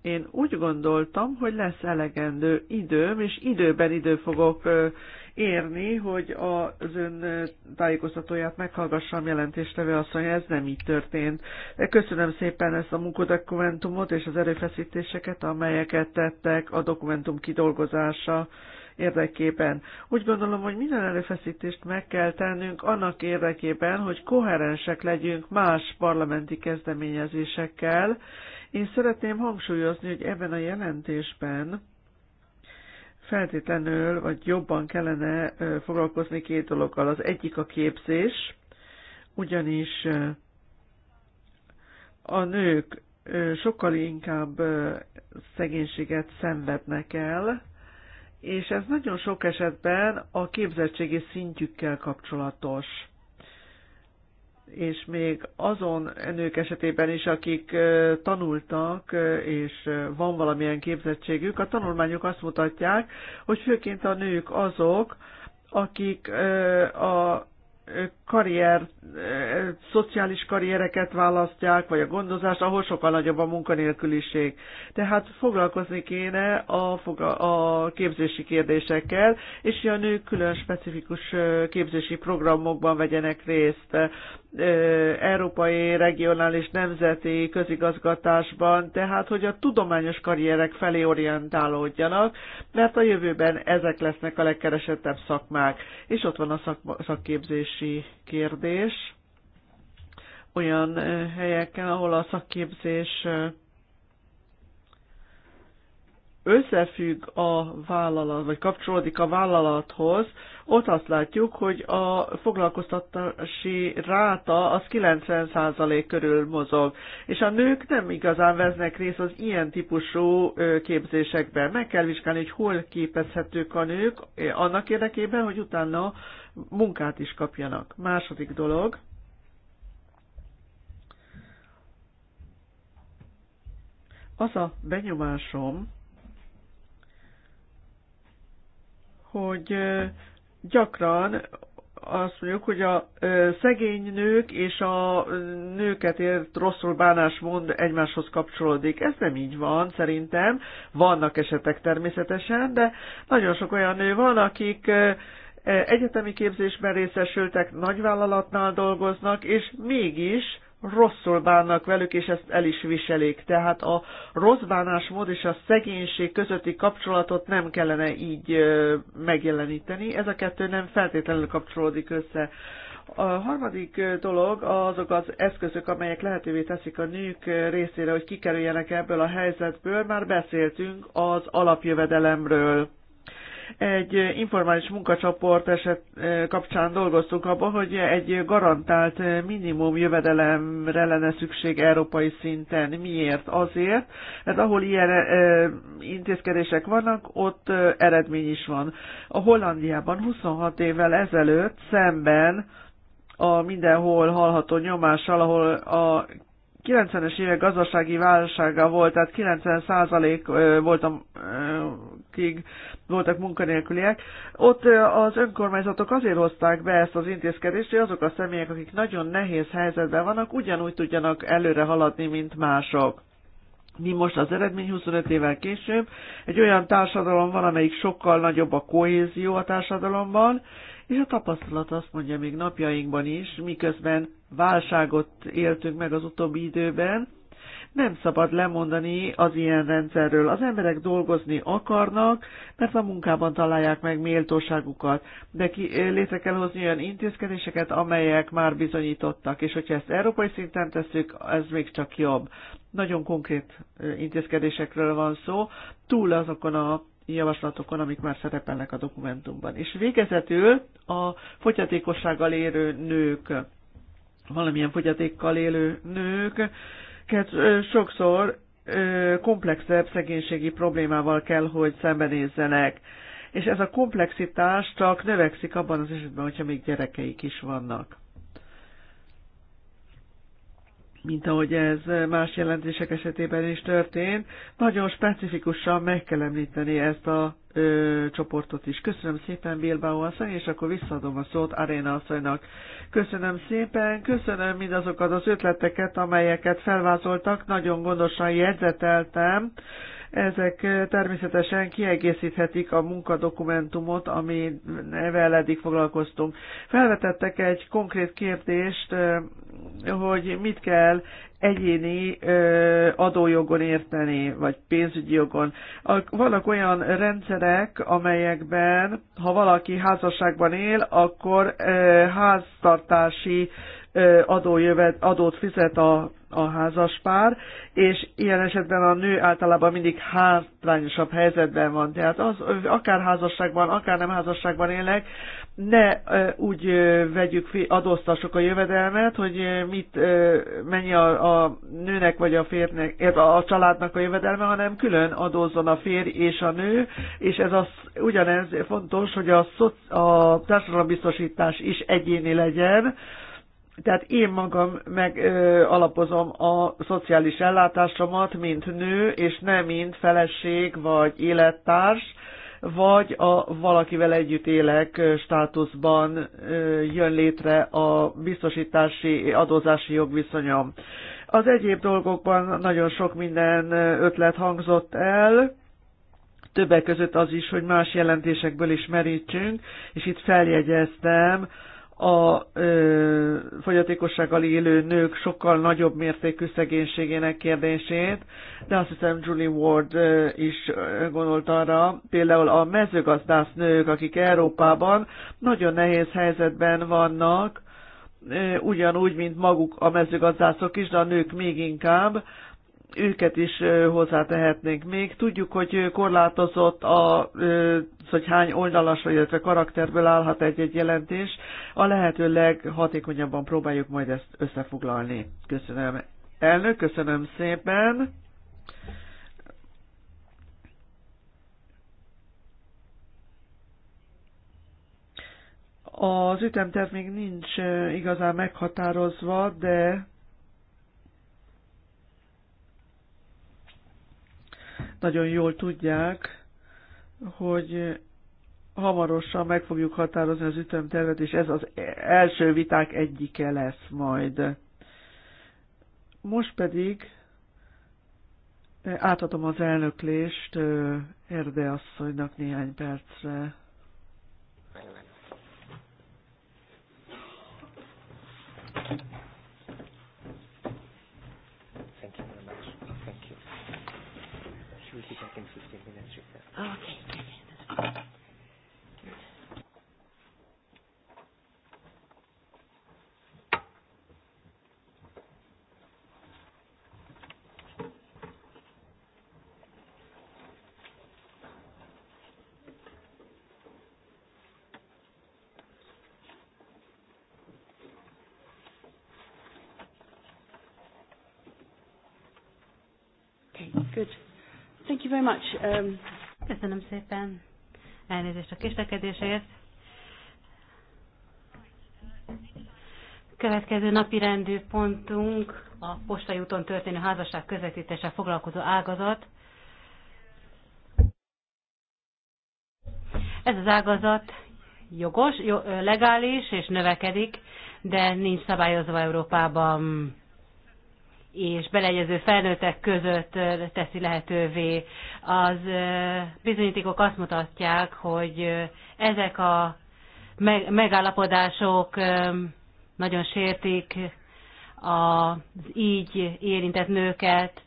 én úgy gondoltam, hogy lesz elegendő időm, és időben idő fogok érni, hogy az ön tájékoztatóját meghallgassam jelentéstevő asszony, ez nem így történt. Köszönöm szépen ezt a munkadokumentumot és az erőfeszítéseket, amelyeket tettek a dokumentum kidolgozása érdekében. Úgy gondolom, hogy minden erőfeszítést meg kell tennünk annak érdekében, hogy koherensek legyünk más parlamenti kezdeményezésekkel, én szeretném hangsúlyozni, hogy ebben a jelentésben feltétlenül, vagy jobban kellene foglalkozni két dologgal. Az egyik a képzés, ugyanis a nők sokkal inkább szegénységet szenvednek el, és ez nagyon sok esetben a képzettségi szintjükkel kapcsolatos és még azon nők esetében is, akik tanultak, és van valamilyen képzettségük, a tanulmányok azt mutatják, hogy főként a nők azok, akik a karrier, eh, szociális karriereket választják, vagy a gondozást, ahol sokkal nagyobb a munkanélküliség. Tehát foglalkozni kéne a, a képzési kérdésekkel, és a nők külön specifikus eh, képzési programokban vegyenek részt. Eh, európai, regionális, nemzeti közigazgatásban, tehát hogy a tudományos karrierek felé orientálódjanak, mert a jövőben ezek lesznek a legkeresettebb szakmák, és ott van a szakma, szakképzés képzési kérdés olyan helyeken, ahol a szakképzés összefügg a vállalat, vagy kapcsolódik a vállalathoz, ott azt látjuk, hogy a foglalkoztatási ráta az 90% körül mozog, és a nők nem igazán veznek részt az ilyen típusú képzésekben. Meg kell vizsgálni, hogy hol képezhetők a nők, eh, annak érdekében, hogy utána munkát is kapjanak. Második dolog, az a benyomásom, hogy gyakran azt mondjuk, hogy a szegény nők és a nőket ért rosszul bánásmond egymáshoz kapcsolódik. Ez nem így van, szerintem. Vannak esetek természetesen, de nagyon sok olyan nő van, akik egyetemi képzésben részesültek, nagyvállalatnál dolgoznak, és mégis rosszul bánnak velük, és ezt el is viselik. Tehát a rossz bánásmód és a szegénység közötti kapcsolatot nem kellene így megjeleníteni. Ez a kettő nem feltétlenül kapcsolódik össze. A harmadik dolog azok az eszközök, amelyek lehetővé teszik a nők részére, hogy kikerüljenek ebből a helyzetből. Már beszéltünk az alapjövedelemről egy informális munkacsoport eset eh, kapcsán dolgoztunk abban, hogy egy garantált minimum jövedelemre lenne szükség európai szinten. Miért? Azért, mert ahol ilyen eh, intézkedések vannak, ott eh, eredmény is van. A Hollandiában 26 évvel ezelőtt szemben a mindenhol hallható nyomással, ahol a 90-es évek gazdasági válsága volt, tehát 90% volt a hétig voltak munkanélküliek. Ott az önkormányzatok azért hozták be ezt az intézkedést, hogy azok a személyek, akik nagyon nehéz helyzetben vannak, ugyanúgy tudjanak előre haladni, mint mások. Mi most az eredmény 25 évvel később, egy olyan társadalom van, amelyik sokkal nagyobb a kohézió a társadalomban, és a tapasztalat azt mondja még napjainkban is, miközben válságot éltünk meg az utóbbi időben, nem szabad lemondani az ilyen rendszerről. Az emberek dolgozni akarnak, mert a munkában találják meg méltóságukat, de ki, létre kell hozni olyan intézkedéseket, amelyek már bizonyítottak, és hogyha ezt európai szinten tesszük, ez még csak jobb. Nagyon konkrét intézkedésekről van szó, túl azokon a javaslatokon, amik már szerepelnek a dokumentumban. És végezetül a fogyatékossággal érő nők, valamilyen fogyatékkal élő nők sokszor komplexebb szegénységi problémával kell, hogy szembenézzenek. És ez a komplexitás csak növekszik abban az esetben, hogyha még gyerekeik is vannak. Mint ahogy ez más jelentések esetében is történt, nagyon specifikusan meg kell említeni ezt a ö, csoportot is. Köszönöm szépen Bilbao asszony, és akkor visszaadom a szót Aréna asszonynak. Köszönöm szépen, köszönöm mindazokat az ötleteket, amelyeket felvázoltak, nagyon gondosan jegyzeteltem. Ezek természetesen kiegészíthetik a munkadokumentumot, ami vele eddig foglalkoztunk. Felvetettek egy konkrét kérdést, hogy mit kell egyéni ö, adójogon érteni, vagy pénzügyi jogon. A, vannak olyan rendszerek, amelyekben, ha valaki házasságban él, akkor ö, háztartási adójövet, adót fizet a, a házas pár és ilyen esetben a nő általában mindig hátrányosabb helyzetben van. Tehát az, akár házasságban, akár nem házasságban élnek, ne úgy vegyük, adóztassuk a jövedelmet, hogy mit, mennyi a, a nőnek vagy a férnek, eh, a családnak a jövedelme, hanem külön adózzon a férj és a nő, és ez az, ugyanez fontos, hogy a, a társadalombiztosítás is egyéni legyen, tehát én magam alapozom a szociális ellátásomat, mint nő, és nem mint feleség vagy élettárs, vagy a valakivel együtt élek státuszban jön létre a biztosítási adózási jogviszonyom. Az egyéb dolgokban nagyon sok minden ötlet hangzott el, többek között az is, hogy más jelentésekből is merítsünk, és itt feljegyeztem a ö, fogyatékossággal élő nők sokkal nagyobb mértékű szegénységének kérdését, de azt hiszem Julie Ward ö, is gondolt arra, például a mezőgazdász nők, akik Európában nagyon nehéz helyzetben vannak, ö, ugyanúgy, mint maguk a mezőgazdászok is, de a nők még inkább, őket is hozzátehetnénk még. Tudjuk, hogy korlátozott a, hogy hány oldalas, illetve karakterből állhat egy-egy jelentés. A lehető leghatékonyabban próbáljuk majd ezt összefoglalni. Köszönöm. Elnök, köszönöm szépen. Az ütemterv még nincs igazán meghatározva, de nagyon jól tudják, hogy hamarosan meg fogjuk határozni az ütemtervet, és ez az első viták egyike lesz majd. Most pedig átadom az elnöklést Erde asszonynak néhány percre. Thank you. can 15 minutes. Okay. much. Um... Köszönöm szépen. Elnézést a késlekedésért. Következő napi rendű pontunk a postai úton történő házasság közvetítéssel foglalkozó ágazat. Ez az ágazat jogos, legális és növekedik, de nincs szabályozva Európában és beleegyező felnőttek között teszi lehetővé. Az bizonyítékok azt mutatják, hogy ezek a megállapodások nagyon sértik az így érintett nőket,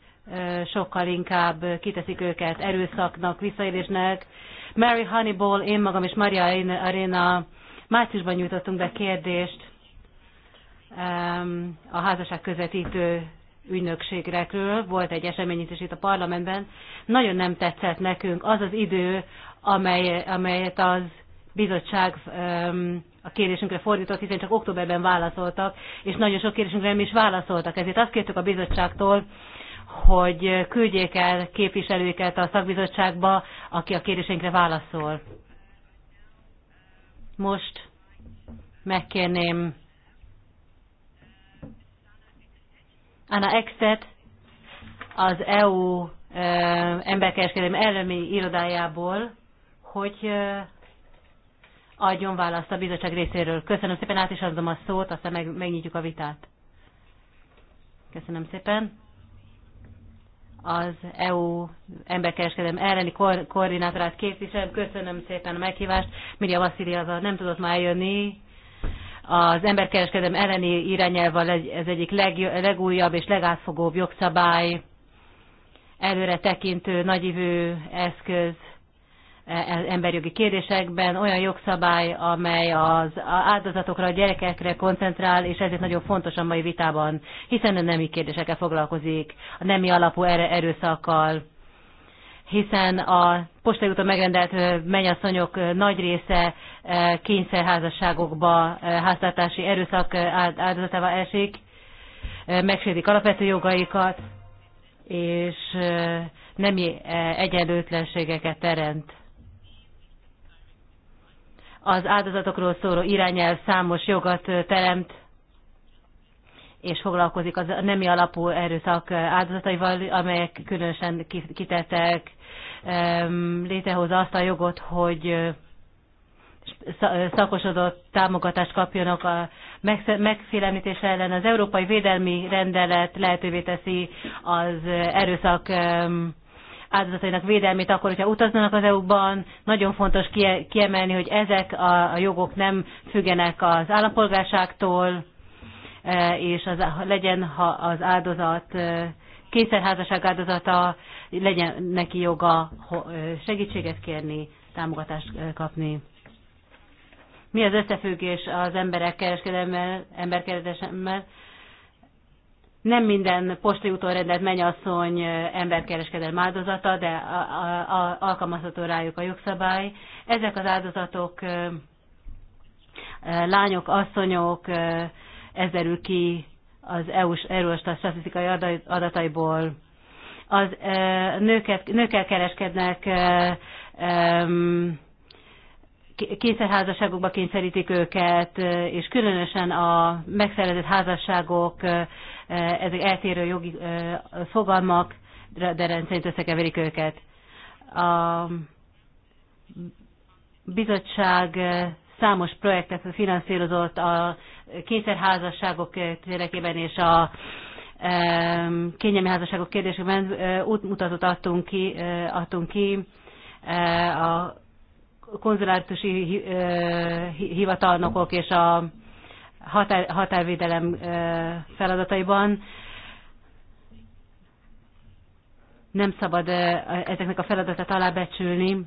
sokkal inkább kiteszik őket erőszaknak, visszaélésnek. Mary Honeyball, én magam és Maria Arena márciusban nyújtottunk be kérdést a házasság közvetítő ügynökségekről, volt egy esemény is itt a parlamentben, nagyon nem tetszett nekünk az az idő, amely, amelyet az bizottság a kérdésünkre fordított, hiszen csak októberben válaszoltak, és nagyon sok kérdésünkre nem is válaszoltak. Ezért azt kértük a bizottságtól, hogy küldjék el képviselőket a szakbizottságba, aki a kérdésünkre válaszol. Most megkérném Anna Exet az EU emberkereskedelmi elemi irodájából, hogy adjon választ a bizottság részéről. Köszönöm szépen, át is adom a szót, aztán meg, megnyitjuk a vitát. Köszönöm szépen. Az EU emberkereskedelmi elleni ko- koordinátorát képviselem. Köszönöm szépen a meghívást. Mirja Vasszili az a nem tudott már jönni, az emberkereskedelem elleni irányelv ez egyik leg, legújabb és legátfogóbb jogszabály, előre tekintő, nagyívű eszköz e, e, emberjogi kérdésekben, olyan jogszabály, amely az áldozatokra, a gyerekekre koncentrál, és ezért nagyon fontos a mai vitában, hiszen a nemi kérdésekkel foglalkozik, a nemi alapú erőszakkal, hiszen a postai úton megrendelt mennyasszonyok nagy része kényszerházasságokba, háztartási erőszak áldozatává esik, megsérdik alapvető jogaikat, és nem egyenlőtlenségeket teremt. Az áldozatokról szóló irányelv számos jogat teremt, és foglalkozik az nemi alapú erőszak áldozataival, amelyek különösen kitettek létrehozza azt a jogot, hogy szakosodott támogatást kapjanak a megfélemlítés ellen. Az Európai Védelmi Rendelet lehetővé teszi az erőszak áldozatainak védelmét akkor, hogyha utaznak az EU-ban. Nagyon fontos kiemelni, hogy ezek a jogok nem függenek az állampolgárságtól, e, és az, legyen, ha az áldozat e, kényszerházasság áldozata, legyen neki joga segítséget kérni, támogatást kapni. Mi az összefüggés az emberek kereskedelemmel, emberkeresemmel? Nem minden postai úton rendelt mennyasszony emberkereskedelem áldozata, de a, alkalmazható rájuk a jogszabály. Ezek az áldozatok lányok, asszonyok, ez derül ki az EU-s Eurostat statisztikai adataiból. Az e, nőket, nőkkel kereskednek, e, e, kényszerházasságokba kényszerítik őket, és különösen a megszervezett házasságok, ezek eltérő jogi fogalmak, de rendszerint összekeverik őket. A bizottság számos projektet finanszírozott a kényszerházasságok érdekében és a kényelmi házasságok kérdésében útmutatót adtunk ki, adtunk ki a konzulátusi hivatalnokok és a határ, határvédelem feladataiban. Nem szabad ezeknek a feladatát alábecsülni,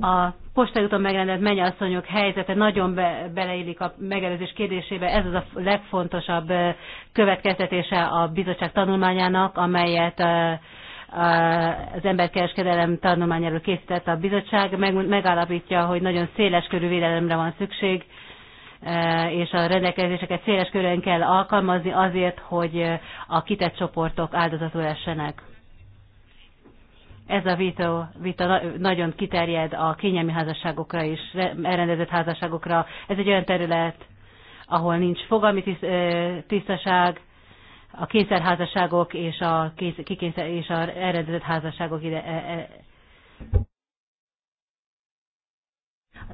a postajuton megrendelt mennyasszonyok helyzete nagyon be, beleillik a megelőzés kérdésébe. Ez az a legfontosabb következtetése a bizottság tanulmányának, amelyet az emberkereskedelem tanulmányáról készített a bizottság, meg, megállapítja, hogy nagyon széles körű védelemre van szükség, és a rendelkezéseket széles körön kell alkalmazni azért, hogy a kitett csoportok áldozatul essenek. Ez a vita, vita nagyon kiterjed a kényelmi házasságokra is, elrendezett házasságokra. Ez egy olyan terület, ahol nincs fogalmi tisztaság, a kényszerházasságok és a, kikényszer, és a elrendezett házasságok ide. E,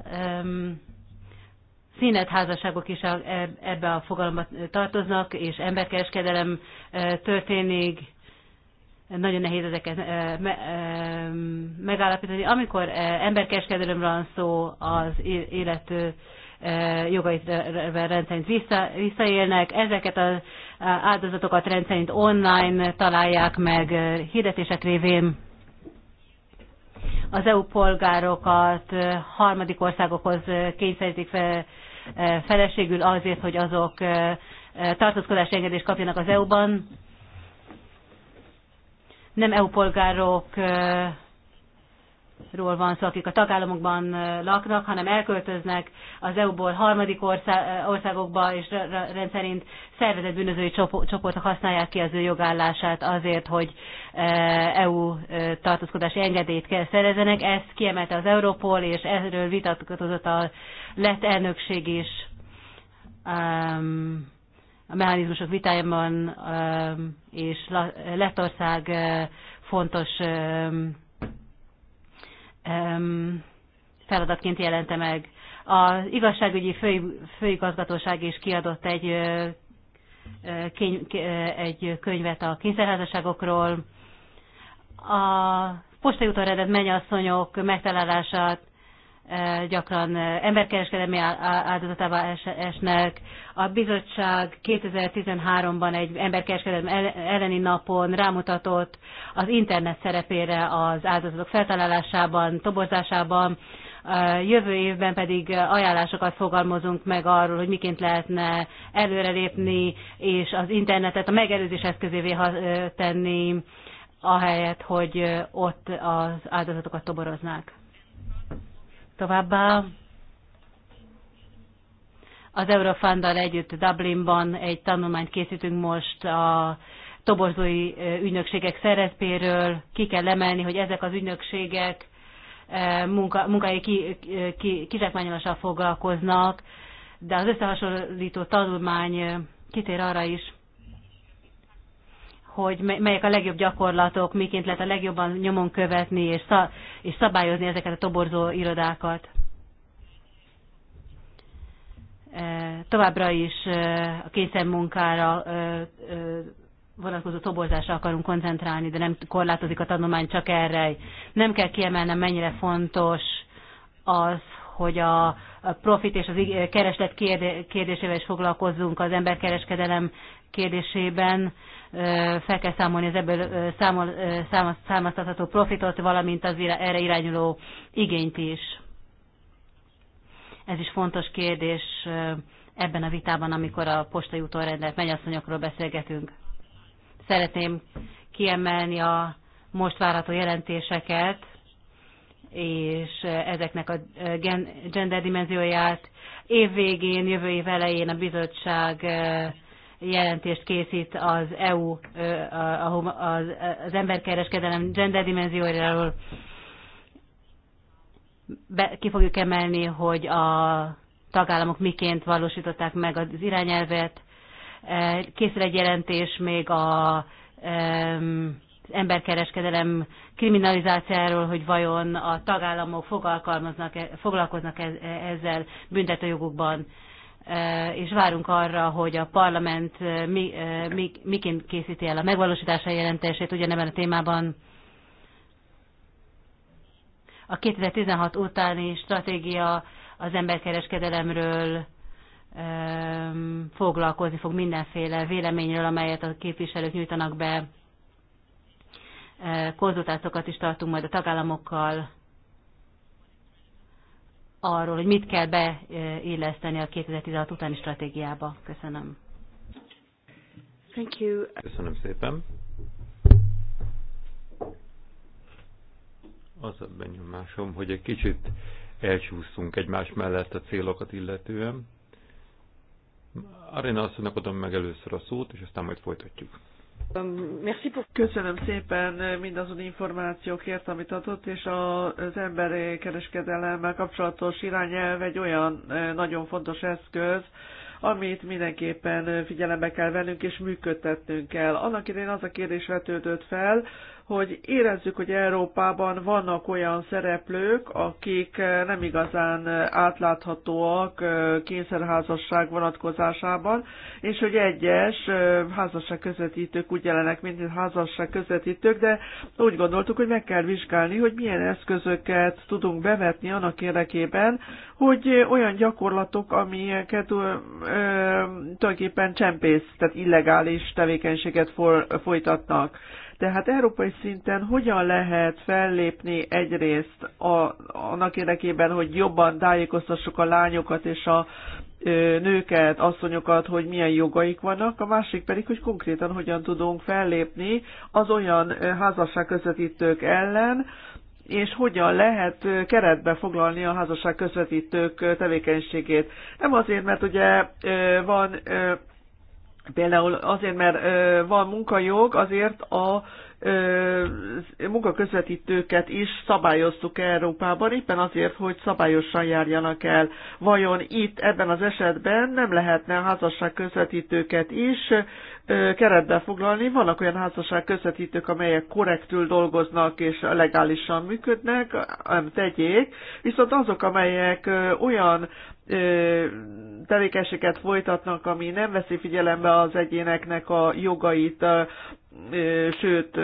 e, um, házasságok is a, e, ebbe a fogalomba tartoznak, és emberkereskedelem történik, nagyon nehéz ezeket eh, eh, megállapítani. Amikor eh, emberkereskedelemről van szó, az élet jogait rendszerint vissza, visszaélnek, ezeket az áldozatokat rendszerint online találják meg hirdetések révén az EU polgárokat harmadik országokhoz kényszerítik fel, feleségül azért, hogy azok tartózkodási engedést kapjanak az EU-ban, nem EU polgárokról van szó, akik a tagállamokban laknak, hanem elköltöznek az EU-ból harmadik országokba, és rendszerint szervezett bűnözői csoportok használják ki az ő jogállását azért, hogy EU tartózkodási engedélyt kell szerezzenek. Ezt kiemelte az Europol, és erről vitatkozott a lett elnökség is. Um, a mechanizmusok vitájában, um, és Lettország uh, fontos um, um, feladatként jelente meg. Az igazságügyi fő, főigazgatóság is kiadott egy, uh, uh, egy könyvet a kényszerházasságokról. A postai úton rendelt mennyasszonyok megtalálását E, gyakran e, emberkereskedelmi áldozatába esnek. A bizottság 2013-ban egy emberkereskedelmi elleni napon rámutatott az internet szerepére az áldozatok feltalálásában, toborzásában, e, Jövő évben pedig ajánlásokat fogalmazunk meg arról, hogy miként lehetne előrelépni, és az internetet a megelőzés eszközévé tenni, ahelyett, hogy ott az áldozatokat toboroznák. Továbbá az Eurofundal együtt Dublinban egy tanulmányt készítünk most a toborzói ügynökségek szerepéről. Ki kell emelni, hogy ezek az ügynökségek munka, munkai ki, ki, kizsákmányolással foglalkoznak, de az összehasonlító tanulmány kitér arra is, hogy melyek a legjobb gyakorlatok, miként lehet a legjobban nyomon követni és, szab és szabályozni ezeket a toborzó irodákat. E, továbbra is e, a kényszermunkára e, vonatkozó toborzásra akarunk koncentrálni, de nem korlátozik a tanulmány csak erre. Nem kell kiemelnem, mennyire fontos az, hogy a profit és az kereslet kérdésével is foglalkozzunk az emberkereskedelem kérdésében fel kell számolni az ebből számol, számaz, profitot, valamint az erre irányuló igényt is. Ez is fontos kérdés ebben a vitában, amikor a postai utolrendelt mennyasszonyokról beszélgetünk. Szeretném kiemelni a most várható jelentéseket, és ezeknek a gender dimenzióját. Év végén, jövő év elején a bizottság jelentést készít az EU az, az emberkereskedelem gender dimenziójáról. ki fogjuk emelni, hogy a tagállamok miként valósították meg az irányelvet. Készül egy jelentés még a, az emberkereskedelem kriminalizációról, hogy vajon a tagállamok fogalkoznak, foglalkoznak e, ezzel büntetőjogukban Eh, és várunk arra, hogy a parlament eh, mi, eh, mi, miként készíti el a megvalósítása jelentését ugyanebben a témában. A 2016 utáni stratégia az emberkereskedelemről foglalkozni fog mindenféle véleményről, amelyet a képviselők nyújtanak be. Konzultációkat is tartunk majd a tagállamokkal arról, hogy mit kell beilleszteni a 2016 utáni stratégiába. Köszönöm. Thank you. Köszönöm szépen. Az a benyomásom, hogy egy kicsit elcsúszunk egymás mellett a célokat illetően. Arena asszonynak adom meg először a szót, és aztán majd folytatjuk. Köszönöm szépen mindazon információkért, amit adott, és az emberi kereskedelemmel kapcsolatos irányelv egy olyan eh, nagyon fontos eszköz, amit mindenképpen figyelembe kell vennünk és működtetnünk kell. Annak idején az a kérdés vetődött fel, hogy érezzük, hogy Európában vannak olyan szereplők, akik eh, nem igazán eh, átláthatóak eh, kényszerházasság vonatkozásában, és hogy egyes házasság közvetítők úgy jelenek, mint házasság közvetítők, de úgy gondoltuk, hogy meg kell vizsgálni, hogy milyen eszközöket tudunk bevetni annak érdekében, hogy olyan gyakorlatok, amiket tulajdonképpen csempész, tehát illegális tevékenységet folytatnak. Tehát európai szinten hogyan lehet fellépni egyrészt a, annak érdekében, hogy jobban tájékoztassuk a lányokat és a nőket, asszonyokat, hogy milyen jogaik vannak, a másik pedig, hogy konkrétan hogyan tudunk fellépni az olyan közvetítők ellen, és hogyan lehet keretbe foglalni a házasság közvetítők tevékenységét. Nem azért, mert ugye van Például azért, mert van munkajog, azért a munkaközvetítőket is szabályoztuk Európában, éppen azért, hogy szabályosan járjanak el. Vajon itt ebben az esetben nem lehetne a házasság közvetítőket is keretbe foglalni? Vannak olyan házasság közvetítők, amelyek korrektül dolgoznak és legálisan működnek, tegyék, viszont azok, amelyek olyan tevékenységet folytatnak, ami nem veszi figyelembe az egyéneknek a jogait, sőt,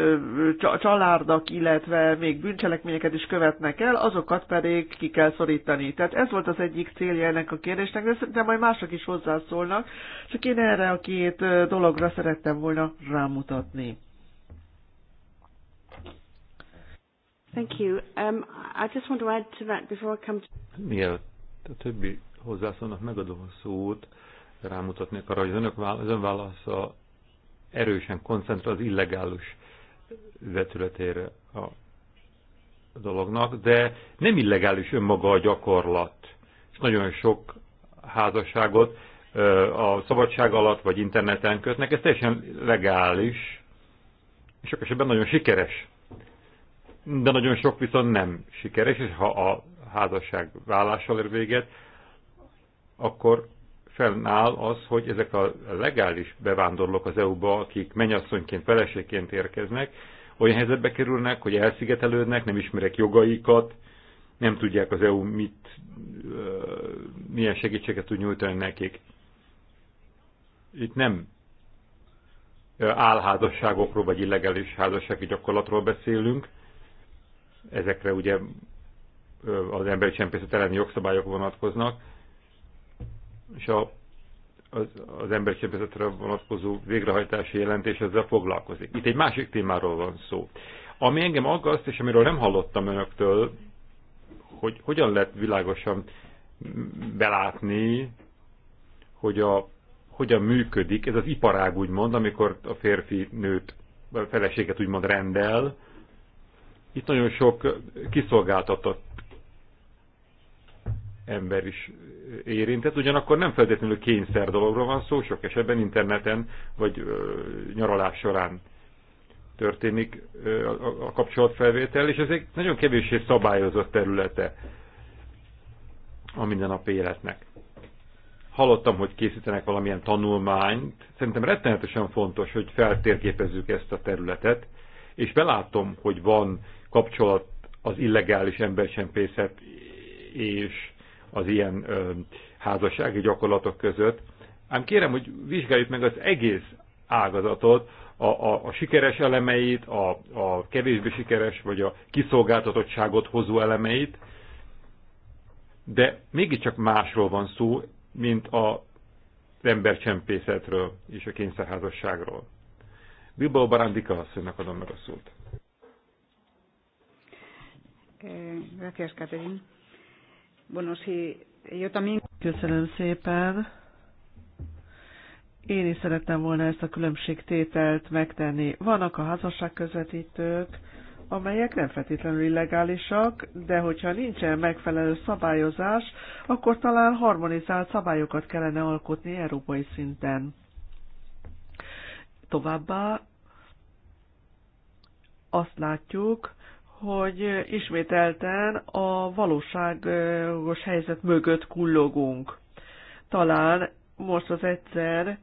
csalárdak, illetve még bűncselekményeket is követnek el, azokat pedig ki kell szorítani. Tehát ez volt az egyik célja ennek a kérdésnek, de szerintem majd mások is hozzászólnak, csak én erre a két dologra szerettem volna rámutatni. Thank you. Um, I just want to add to that before I come to... Mielőtt a többi hozzászólnak, megadom a szót, rámutatnék arra, hogy az, önök, az ön válasza erősen koncentrál az illegális vetületére a dolognak, de nem illegális önmaga a gyakorlat. És nagyon sok házasságot a szabadság alatt vagy interneten kötnek, ez teljesen legális, és sok esetben nagyon sikeres. De nagyon sok viszont nem sikeres, és ha a házasság vállással ér véget, akkor fennáll az, hogy ezek a legális bevándorlók az EU-ba, akik mennyasszonyként, feleségként érkeznek, olyan helyzetbe kerülnek, hogy elszigetelődnek, nem ismerek jogaikat, nem tudják az EU mit, milyen segítséget tud nyújtani nekik. Itt nem álházasságokról vagy illegális házassági gyakorlatról beszélünk. Ezekre ugye az emberi csempészet elleni jogszabályok vonatkoznak, és a, az, az emberképzetre vonatkozó végrehajtási jelentés ezzel foglalkozik. Itt egy másik témáról van szó. Ami engem aggaszt, és amiről nem hallottam önöktől, hogy hogyan lehet világosan belátni, hogy a, hogyan működik ez az iparág, úgymond, amikor a férfi nőt, a feleséget úgymond rendel. Itt nagyon sok kiszolgáltatott ember is érintett, ugyanakkor nem feltétlenül kényszer dologról van szó, sok esetben interneten vagy ö, nyaralás során történik ö, a, a kapcsolatfelvétel, és ez egy nagyon kevéssé szabályozott területe a mindennapi életnek. Hallottam, hogy készítenek valamilyen tanulmányt. Szerintem rettenetesen fontos, hogy feltérképezzük ezt a területet, és belátom, hogy van kapcsolat az illegális embercsempészet és az ilyen ö, házassági gyakorlatok között. Ám kérem, hogy vizsgáljuk meg az egész ágazatot, a, a, a sikeres elemeit, a, a kevésbé sikeres vagy a kiszolgáltatottságot hozó elemeit, de mégiscsak másról van szó, mint a embercsempészetről és a kényszerházasságról. Bilbao Barándika asszonynak adom meg a szót. Eh, gracias, Catherine. Bueno, si yo también... Köszönöm szépen. Én is szerettem volna ezt a különbségtételt megtenni. Vannak a házasság közvetítők, amelyek nem feltétlenül illegálisak, de hogyha nincsen megfelelő szabályozás, akkor talán harmonizált szabályokat kellene alkotni európai szinten. Továbbá azt látjuk, hogy ismételten a valóságos helyzet mögött kullogunk. Talán most az egyszer,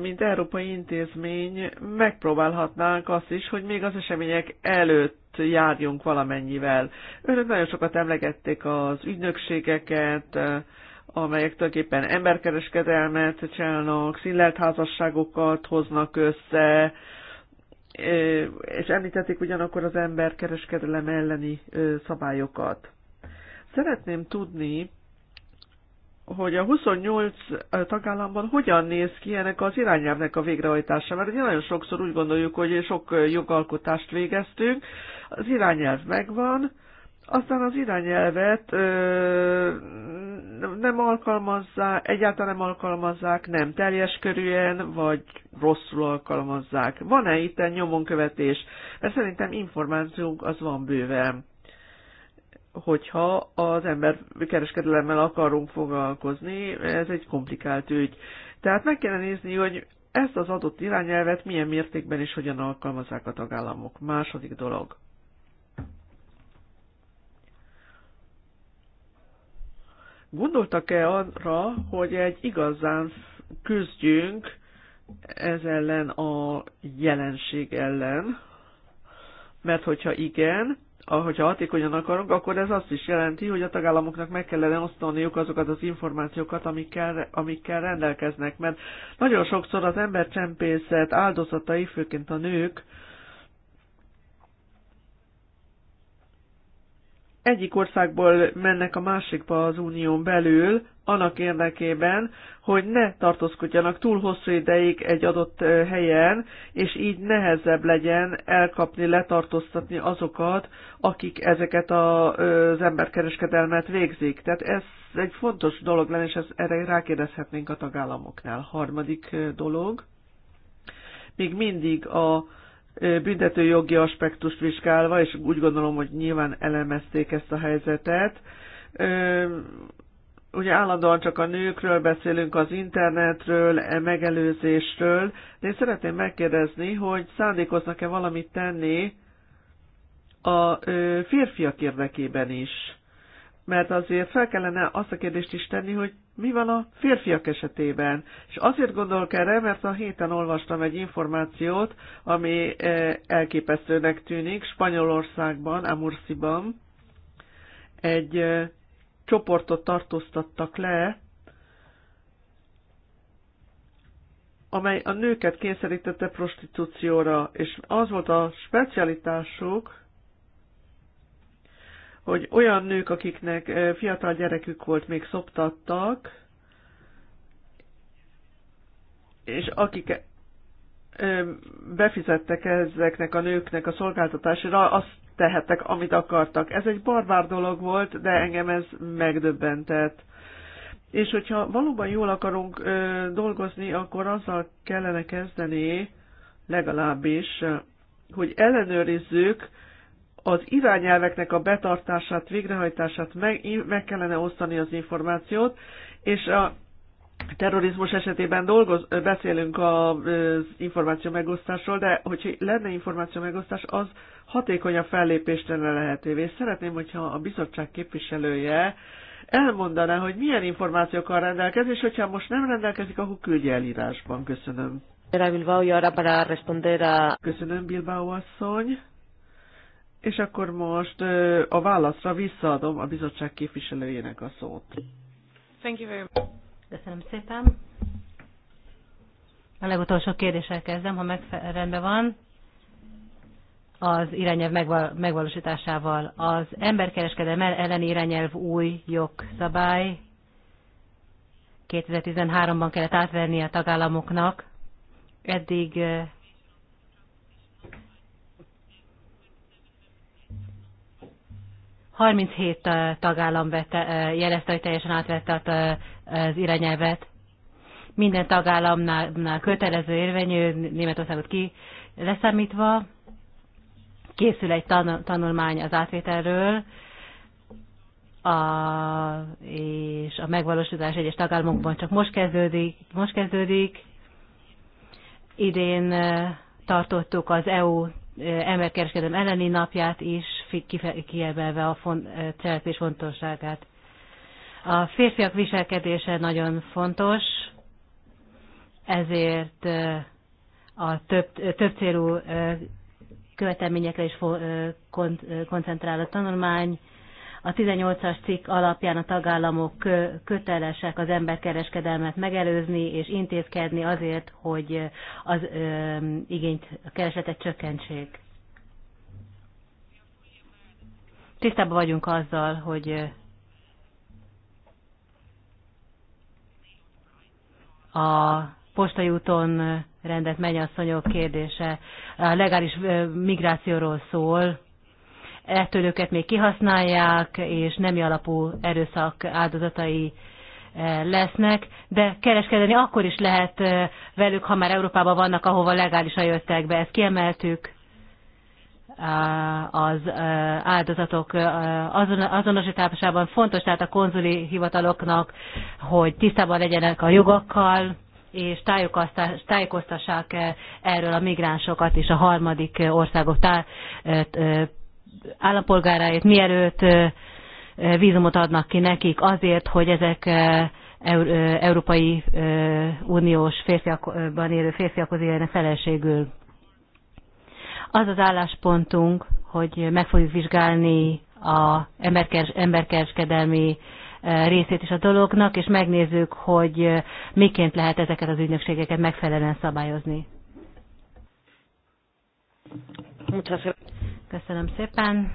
mint európai intézmény megpróbálhatnánk azt is, hogy még az események előtt járjunk valamennyivel. Önök nagyon sokat emlegették az ügynökségeket, amelyek tulajdonképpen emberkereskedelmet csinálnak, színlelt házasságokat hoznak össze, és említették ugyanakkor az ember kereskedelem elleni szabályokat. Szeretném tudni, hogy a 28 tagállamban hogyan néz ki ennek az irányelvnek a végrehajtása, mert ugye nagyon sokszor úgy gondoljuk, hogy sok jogalkotást végeztünk, az irányelv megvan, aztán az irányelvet ö, nem alkalmazzák, egyáltalán nem alkalmazzák, nem teljes körűen, vagy rosszul alkalmazzák. Van-e itt nyomonkövetés? Mert szerintem információnk az van bőven, hogyha az ember kereskedelemmel akarunk foglalkozni, ez egy komplikált ügy. Tehát meg kellene nézni, hogy ezt az adott irányelvet milyen mértékben és hogyan alkalmazzák a tagállamok. Második dolog Gondoltak-e arra, hogy egy igazán küzdjünk ez ellen a jelenség ellen? Mert hogyha igen, ahogyha hatékonyan akarunk, akkor ez azt is jelenti, hogy a tagállamoknak meg kellene osztaniuk azokat az információkat, amikkel, amikkel rendelkeznek. Mert nagyon sokszor az embercsempészet áldozatai, főként a nők, egyik országból mennek a másikba az unión belül, annak érdekében, hogy ne tartózkodjanak túl hosszú ideig egy adott helyen, és így nehezebb legyen elkapni, letartóztatni azokat, akik ezeket az emberkereskedelmet végzik. Tehát ez egy fontos dolog lenne, és ezt erre rákérdezhetnénk a tagállamoknál. Harmadik dolog, még mindig a jogi aspektust vizsgálva, és úgy gondolom, hogy nyilván elemezték ezt a helyzetet. Ugye állandóan csak a nőkről beszélünk, az internetről, e megelőzésről, de én szeretném megkérdezni, hogy szándékoznak-e valamit tenni a férfiak érdekében is mert azért fel kellene azt a kérdést is tenni, hogy mi van a férfiak esetében. És azért gondolok erre, mert a héten olvastam egy információt, ami eh, elképesztőnek tűnik, Spanyolországban, Amurciban egy eh, csoportot tartóztattak le, amely a nőket kényszerítette prostitúcióra, és az volt a specialitásuk, hogy olyan nők, akiknek fiatal gyerekük volt, még szoptattak, és akik befizettek ezeknek a nőknek a szolgáltatásra, azt tehettek, amit akartak. Ez egy barbár dolog volt, de engem ez megdöbbentett. És hogyha valóban jól akarunk ö, dolgozni, akkor azzal kellene kezdeni, legalábbis, hogy ellenőrizzük, az irányelveknek a betartását, végrehajtását meg, meg kellene osztani az információt, és a terrorizmus esetében dolgoz, beszélünk az információ megosztásról, de hogyha lenne információ megosztás, az hatékonyabb fellépést lenne lehetővé. Szeretném, hogyha a bizottság képviselője elmondaná, hogy milyen információkkal rendelkezik, és hogyha most nem rendelkezik, akkor küldje el írásban. Köszönöm. Köszönöm, Bilbao asszony. És akkor most a válaszra visszaadom a bizottság képviselőjének a szót. Thank you very much. Köszönöm szépen. A legutolsó kérdéssel kezdem, ha meg rendben van. Az irányelv megval megvalósításával. Az emberkereskedelem elleni irányelv új jogszabály. 2013-ban kellett átverni a tagállamoknak. Eddig 37 tagállam vette, jelezte, hogy teljesen átvette az irányelvet. Minden tagállamnál kötelező érvényű, Németországot ki leszámítva. Készül egy tanulmány az átvételről, a, és a megvalósítás egyes tagállamokban csak most kezdődik. Most kezdődik. Idén tartottuk az EU emberkereskedelem elleni napját is, kiemelve a cselekvés fontosságát. A férfiak viselkedése nagyon fontos, ezért a több, több célú követelményekre is koncentrál a tanulmány. A 18-as cikk alapján a tagállamok kötelesek az emberkereskedelmet megelőzni és intézkedni azért, hogy az igényt, a keresetet csökkentsék. tisztában vagyunk azzal, hogy a postai úton rendet mennyasszonyok kérdése a legális migrációról szól, ettől őket még kihasználják, és nemi alapú erőszak áldozatai lesznek, de kereskedni akkor is lehet velük, ha már Európában vannak, ahova legálisan jöttek be, ezt kiemeltük az áldozatok azon, azonosításában fontos, tehát a konzuli hivataloknak, hogy tisztában legyenek a jogokkal, és tájékoztassák erről a migránsokat és a harmadik országok tá, állampolgáráit, mielőtt vízumot adnak ki nekik azért, hogy ezek Európai Uniós férfiakban élő férfiakhoz éljenek feleségül. Az az álláspontunk, hogy meg fogjuk vizsgálni a emberkers, emberkereskedelmi e, részét is a dolognak, és megnézzük, hogy e, miként lehet ezeket az ügynökségeket megfelelően szabályozni. Köszönöm szépen.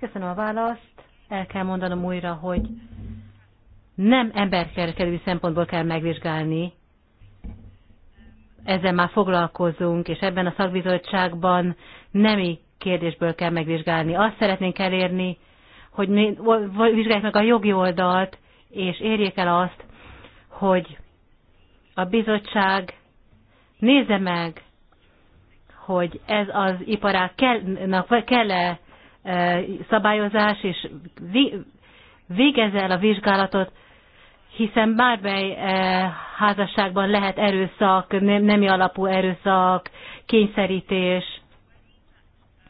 Köszönöm a választ. El kell mondanom újra, hogy nem emberkereskedelmi szempontból kell megvizsgálni ezzel már foglalkozunk, és ebben a szakbizottságban nemi kérdésből kell megvizsgálni. Azt szeretnénk elérni, hogy vizsgálják meg a jogi oldalt, és érjék el azt, hogy a bizottság nézze meg, hogy ez az iparág kell-e kell szabályozás, és végezze el a vizsgálatot, hiszen bármely eh, házasságban lehet erőszak, nemi alapú erőszak, kényszerítés,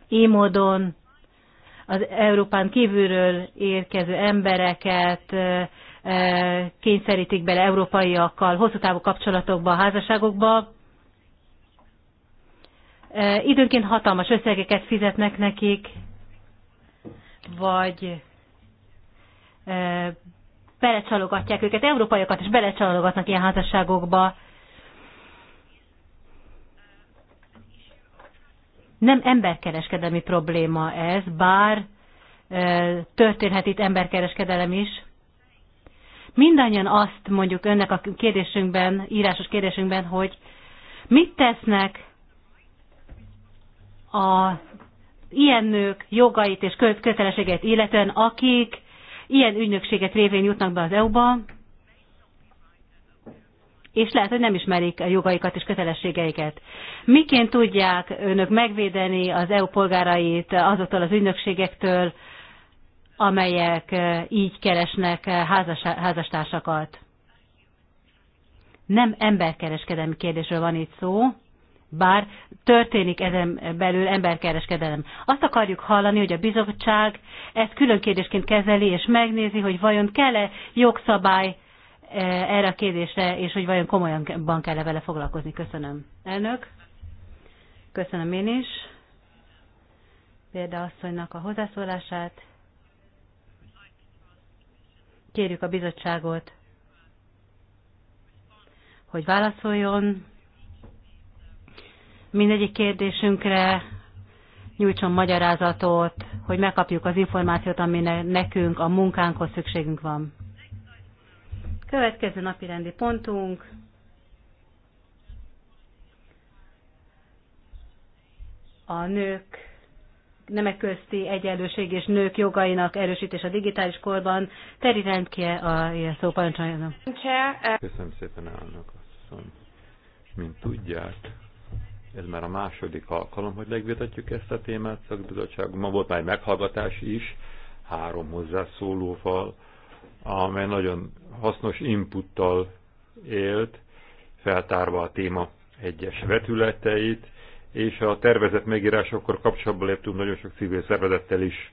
így módon az Európán kívülről érkező embereket eh, eh, kényszerítik bele európaiakkal hosszú távú kapcsolatokba, házasságokba. Időnként hatalmas összegeket fizetnek nekik, vagy belecsalogatják őket, európaiakat is belecsalogatnak ilyen házasságokba. Nem emberkereskedelmi probléma ez, bár történhet itt emberkereskedelem is. Mindannyian azt mondjuk önnek a kérdésünkben, írásos kérdésünkben, hogy mit tesznek a ilyen nők jogait és kötelességeit illetően, akik ilyen ügynökségek révén jutnak be az EU-ba, és lehet, hogy nem ismerik a jogaikat és kötelességeiket. Miként tudják önök megvédeni az EU polgárait azoktól az ügynökségektől, amelyek eh, így keresnek eh, házas, házastársakat? Nem emberkereskedelmi kérdésről van itt szó, bár történik ezen belül emberkereskedelem. Azt akarjuk hallani, hogy a bizottság ezt külön kérdésként kezeli, és megnézi, hogy vajon kell-e jogszabály eh, erre a kérdésre, és hogy vajon komolyan kell-e vele foglalkozni. Köszönöm. Elnök, köszönöm én is Példa asszonynak a hozzászólását. Kérjük a bizottságot, hogy válaszoljon mindegyik kérdésünkre nyújtson magyarázatot, hogy megkapjuk az információt, amire nekünk a munkánkhoz szükségünk van. Következő napi rendi pontunk. A nők nemek közti egyenlőség és nők jogainak erősítés a digitális korban. Teri Rendkie a szó parancsoljon. Köszönöm szépen, elnök asszony. Mint tudják, ez már a második alkalom, hogy megvitatjuk ezt a témát szakbizottság. Ma volt már egy meghallgatás is, három hozzászólóval, amely nagyon hasznos inputtal élt, feltárva a téma egyes vetületeit, és a tervezett megírásokkor kapcsolatban léptünk nagyon sok civil szervezettel is,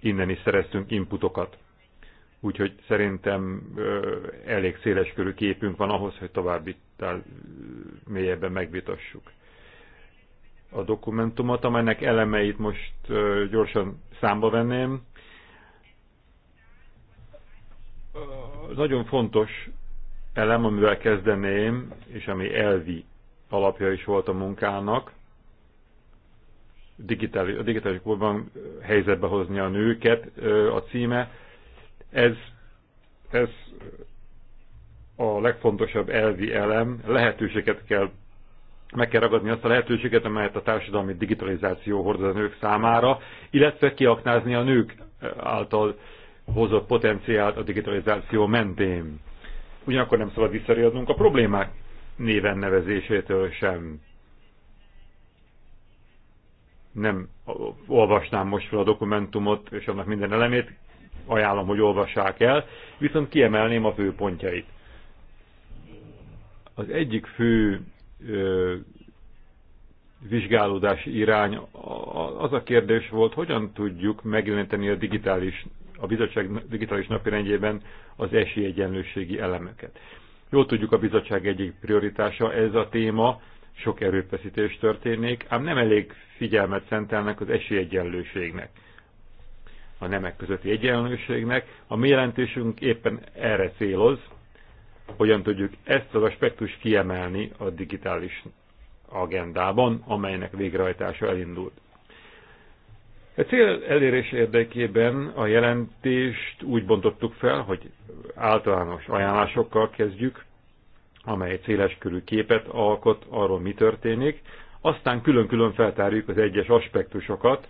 innen is szereztünk inputokat. Úgyhogy szerintem ö, elég széleskörű képünk van ahhoz, hogy további mélyebben megvitassuk a dokumentumot, amelynek elemeit most gyorsan számba venném. Nagyon fontos elem, amivel kezdeném, és ami elvi alapja is volt a munkának, digitális, a digitális korban helyzetbe hozni a nőket, a címe. Ez, ez a legfontosabb elvi elem, lehetőséget kell meg kell ragadni azt a lehetőséget, amelyet a társadalmi digitalizáció hordoz a nők számára, illetve kiaknázni a nők által hozott potenciált a digitalizáció mentén. Ugyanakkor nem szabad visszariadnunk a problémák néven nevezésétől sem. Nem olvasnám most fel a dokumentumot és annak minden elemét, ajánlom, hogy olvassák el, viszont kiemelném a fő pontjait. Az egyik fő vizsgálódási irány. Az a kérdés volt, hogyan tudjuk megjeleníteni a digitális, a bizottság digitális napirendjében az esélyegyenlőségi elemeket. Jól tudjuk, a bizottság egyik prioritása ez a téma, sok erőfeszítés történik, ám nem elég figyelmet szentelnek az esélyegyenlőségnek, a nemek közötti egyenlőségnek. A mi jelentésünk éppen erre céloz, hogyan tudjuk ezt az aspektust kiemelni a digitális agendában, amelynek végrehajtása elindult. A cél elérés érdekében a jelentést úgy bontottuk fel, hogy általános ajánlásokkal kezdjük, amely körű képet alkot arról, mi történik, aztán külön-külön feltárjuk az egyes aspektusokat,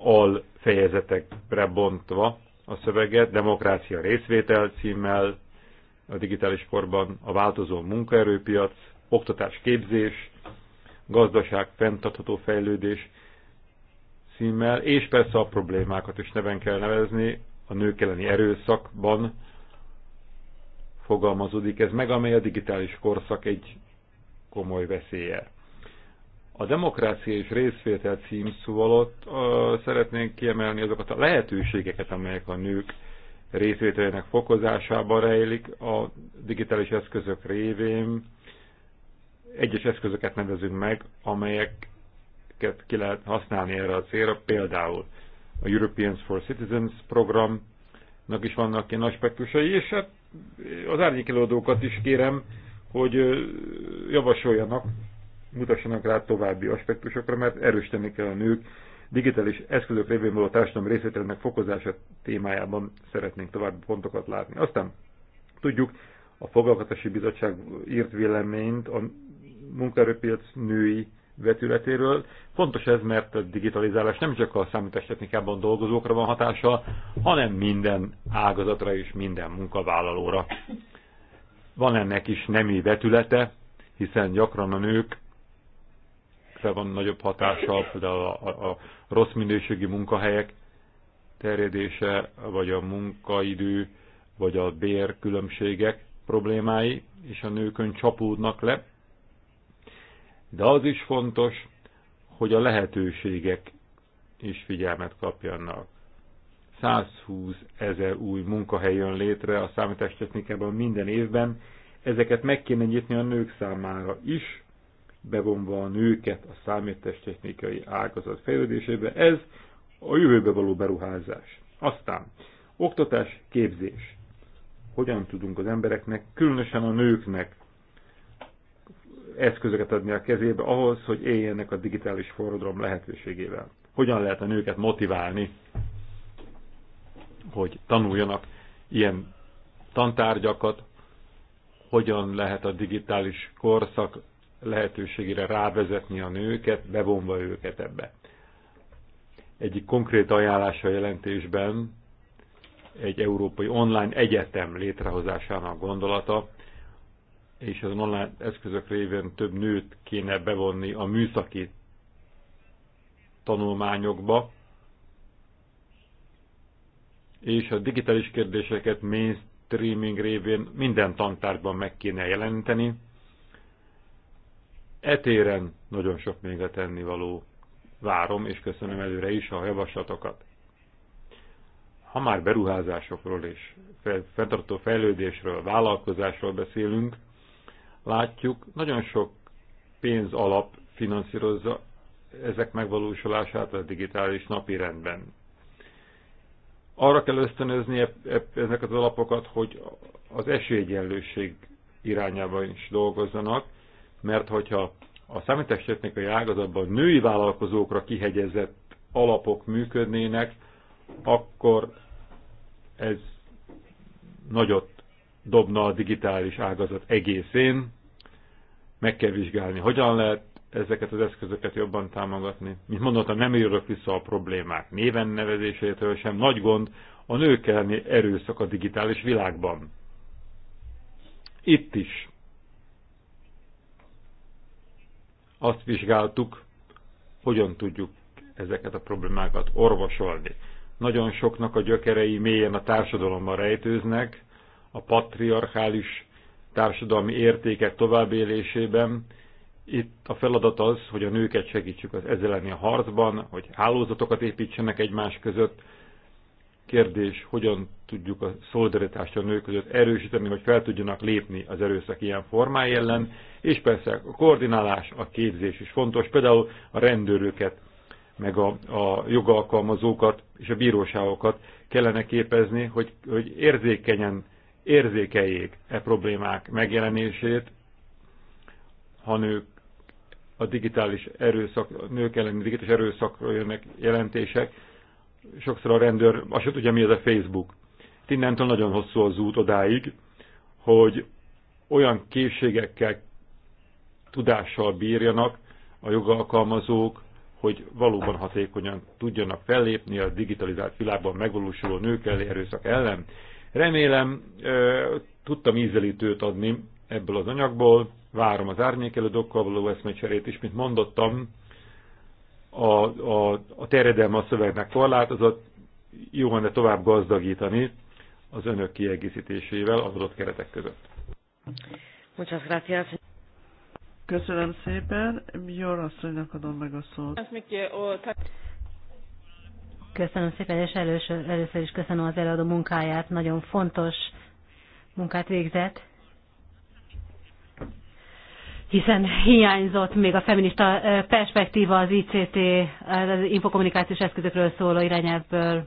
al fejezetekre bontva a szöveget, demokrácia részvétel címmel, a digitális korban a változó munkaerőpiac, oktatás, képzés, gazdaság, fenntartható fejlődés színmel, és persze a problémákat is neven kell nevezni, a nők elleni erőszakban fogalmazódik ez meg, amely a digitális korszak egy komoly veszélye. A demokrácia és részvétel cím szó alatt uh, szeretnénk kiemelni azokat a lehetőségeket, amelyek a nők részvételének fokozásába rejlik a digitális eszközök révén. Egyes eszközöket nevezünk meg, amelyeket ki lehet használni erre a célra, például a Europeans for Citizens programnak is vannak ilyen aspektusai, és hát az árnyékelődókat is kérem, hogy javasoljanak, mutassanak rá további aspektusokra, mert erősíteni kell a nők digitális eszközök révén való társadalmi részvételnek fokozása témájában szeretnénk további pontokat látni. Aztán tudjuk, a Foglalkoztatási Bizottság írt véleményt a munkaerőpiac női vetületéről. Fontos ez, mert a digitalizálás nem csak a számítástechnikában dolgozókra van hatása, hanem minden ágazatra és minden munkavállalóra. Van ennek is nemi vetülete, hiszen gyakran a nők messze van nagyobb hatással, például a, a, a rossz minőségi munkahelyek terjedése, vagy a munkaidő, vagy a bérkülönbségek problémái, és a nőkön csapódnak le. De az is fontos, hogy a lehetőségek is figyelmet kapjanak. 120 ezer új munkahely jön létre a számítástechnikában minden évben, ezeket meg kéne nyitni a nők számára is, bevonva a nőket a számítástechnikai ágazat fejlődésébe. Ez a jövőbe való beruházás. Aztán oktatás, képzés. Hogyan tudunk az embereknek, különösen a nőknek eszközöket adni a kezébe ahhoz, hogy éljenek a digitális forradalom lehetőségével. Hogyan lehet a nőket motiválni, hogy tanuljanak ilyen tantárgyakat, hogyan lehet a digitális korszak lehetőségére rávezetni a nőket, bevonva őket ebbe. Egyik konkrét ajánlása jelentésben egy európai online egyetem létrehozásának gondolata, és az online eszközök révén több nőt kéne bevonni a műszaki tanulmányokba, és a digitális kérdéseket mainstreaming révén minden tantárban meg kéne jelenteni, Etéren nagyon sok még a tennivaló. Várom és köszönöm előre is a javaslatokat. Ha már beruházásokról és fenntartó fejlődésről, vállalkozásról beszélünk, látjuk, nagyon sok pénz alap finanszírozza ezek megvalósulását a digitális napi rendben. Arra kell ösztönözni e-, e-, ezeket az alapokat, hogy az esélyegyenlőség irányában is dolgozzanak, mert hogyha a számítástechnikai ágazatban női vállalkozókra kihegyezett alapok működnének, akkor ez nagyot dobna a digitális ágazat egészén. Meg kell vizsgálni, hogyan lehet ezeket az eszközöket jobban támogatni. Mint mondottam, nem írok vissza a problémák néven nevezésétől sem. Nagy gond a nők elleni erőszak a digitális világban. Itt is azt vizsgáltuk, hogyan tudjuk ezeket a problémákat orvosolni. Nagyon soknak a gyökerei mélyen a társadalomban rejtőznek, a patriarchális társadalmi értékek továbbélésében. Itt a feladat az, hogy a nőket segítsük az ezzel a harcban, hogy hálózatokat építsenek egymás között, Kérdés, hogyan tudjuk a szolidaritást a nők között erősíteni, hogy fel tudjanak lépni az erőszak ilyen formái ellen, és persze a koordinálás, a képzés is fontos, például a rendőröket, meg a, a jogalkalmazókat és a bíróságokat kellene képezni, hogy, hogy érzékenyen érzékeljék e problémák megjelenését, ha nők a digitális erőszak, nők elleni digitális erőszakról jönnek jelentések, sokszor a rendőr azt se tudja, mi az a Facebook. Innentől nagyon hosszú az út odáig, hogy olyan készségekkel, tudással bírjanak a jogalkalmazók, hogy valóban hatékonyan tudjanak fellépni a digitalizált világban megvalósuló nők elé erőszak ellen. Remélem, tudtam ízelítőt adni ebből az anyagból, várom az árnyékelődokkal való eszmecserét is, mint mondottam, a, a, a terjedelme a szövegnek korlátozott, jó lenne tovább gazdagítani az önök kiegészítésével az adott keretek között. Muchas gracias. Köszönöm szépen. Jól asszonynak adom meg a szót. Köszönöm szépen, és először, először is köszönöm az előadó munkáját. Nagyon fontos munkát végzett hiszen hiányzott még a feminista perspektíva az ICT, az infokommunikációs eszközökről szóló irányelvből.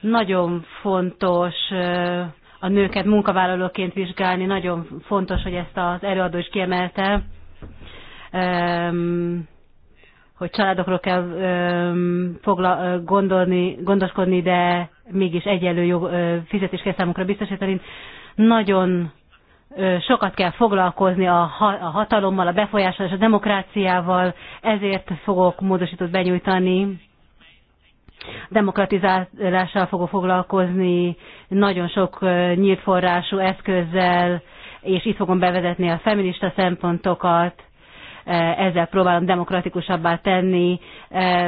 Nagyon fontos a nőket munkavállalóként vizsgálni, nagyon fontos, hogy ezt az előadó is kiemelte, hogy családokról kell gondolni, gondoskodni, de mégis egyenlő jog, fizetést kell biztosítani. Nagyon sokat kell foglalkozni a hatalommal, a befolyással és a demokráciával, ezért fogok módosítót benyújtani. Demokratizálással fogok foglalkozni, nagyon sok nyílt forrású eszközzel, és itt fogom bevezetni a feminista szempontokat, ezzel próbálom demokratikusabbá tenni,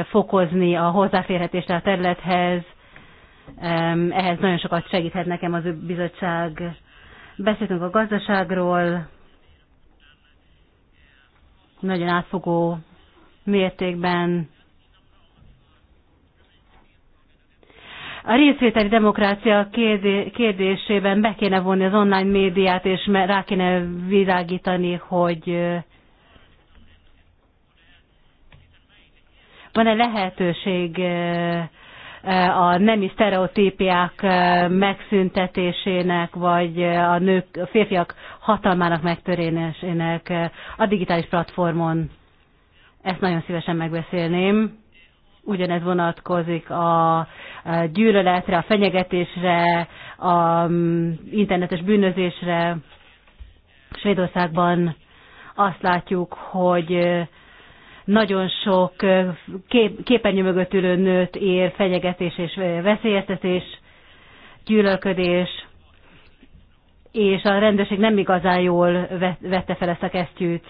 fokozni a hozzáférhetést a területhez, ehhez nagyon sokat segíthet nekem az bizottság Beszéltünk a gazdaságról, nagyon átfogó mértékben. A részvételi demokrácia kérdésében be kéne vonni az online médiát, és rá kéne világítani, hogy van-e lehetőség a nemi sztereotípiák megszüntetésének, vagy a nők, a férfiak hatalmának megtörésének a digitális platformon. Ezt nagyon szívesen megbeszélném. Ugyanez vonatkozik a gyűlöletre, a fenyegetésre, a internetes bűnözésre. Svédországban azt látjuk, hogy nagyon sok kép, képernyő mögött ülő nőt ér fenyegetés és veszélyeztetés, gyűlölködés, és a rendőrség nem igazán jól vette fel ezt a kesztyűt.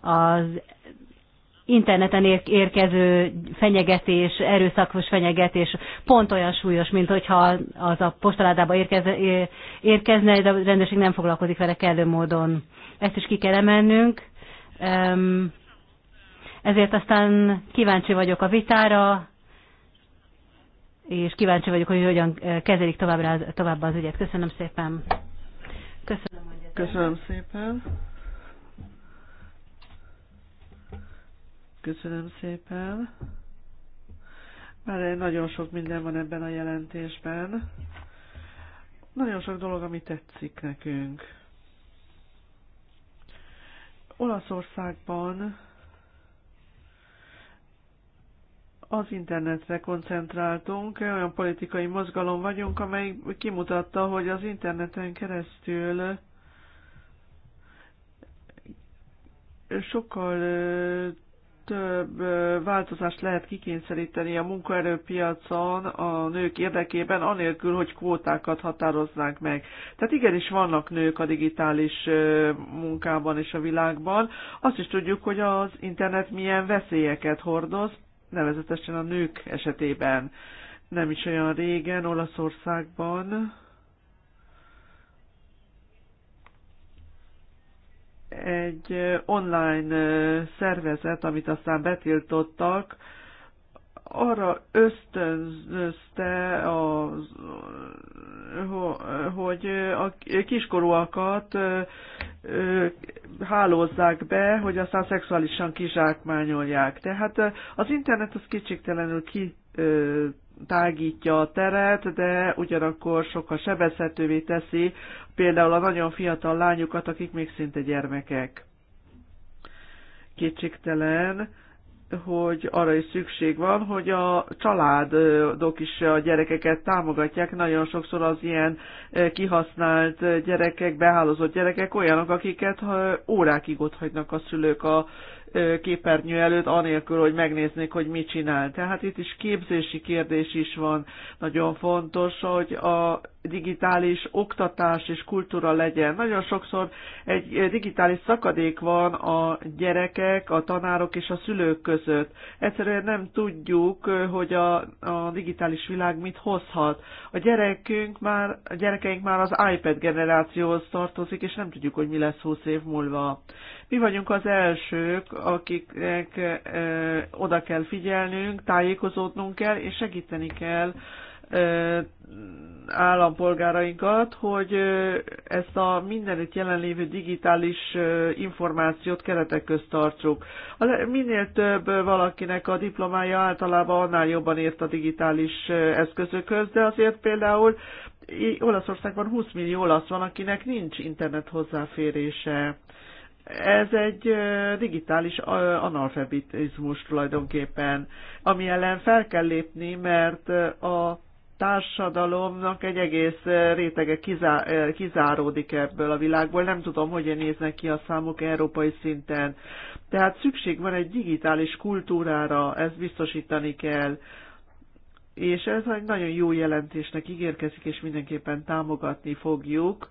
Az interneten érkező fenyegetés, erőszakos fenyegetés pont olyan súlyos, mint hogyha az a postaládába érkezne, de a rendőrség nem foglalkozik vele kellő módon. Ezt is ki kell emelnünk. Ezért aztán kíváncsi vagyok a vitára, és kíváncsi vagyok, hogy hogyan eh, kezelik továbbra, tovább az ügyet. Köszönöm szépen. Köszönöm, hogy Köszönöm szépen. Köszönöm szépen. Már nagyon sok minden van ebben a jelentésben. Nagyon sok dolog, ami tetszik nekünk. Olaszországban az internetre koncentráltunk, olyan politikai mozgalom vagyunk, amely kimutatta, hogy az interneten keresztül sokkal több változást lehet kikényszeríteni a munkaerőpiacon a nők érdekében, anélkül, hogy kvótákat határoznánk meg. Tehát igenis vannak nők a digitális munkában és a világban. Azt is tudjuk, hogy az internet milyen veszélyeket hordoz, nevezetesen a nők esetében. Nem is olyan régen Olaszországban egy online szervezet, amit aztán betiltottak, arra ösztönzte, a, hogy a kiskorúakat hálózzák be, hogy aztán szexuálisan kizsákmányolják. Tehát az internet az kicsiktelenül ki tágítja a teret, de ugyanakkor sokkal sebezhetővé teszi például a nagyon fiatal lányokat, akik még szinte gyermekek. Kétségtelen, hogy arra is szükség van, hogy a családok is a gyerekeket támogatják. Nagyon sokszor az ilyen eh, kihasznált eh, gyerekek, behálozott gyerekek olyanok, akiket órákig ott hagynak a szülők a képernyő előtt, anélkül, hogy megnéznék, hogy mit csinál. Tehát itt is képzési kérdés is van. Nagyon fontos, hogy a digitális oktatás és kultúra legyen. Nagyon sokszor egy digitális szakadék van a gyerekek, a tanárok és a szülők között. Egyszerűen nem tudjuk, hogy a, a digitális világ mit hozhat. A gyerekünk már, a gyerekeink már az iPad generációhoz tartozik, és nem tudjuk, hogy mi lesz 20 év múlva. Mi vagyunk az elsők, akiknek oda kell figyelnünk, tájékozódnunk kell, és segíteni kell állampolgárainkat, hogy ezt a mindenütt jelenlévő digitális információt keretek közt tartsuk. Minél több valakinek a diplomája általában annál jobban ért a digitális eszközökhöz, de azért például Olaszországban 20 millió olasz van, akinek nincs internet hozzáférése. Ez egy digitális analfabetizmus tulajdonképpen, ami ellen fel kell lépni, mert a társadalomnak egy egész rétege kizá, kizáródik ebből a világból. Nem tudom, hogyan néznek ki a számok európai szinten. Tehát szükség van egy digitális kultúrára, ezt biztosítani kell. És ez egy nagyon jó jelentésnek ígérkezik, és mindenképpen támogatni fogjuk.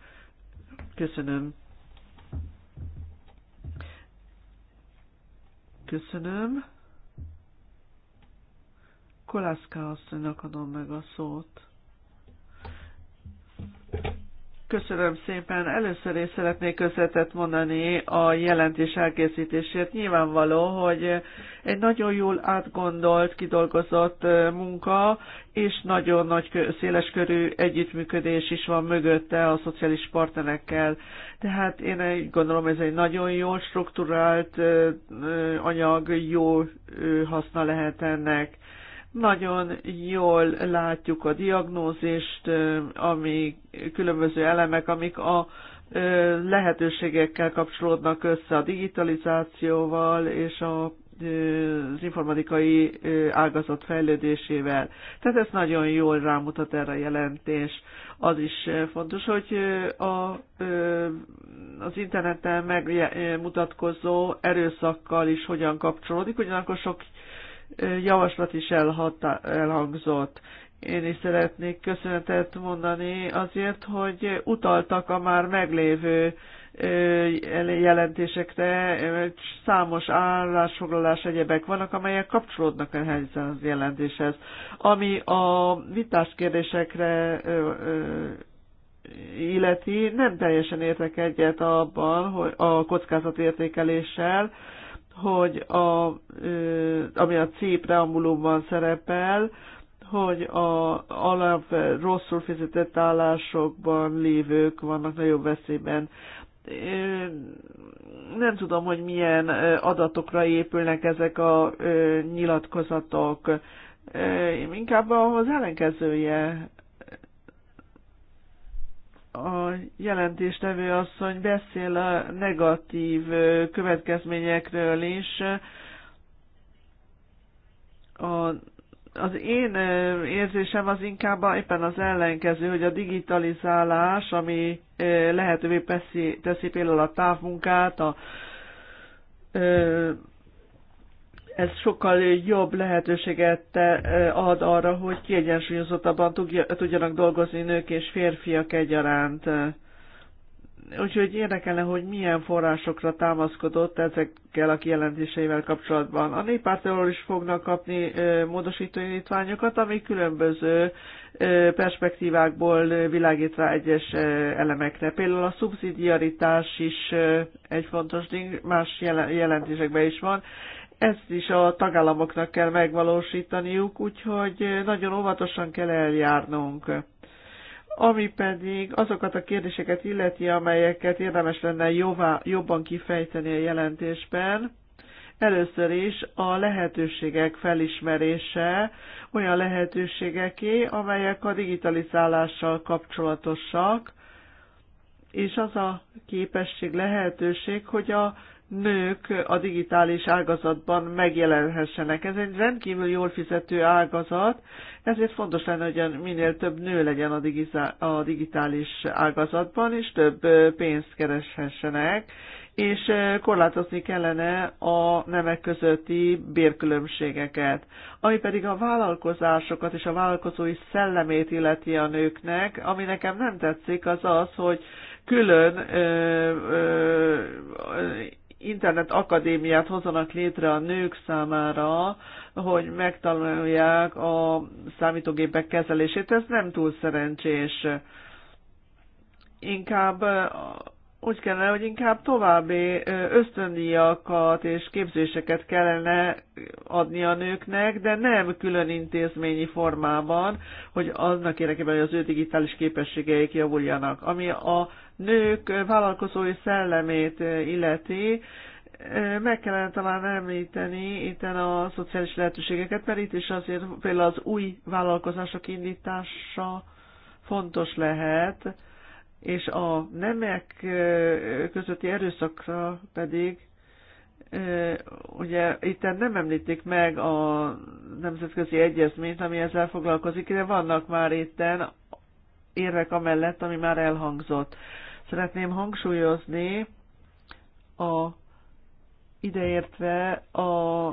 Köszönöm. Köszönöm. Kolászka asszonynak adom meg a szót. Köszönöm szépen. Először is szeretnék köszönetet mondani a jelentés elkészítésért. Nyilvánvaló, hogy egy nagyon jól átgondolt, kidolgozott munka, és nagyon nagy széleskörű együttműködés is van mögötte a szociális partnerekkel. Tehát én úgy gondolom, ez egy nagyon jól strukturált anyag, jó haszna lehet ennek nagyon jól látjuk a diagnózist, ami különböző elemek, amik a lehetőségekkel kapcsolódnak össze a digitalizációval és a az informatikai ágazat fejlődésével. Tehát ez nagyon jól rámutat erre a jelentés. Az is fontos, hogy a, az interneten megmutatkozó erőszakkal is hogyan kapcsolódik, ugyanakkor sok javaslat is elhatá- elhangzott. Én is szeretnék köszönetet mondani azért, hogy utaltak a már meglévő jelentésekre, számos állásfoglalás egyebek vannak, amelyek kapcsolódnak ehhez az jelentéshez. Ami a vitás kérdésekre illeti, nem teljesen értek egyet abban, hogy a kockázatértékeléssel, hogy a, ami a C preambulumban szerepel, hogy a alap rosszul fizetett állásokban lévők vannak nagyobb veszélyben. Nem tudom, hogy milyen adatokra épülnek ezek a nyilatkozatok. Inkább az ellenkezője a jelentéstevő asszony beszél a negatív következményekről is. A, az én érzésem az inkább éppen az ellenkező, hogy a digitalizálás, ami lehetővé teszi, teszi például a távmunkát, a ez sokkal jobb lehetőséget ad arra, hogy kiegyensúlyozottabban tudjanak dolgozni nők és férfiak egyaránt. Úgyhogy érdekelne, hogy milyen forrásokra támaszkodott ezekkel a kijelentéseivel kapcsolatban. A néppártról is fognak kapni indítványokat, ami különböző perspektívákból világít rá egyes elemekre. Például a szubszidiaritás is egy fontos ding, más jelentésekben is van, ezt is a tagállamoknak kell megvalósítaniuk, úgyhogy nagyon óvatosan kell eljárnunk. Ami pedig azokat a kérdéseket illeti, amelyeket érdemes lenne jobá, jobban kifejteni a jelentésben, Először is a lehetőségek felismerése olyan lehetőségeké, amelyek a digitalizálással kapcsolatosak, és az a képesség, lehetőség, hogy a nők a digitális ágazatban megjelenhessenek. Ez egy rendkívül jól fizető ágazat, ezért fontos lenne, hogy minél több nő legyen a digitális ágazatban, és több pénzt kereshessenek, és korlátozni kellene a nemek közötti bérkülönbségeket. Ami pedig a vállalkozásokat és a vállalkozói szellemét illeti a nőknek, ami nekem nem tetszik, az az, hogy külön ö, ö, internet akadémiát hozzanak létre a nők számára, hogy megtanulják a számítógépek kezelését. Ez nem túl szerencsés. Inkább úgy kellene, hogy inkább további ösztöndíjakat és képzéseket kellene adni a nőknek, de nem külön intézményi formában, hogy annak érdekében, hogy az ő digitális képességeik javuljanak. Ami a nők vállalkozói szellemét illeti, meg kellene talán említeni itt a szociális lehetőségeket, mert itt is azért például az új vállalkozások indítása fontos lehet, és a nemek közötti erőszakra pedig ugye itt nem említik meg a nemzetközi egyezményt, ami ezzel foglalkozik, de vannak már itten érvek amellett, ami már elhangzott. Szeretném hangsúlyozni a ideértve a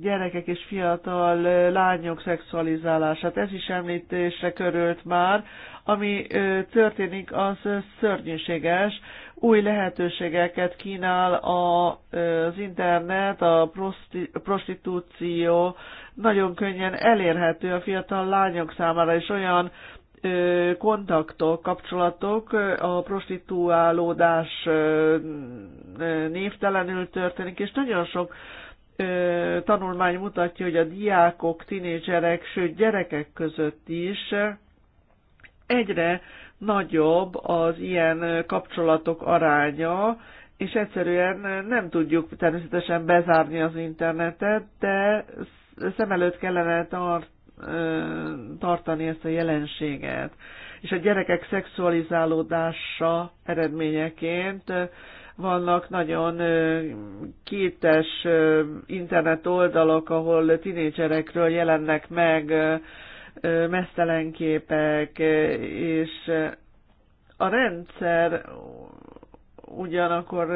gyerekek és fiatal lányok szexualizálását. Ez is említésre körült már, ami történik, az szörnyűséges. Új lehetőségeket kínál az internet, a prostitúció, nagyon könnyen elérhető a fiatal lányok számára, és olyan kontaktok, kapcsolatok, a prostituálódás névtelenül történik, és nagyon sok tanulmány mutatja, hogy a diákok, tinédzserek, sőt gyerekek között is egyre nagyobb az ilyen kapcsolatok aránya, és egyszerűen nem tudjuk természetesen bezárni az internetet, de szem előtt kellene tart, tartani ezt a jelenséget. És a gyerekek szexualizálódása eredményeként vannak nagyon kétes internet oldalak, ahol tinédzserekről jelennek meg mesztelen képek, és a rendszer ugyanakkor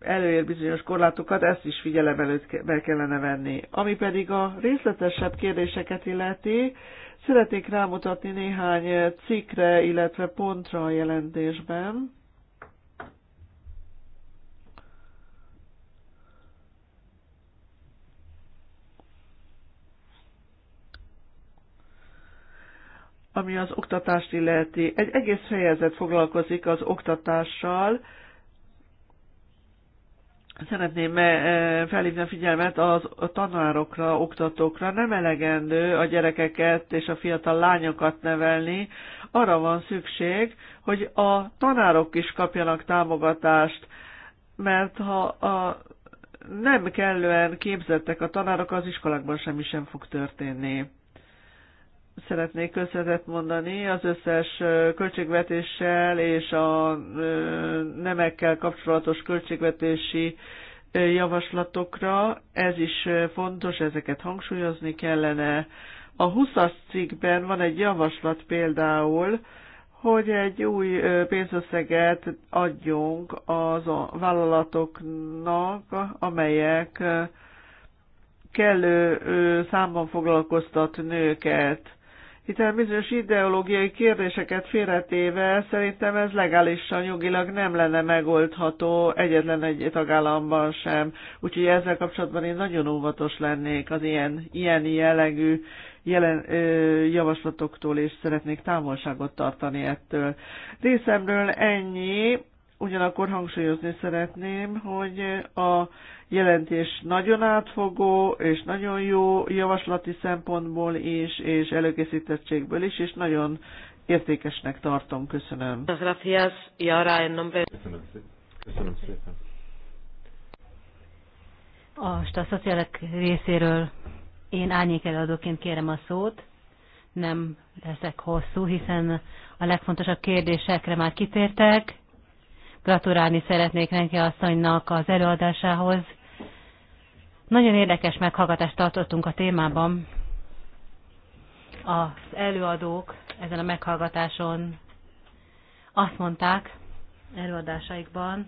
előír bizonyos korlátokat, ezt is figyelem előtt be kellene venni. Ami pedig a részletesebb kérdéseket illeti, szeretnék rámutatni néhány cikkre, illetve pontra a jelentésben. ami az oktatást illeti. Egy egész fejezet foglalkozik az oktatással. Szeretném eh, felhívni a figyelmet az a tanárokra, oktatókra. Nem elegendő a gyerekeket és a fiatal lányokat nevelni. Arra van szükség, hogy a tanárok is kapjanak támogatást, mert ha a nem kellően képzettek a tanárok, az iskolákban semmi sem fog történni szeretnék köszönetet mondani az összes költségvetéssel és a nemekkel kapcsolatos költségvetési javaslatokra. Ez is fontos, ezeket hangsúlyozni kellene. A 20-as cikkben van egy javaslat például, hogy egy új pénzösszeget adjunk az a vállalatoknak, amelyek kellő számban foglalkoztat nőket hiszen bizonyos ideológiai kérdéseket félretéve szerintem ez legálisan, jogilag nem lenne megoldható egyetlen egy tagállamban sem. Úgyhogy ezzel kapcsolatban én nagyon óvatos lennék az ilyen, ilyen jellegű jelen, ö, javaslatoktól, és szeretnék távolságot tartani ettől. Részemről ennyi Ugyanakkor hangsúlyozni szeretném, hogy a jelentés nagyon átfogó, és nagyon jó javaslati szempontból is, és előkészítettségből is, és nagyon értékesnek tartom. Köszönöm. Köszönöm szépen. A Stasszociálek részéről én előadóként kérem a szót. Nem leszek hosszú, hiszen a legfontosabb kérdésekre már kitértek. Gratulálni szeretnék Renke asszonynak az előadásához. Nagyon érdekes meghallgatást tartottunk a témában. Az előadók ezen a meghallgatáson azt mondták előadásaikban,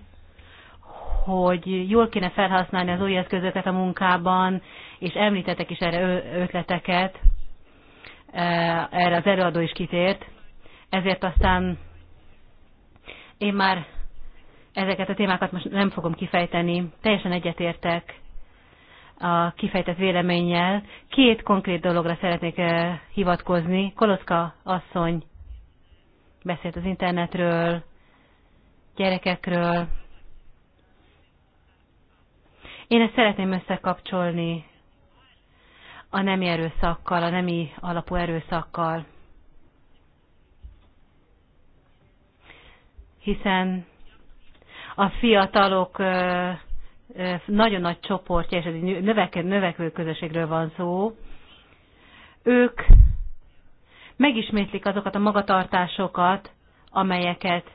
hogy jól kéne felhasználni az új eszközöket a munkában, és említettek is erre ötleteket, e, erre az előadó is kitért, ezért aztán én már Ezeket a témákat most nem fogom kifejteni, teljesen egyetértek a kifejtett véleménnyel. Két konkrét dologra szeretnék eh, hivatkozni. Koloszka asszony beszélt az internetről, gyerekekről. Én ezt szeretném összekapcsolni a nemi erőszakkal, a nemi alapú erőszakkal. Hiszen a fiatalok nagyon nagy csoportja, és ez egy növekvő, növekvő közösségről van szó, ők megismétlik azokat a magatartásokat, amelyeket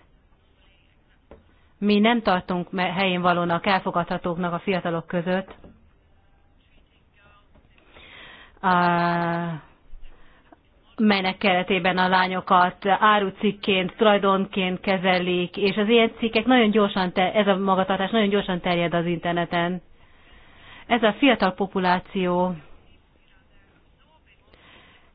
mi nem tartunk helyén valónak, elfogadhatóknak a fiatalok között melynek keretében a lányokat árucikként, tulajdonként kezelik, és az ilyen cikkek nagyon gyorsan, te, ez a magatartás nagyon gyorsan terjed az interneten. Ez a fiatal populáció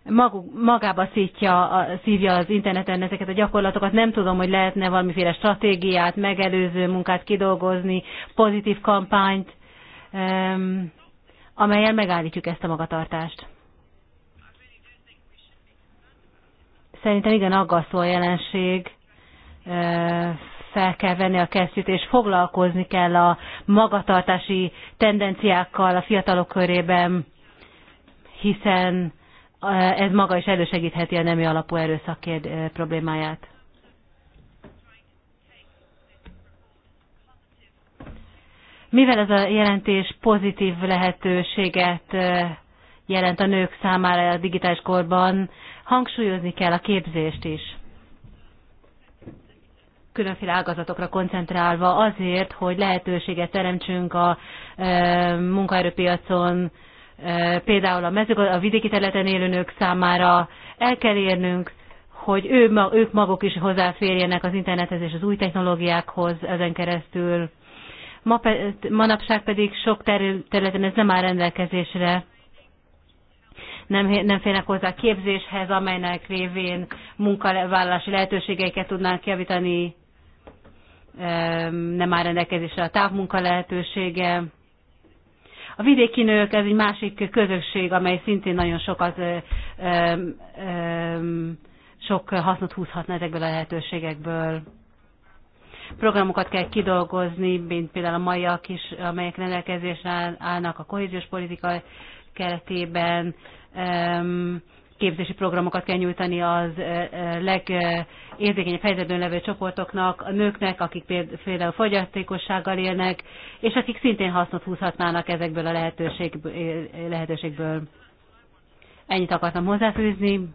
maguk, magába szítja, szívja az interneten ezeket a gyakorlatokat. Nem tudom, hogy lehetne valamiféle stratégiát, megelőző munkát kidolgozni, pozitív kampányt, um, amelyen megállítjuk ezt a magatartást. Szerintem igen aggasztó a jelenség, fel kell venni a kesztyűt, és foglalkozni kell a magatartási tendenciákkal a fiatalok körében, hiszen ez maga is elősegítheti a nemi alapú erőszak problémáját. Mivel ez a jelentés pozitív lehetőséget jelent a nők számára a digitális korban, hangsúlyozni kell a képzést is különféle ágazatokra koncentrálva azért, hogy lehetőséget teremtsünk a e, munkaerőpiacon, e, például a, mezőg, a vidéki területen élő nők számára el kell érnünk, hogy ő, ők maguk is hozzáférjenek az internethez és az új technológiákhoz ezen keresztül. Ma, manapság pedig sok területen ez nem áll rendelkezésre, nem, nem félnek hozzá képzéshez, amelynek révén munkavállalási lehetőségeiket tudnánk javítani, nem áll rendelkezésre a távmunka lehetősége. A vidéki nők, ez egy másik közösség, amely szintén nagyon sokat, sok hasznot húzhatna ezekből a lehetőségekből programokat kell kidolgozni, mint például a maiak is, amelyek rendelkezésre állnak a kohéziós politikai keretében képzési programokat kell nyújtani az eh, eh, legérzékenyebb helyzetben levő csoportoknak, a nőknek, akik például fogyatékossággal élnek, és akik szintén hasznot húzhatnának ezekből a eh, lehetőségből. Ennyit akartam hozzáfűzni.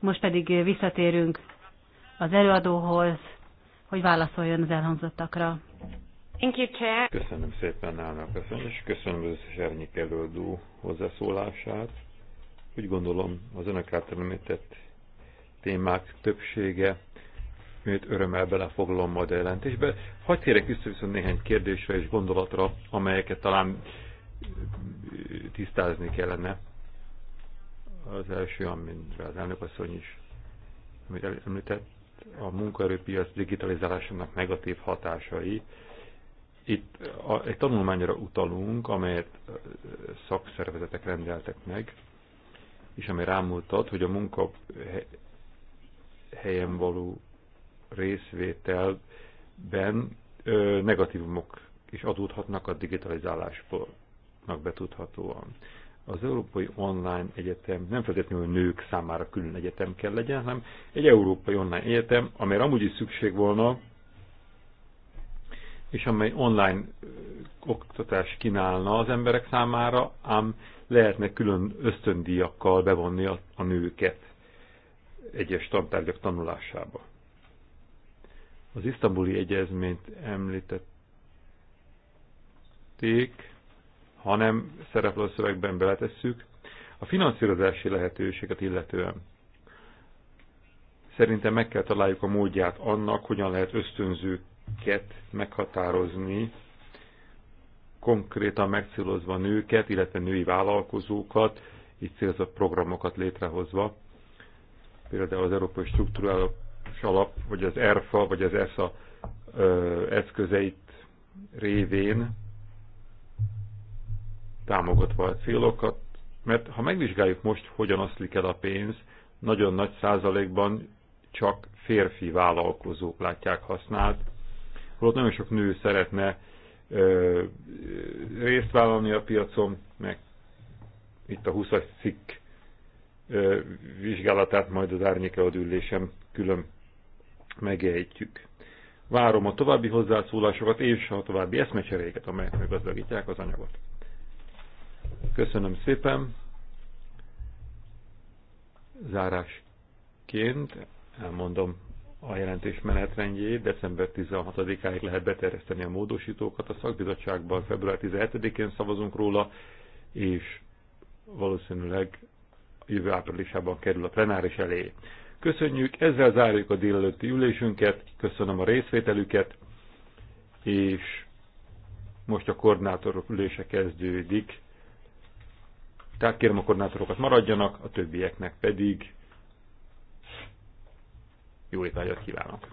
Most pedig visszatérünk az előadóhoz, hogy válaszoljon az elhangzottakra. Thank you, Chair. Köszönöm szépen, Állnak köszönöm, és köszönöm az összes árnyék előadó hozzászólását. Úgy gondolom, az önök által említett témák többsége, miért örömmel belefoglalom majd a jelentésbe. Hagy térek vissza viszont néhány kérdésre és gondolatra, amelyeket talán tisztázni kellene. Az első, amire az elnök asszony is amit említett, a munkaerőpiac digitalizálásának negatív hatásai, itt a, egy tanulmányra utalunk, amelyet szakszervezetek rendeltek meg, és ami rámutat, hogy a munkahelyen való részvételben ö, negatívumok is adódhatnak a digitalizálásnak betudhatóan. Az Európai Online Egyetem nem feltétlenül nők számára külön egyetem kell legyen, hanem egy Európai Online Egyetem, amely amúgy is szükség volna, és amely online oktatás kínálna az emberek számára, ám lehetne külön ösztöndíjakkal bevonni a, a nőket egyes tantárgyak tanulásába. Az isztambuli egyezményt említették, hanem szereplő szövegben beletesszük, a finanszírozási lehetőséget illetően. Szerintem meg kell találjuk a módját annak, hogyan lehet ösztönzőt nőket meghatározni, konkrétan megcélozva nőket, illetve női vállalkozókat, így célzott programokat létrehozva, például az Európai Struktúrális Alap, vagy az ERFA, vagy az ESA ö, eszközeit révén támogatva a célokat, mert ha megvizsgáljuk most, hogyan oszlik el a pénz, nagyon nagy százalékban csak férfi vállalkozók látják használt, holott nagyon sok nő szeretne ö, részt vállalni a piacon, meg itt a 20-as cikk ö, vizsgálatát majd az árnyékead ülésem külön megejtjük. Várom a további hozzászólásokat és a további eszmecseréket, amelyek meggazdagítják az anyagot. Köszönöm szépen. Zárásként elmondom a jelentés menetrendjét. December 16-áig lehet beterjeszteni a módosítókat. A szakbizottságban február 17-én szavazunk róla, és valószínűleg jövő áprilisában kerül a plenáris elé. Köszönjük, ezzel zárjuk a délelőtti ülésünket, köszönöm a részvételüket, és most a koordinátorok ülése kezdődik. Tehát kérem a koordinátorokat maradjanak, a többieknek pedig jó étvágyat kívánok!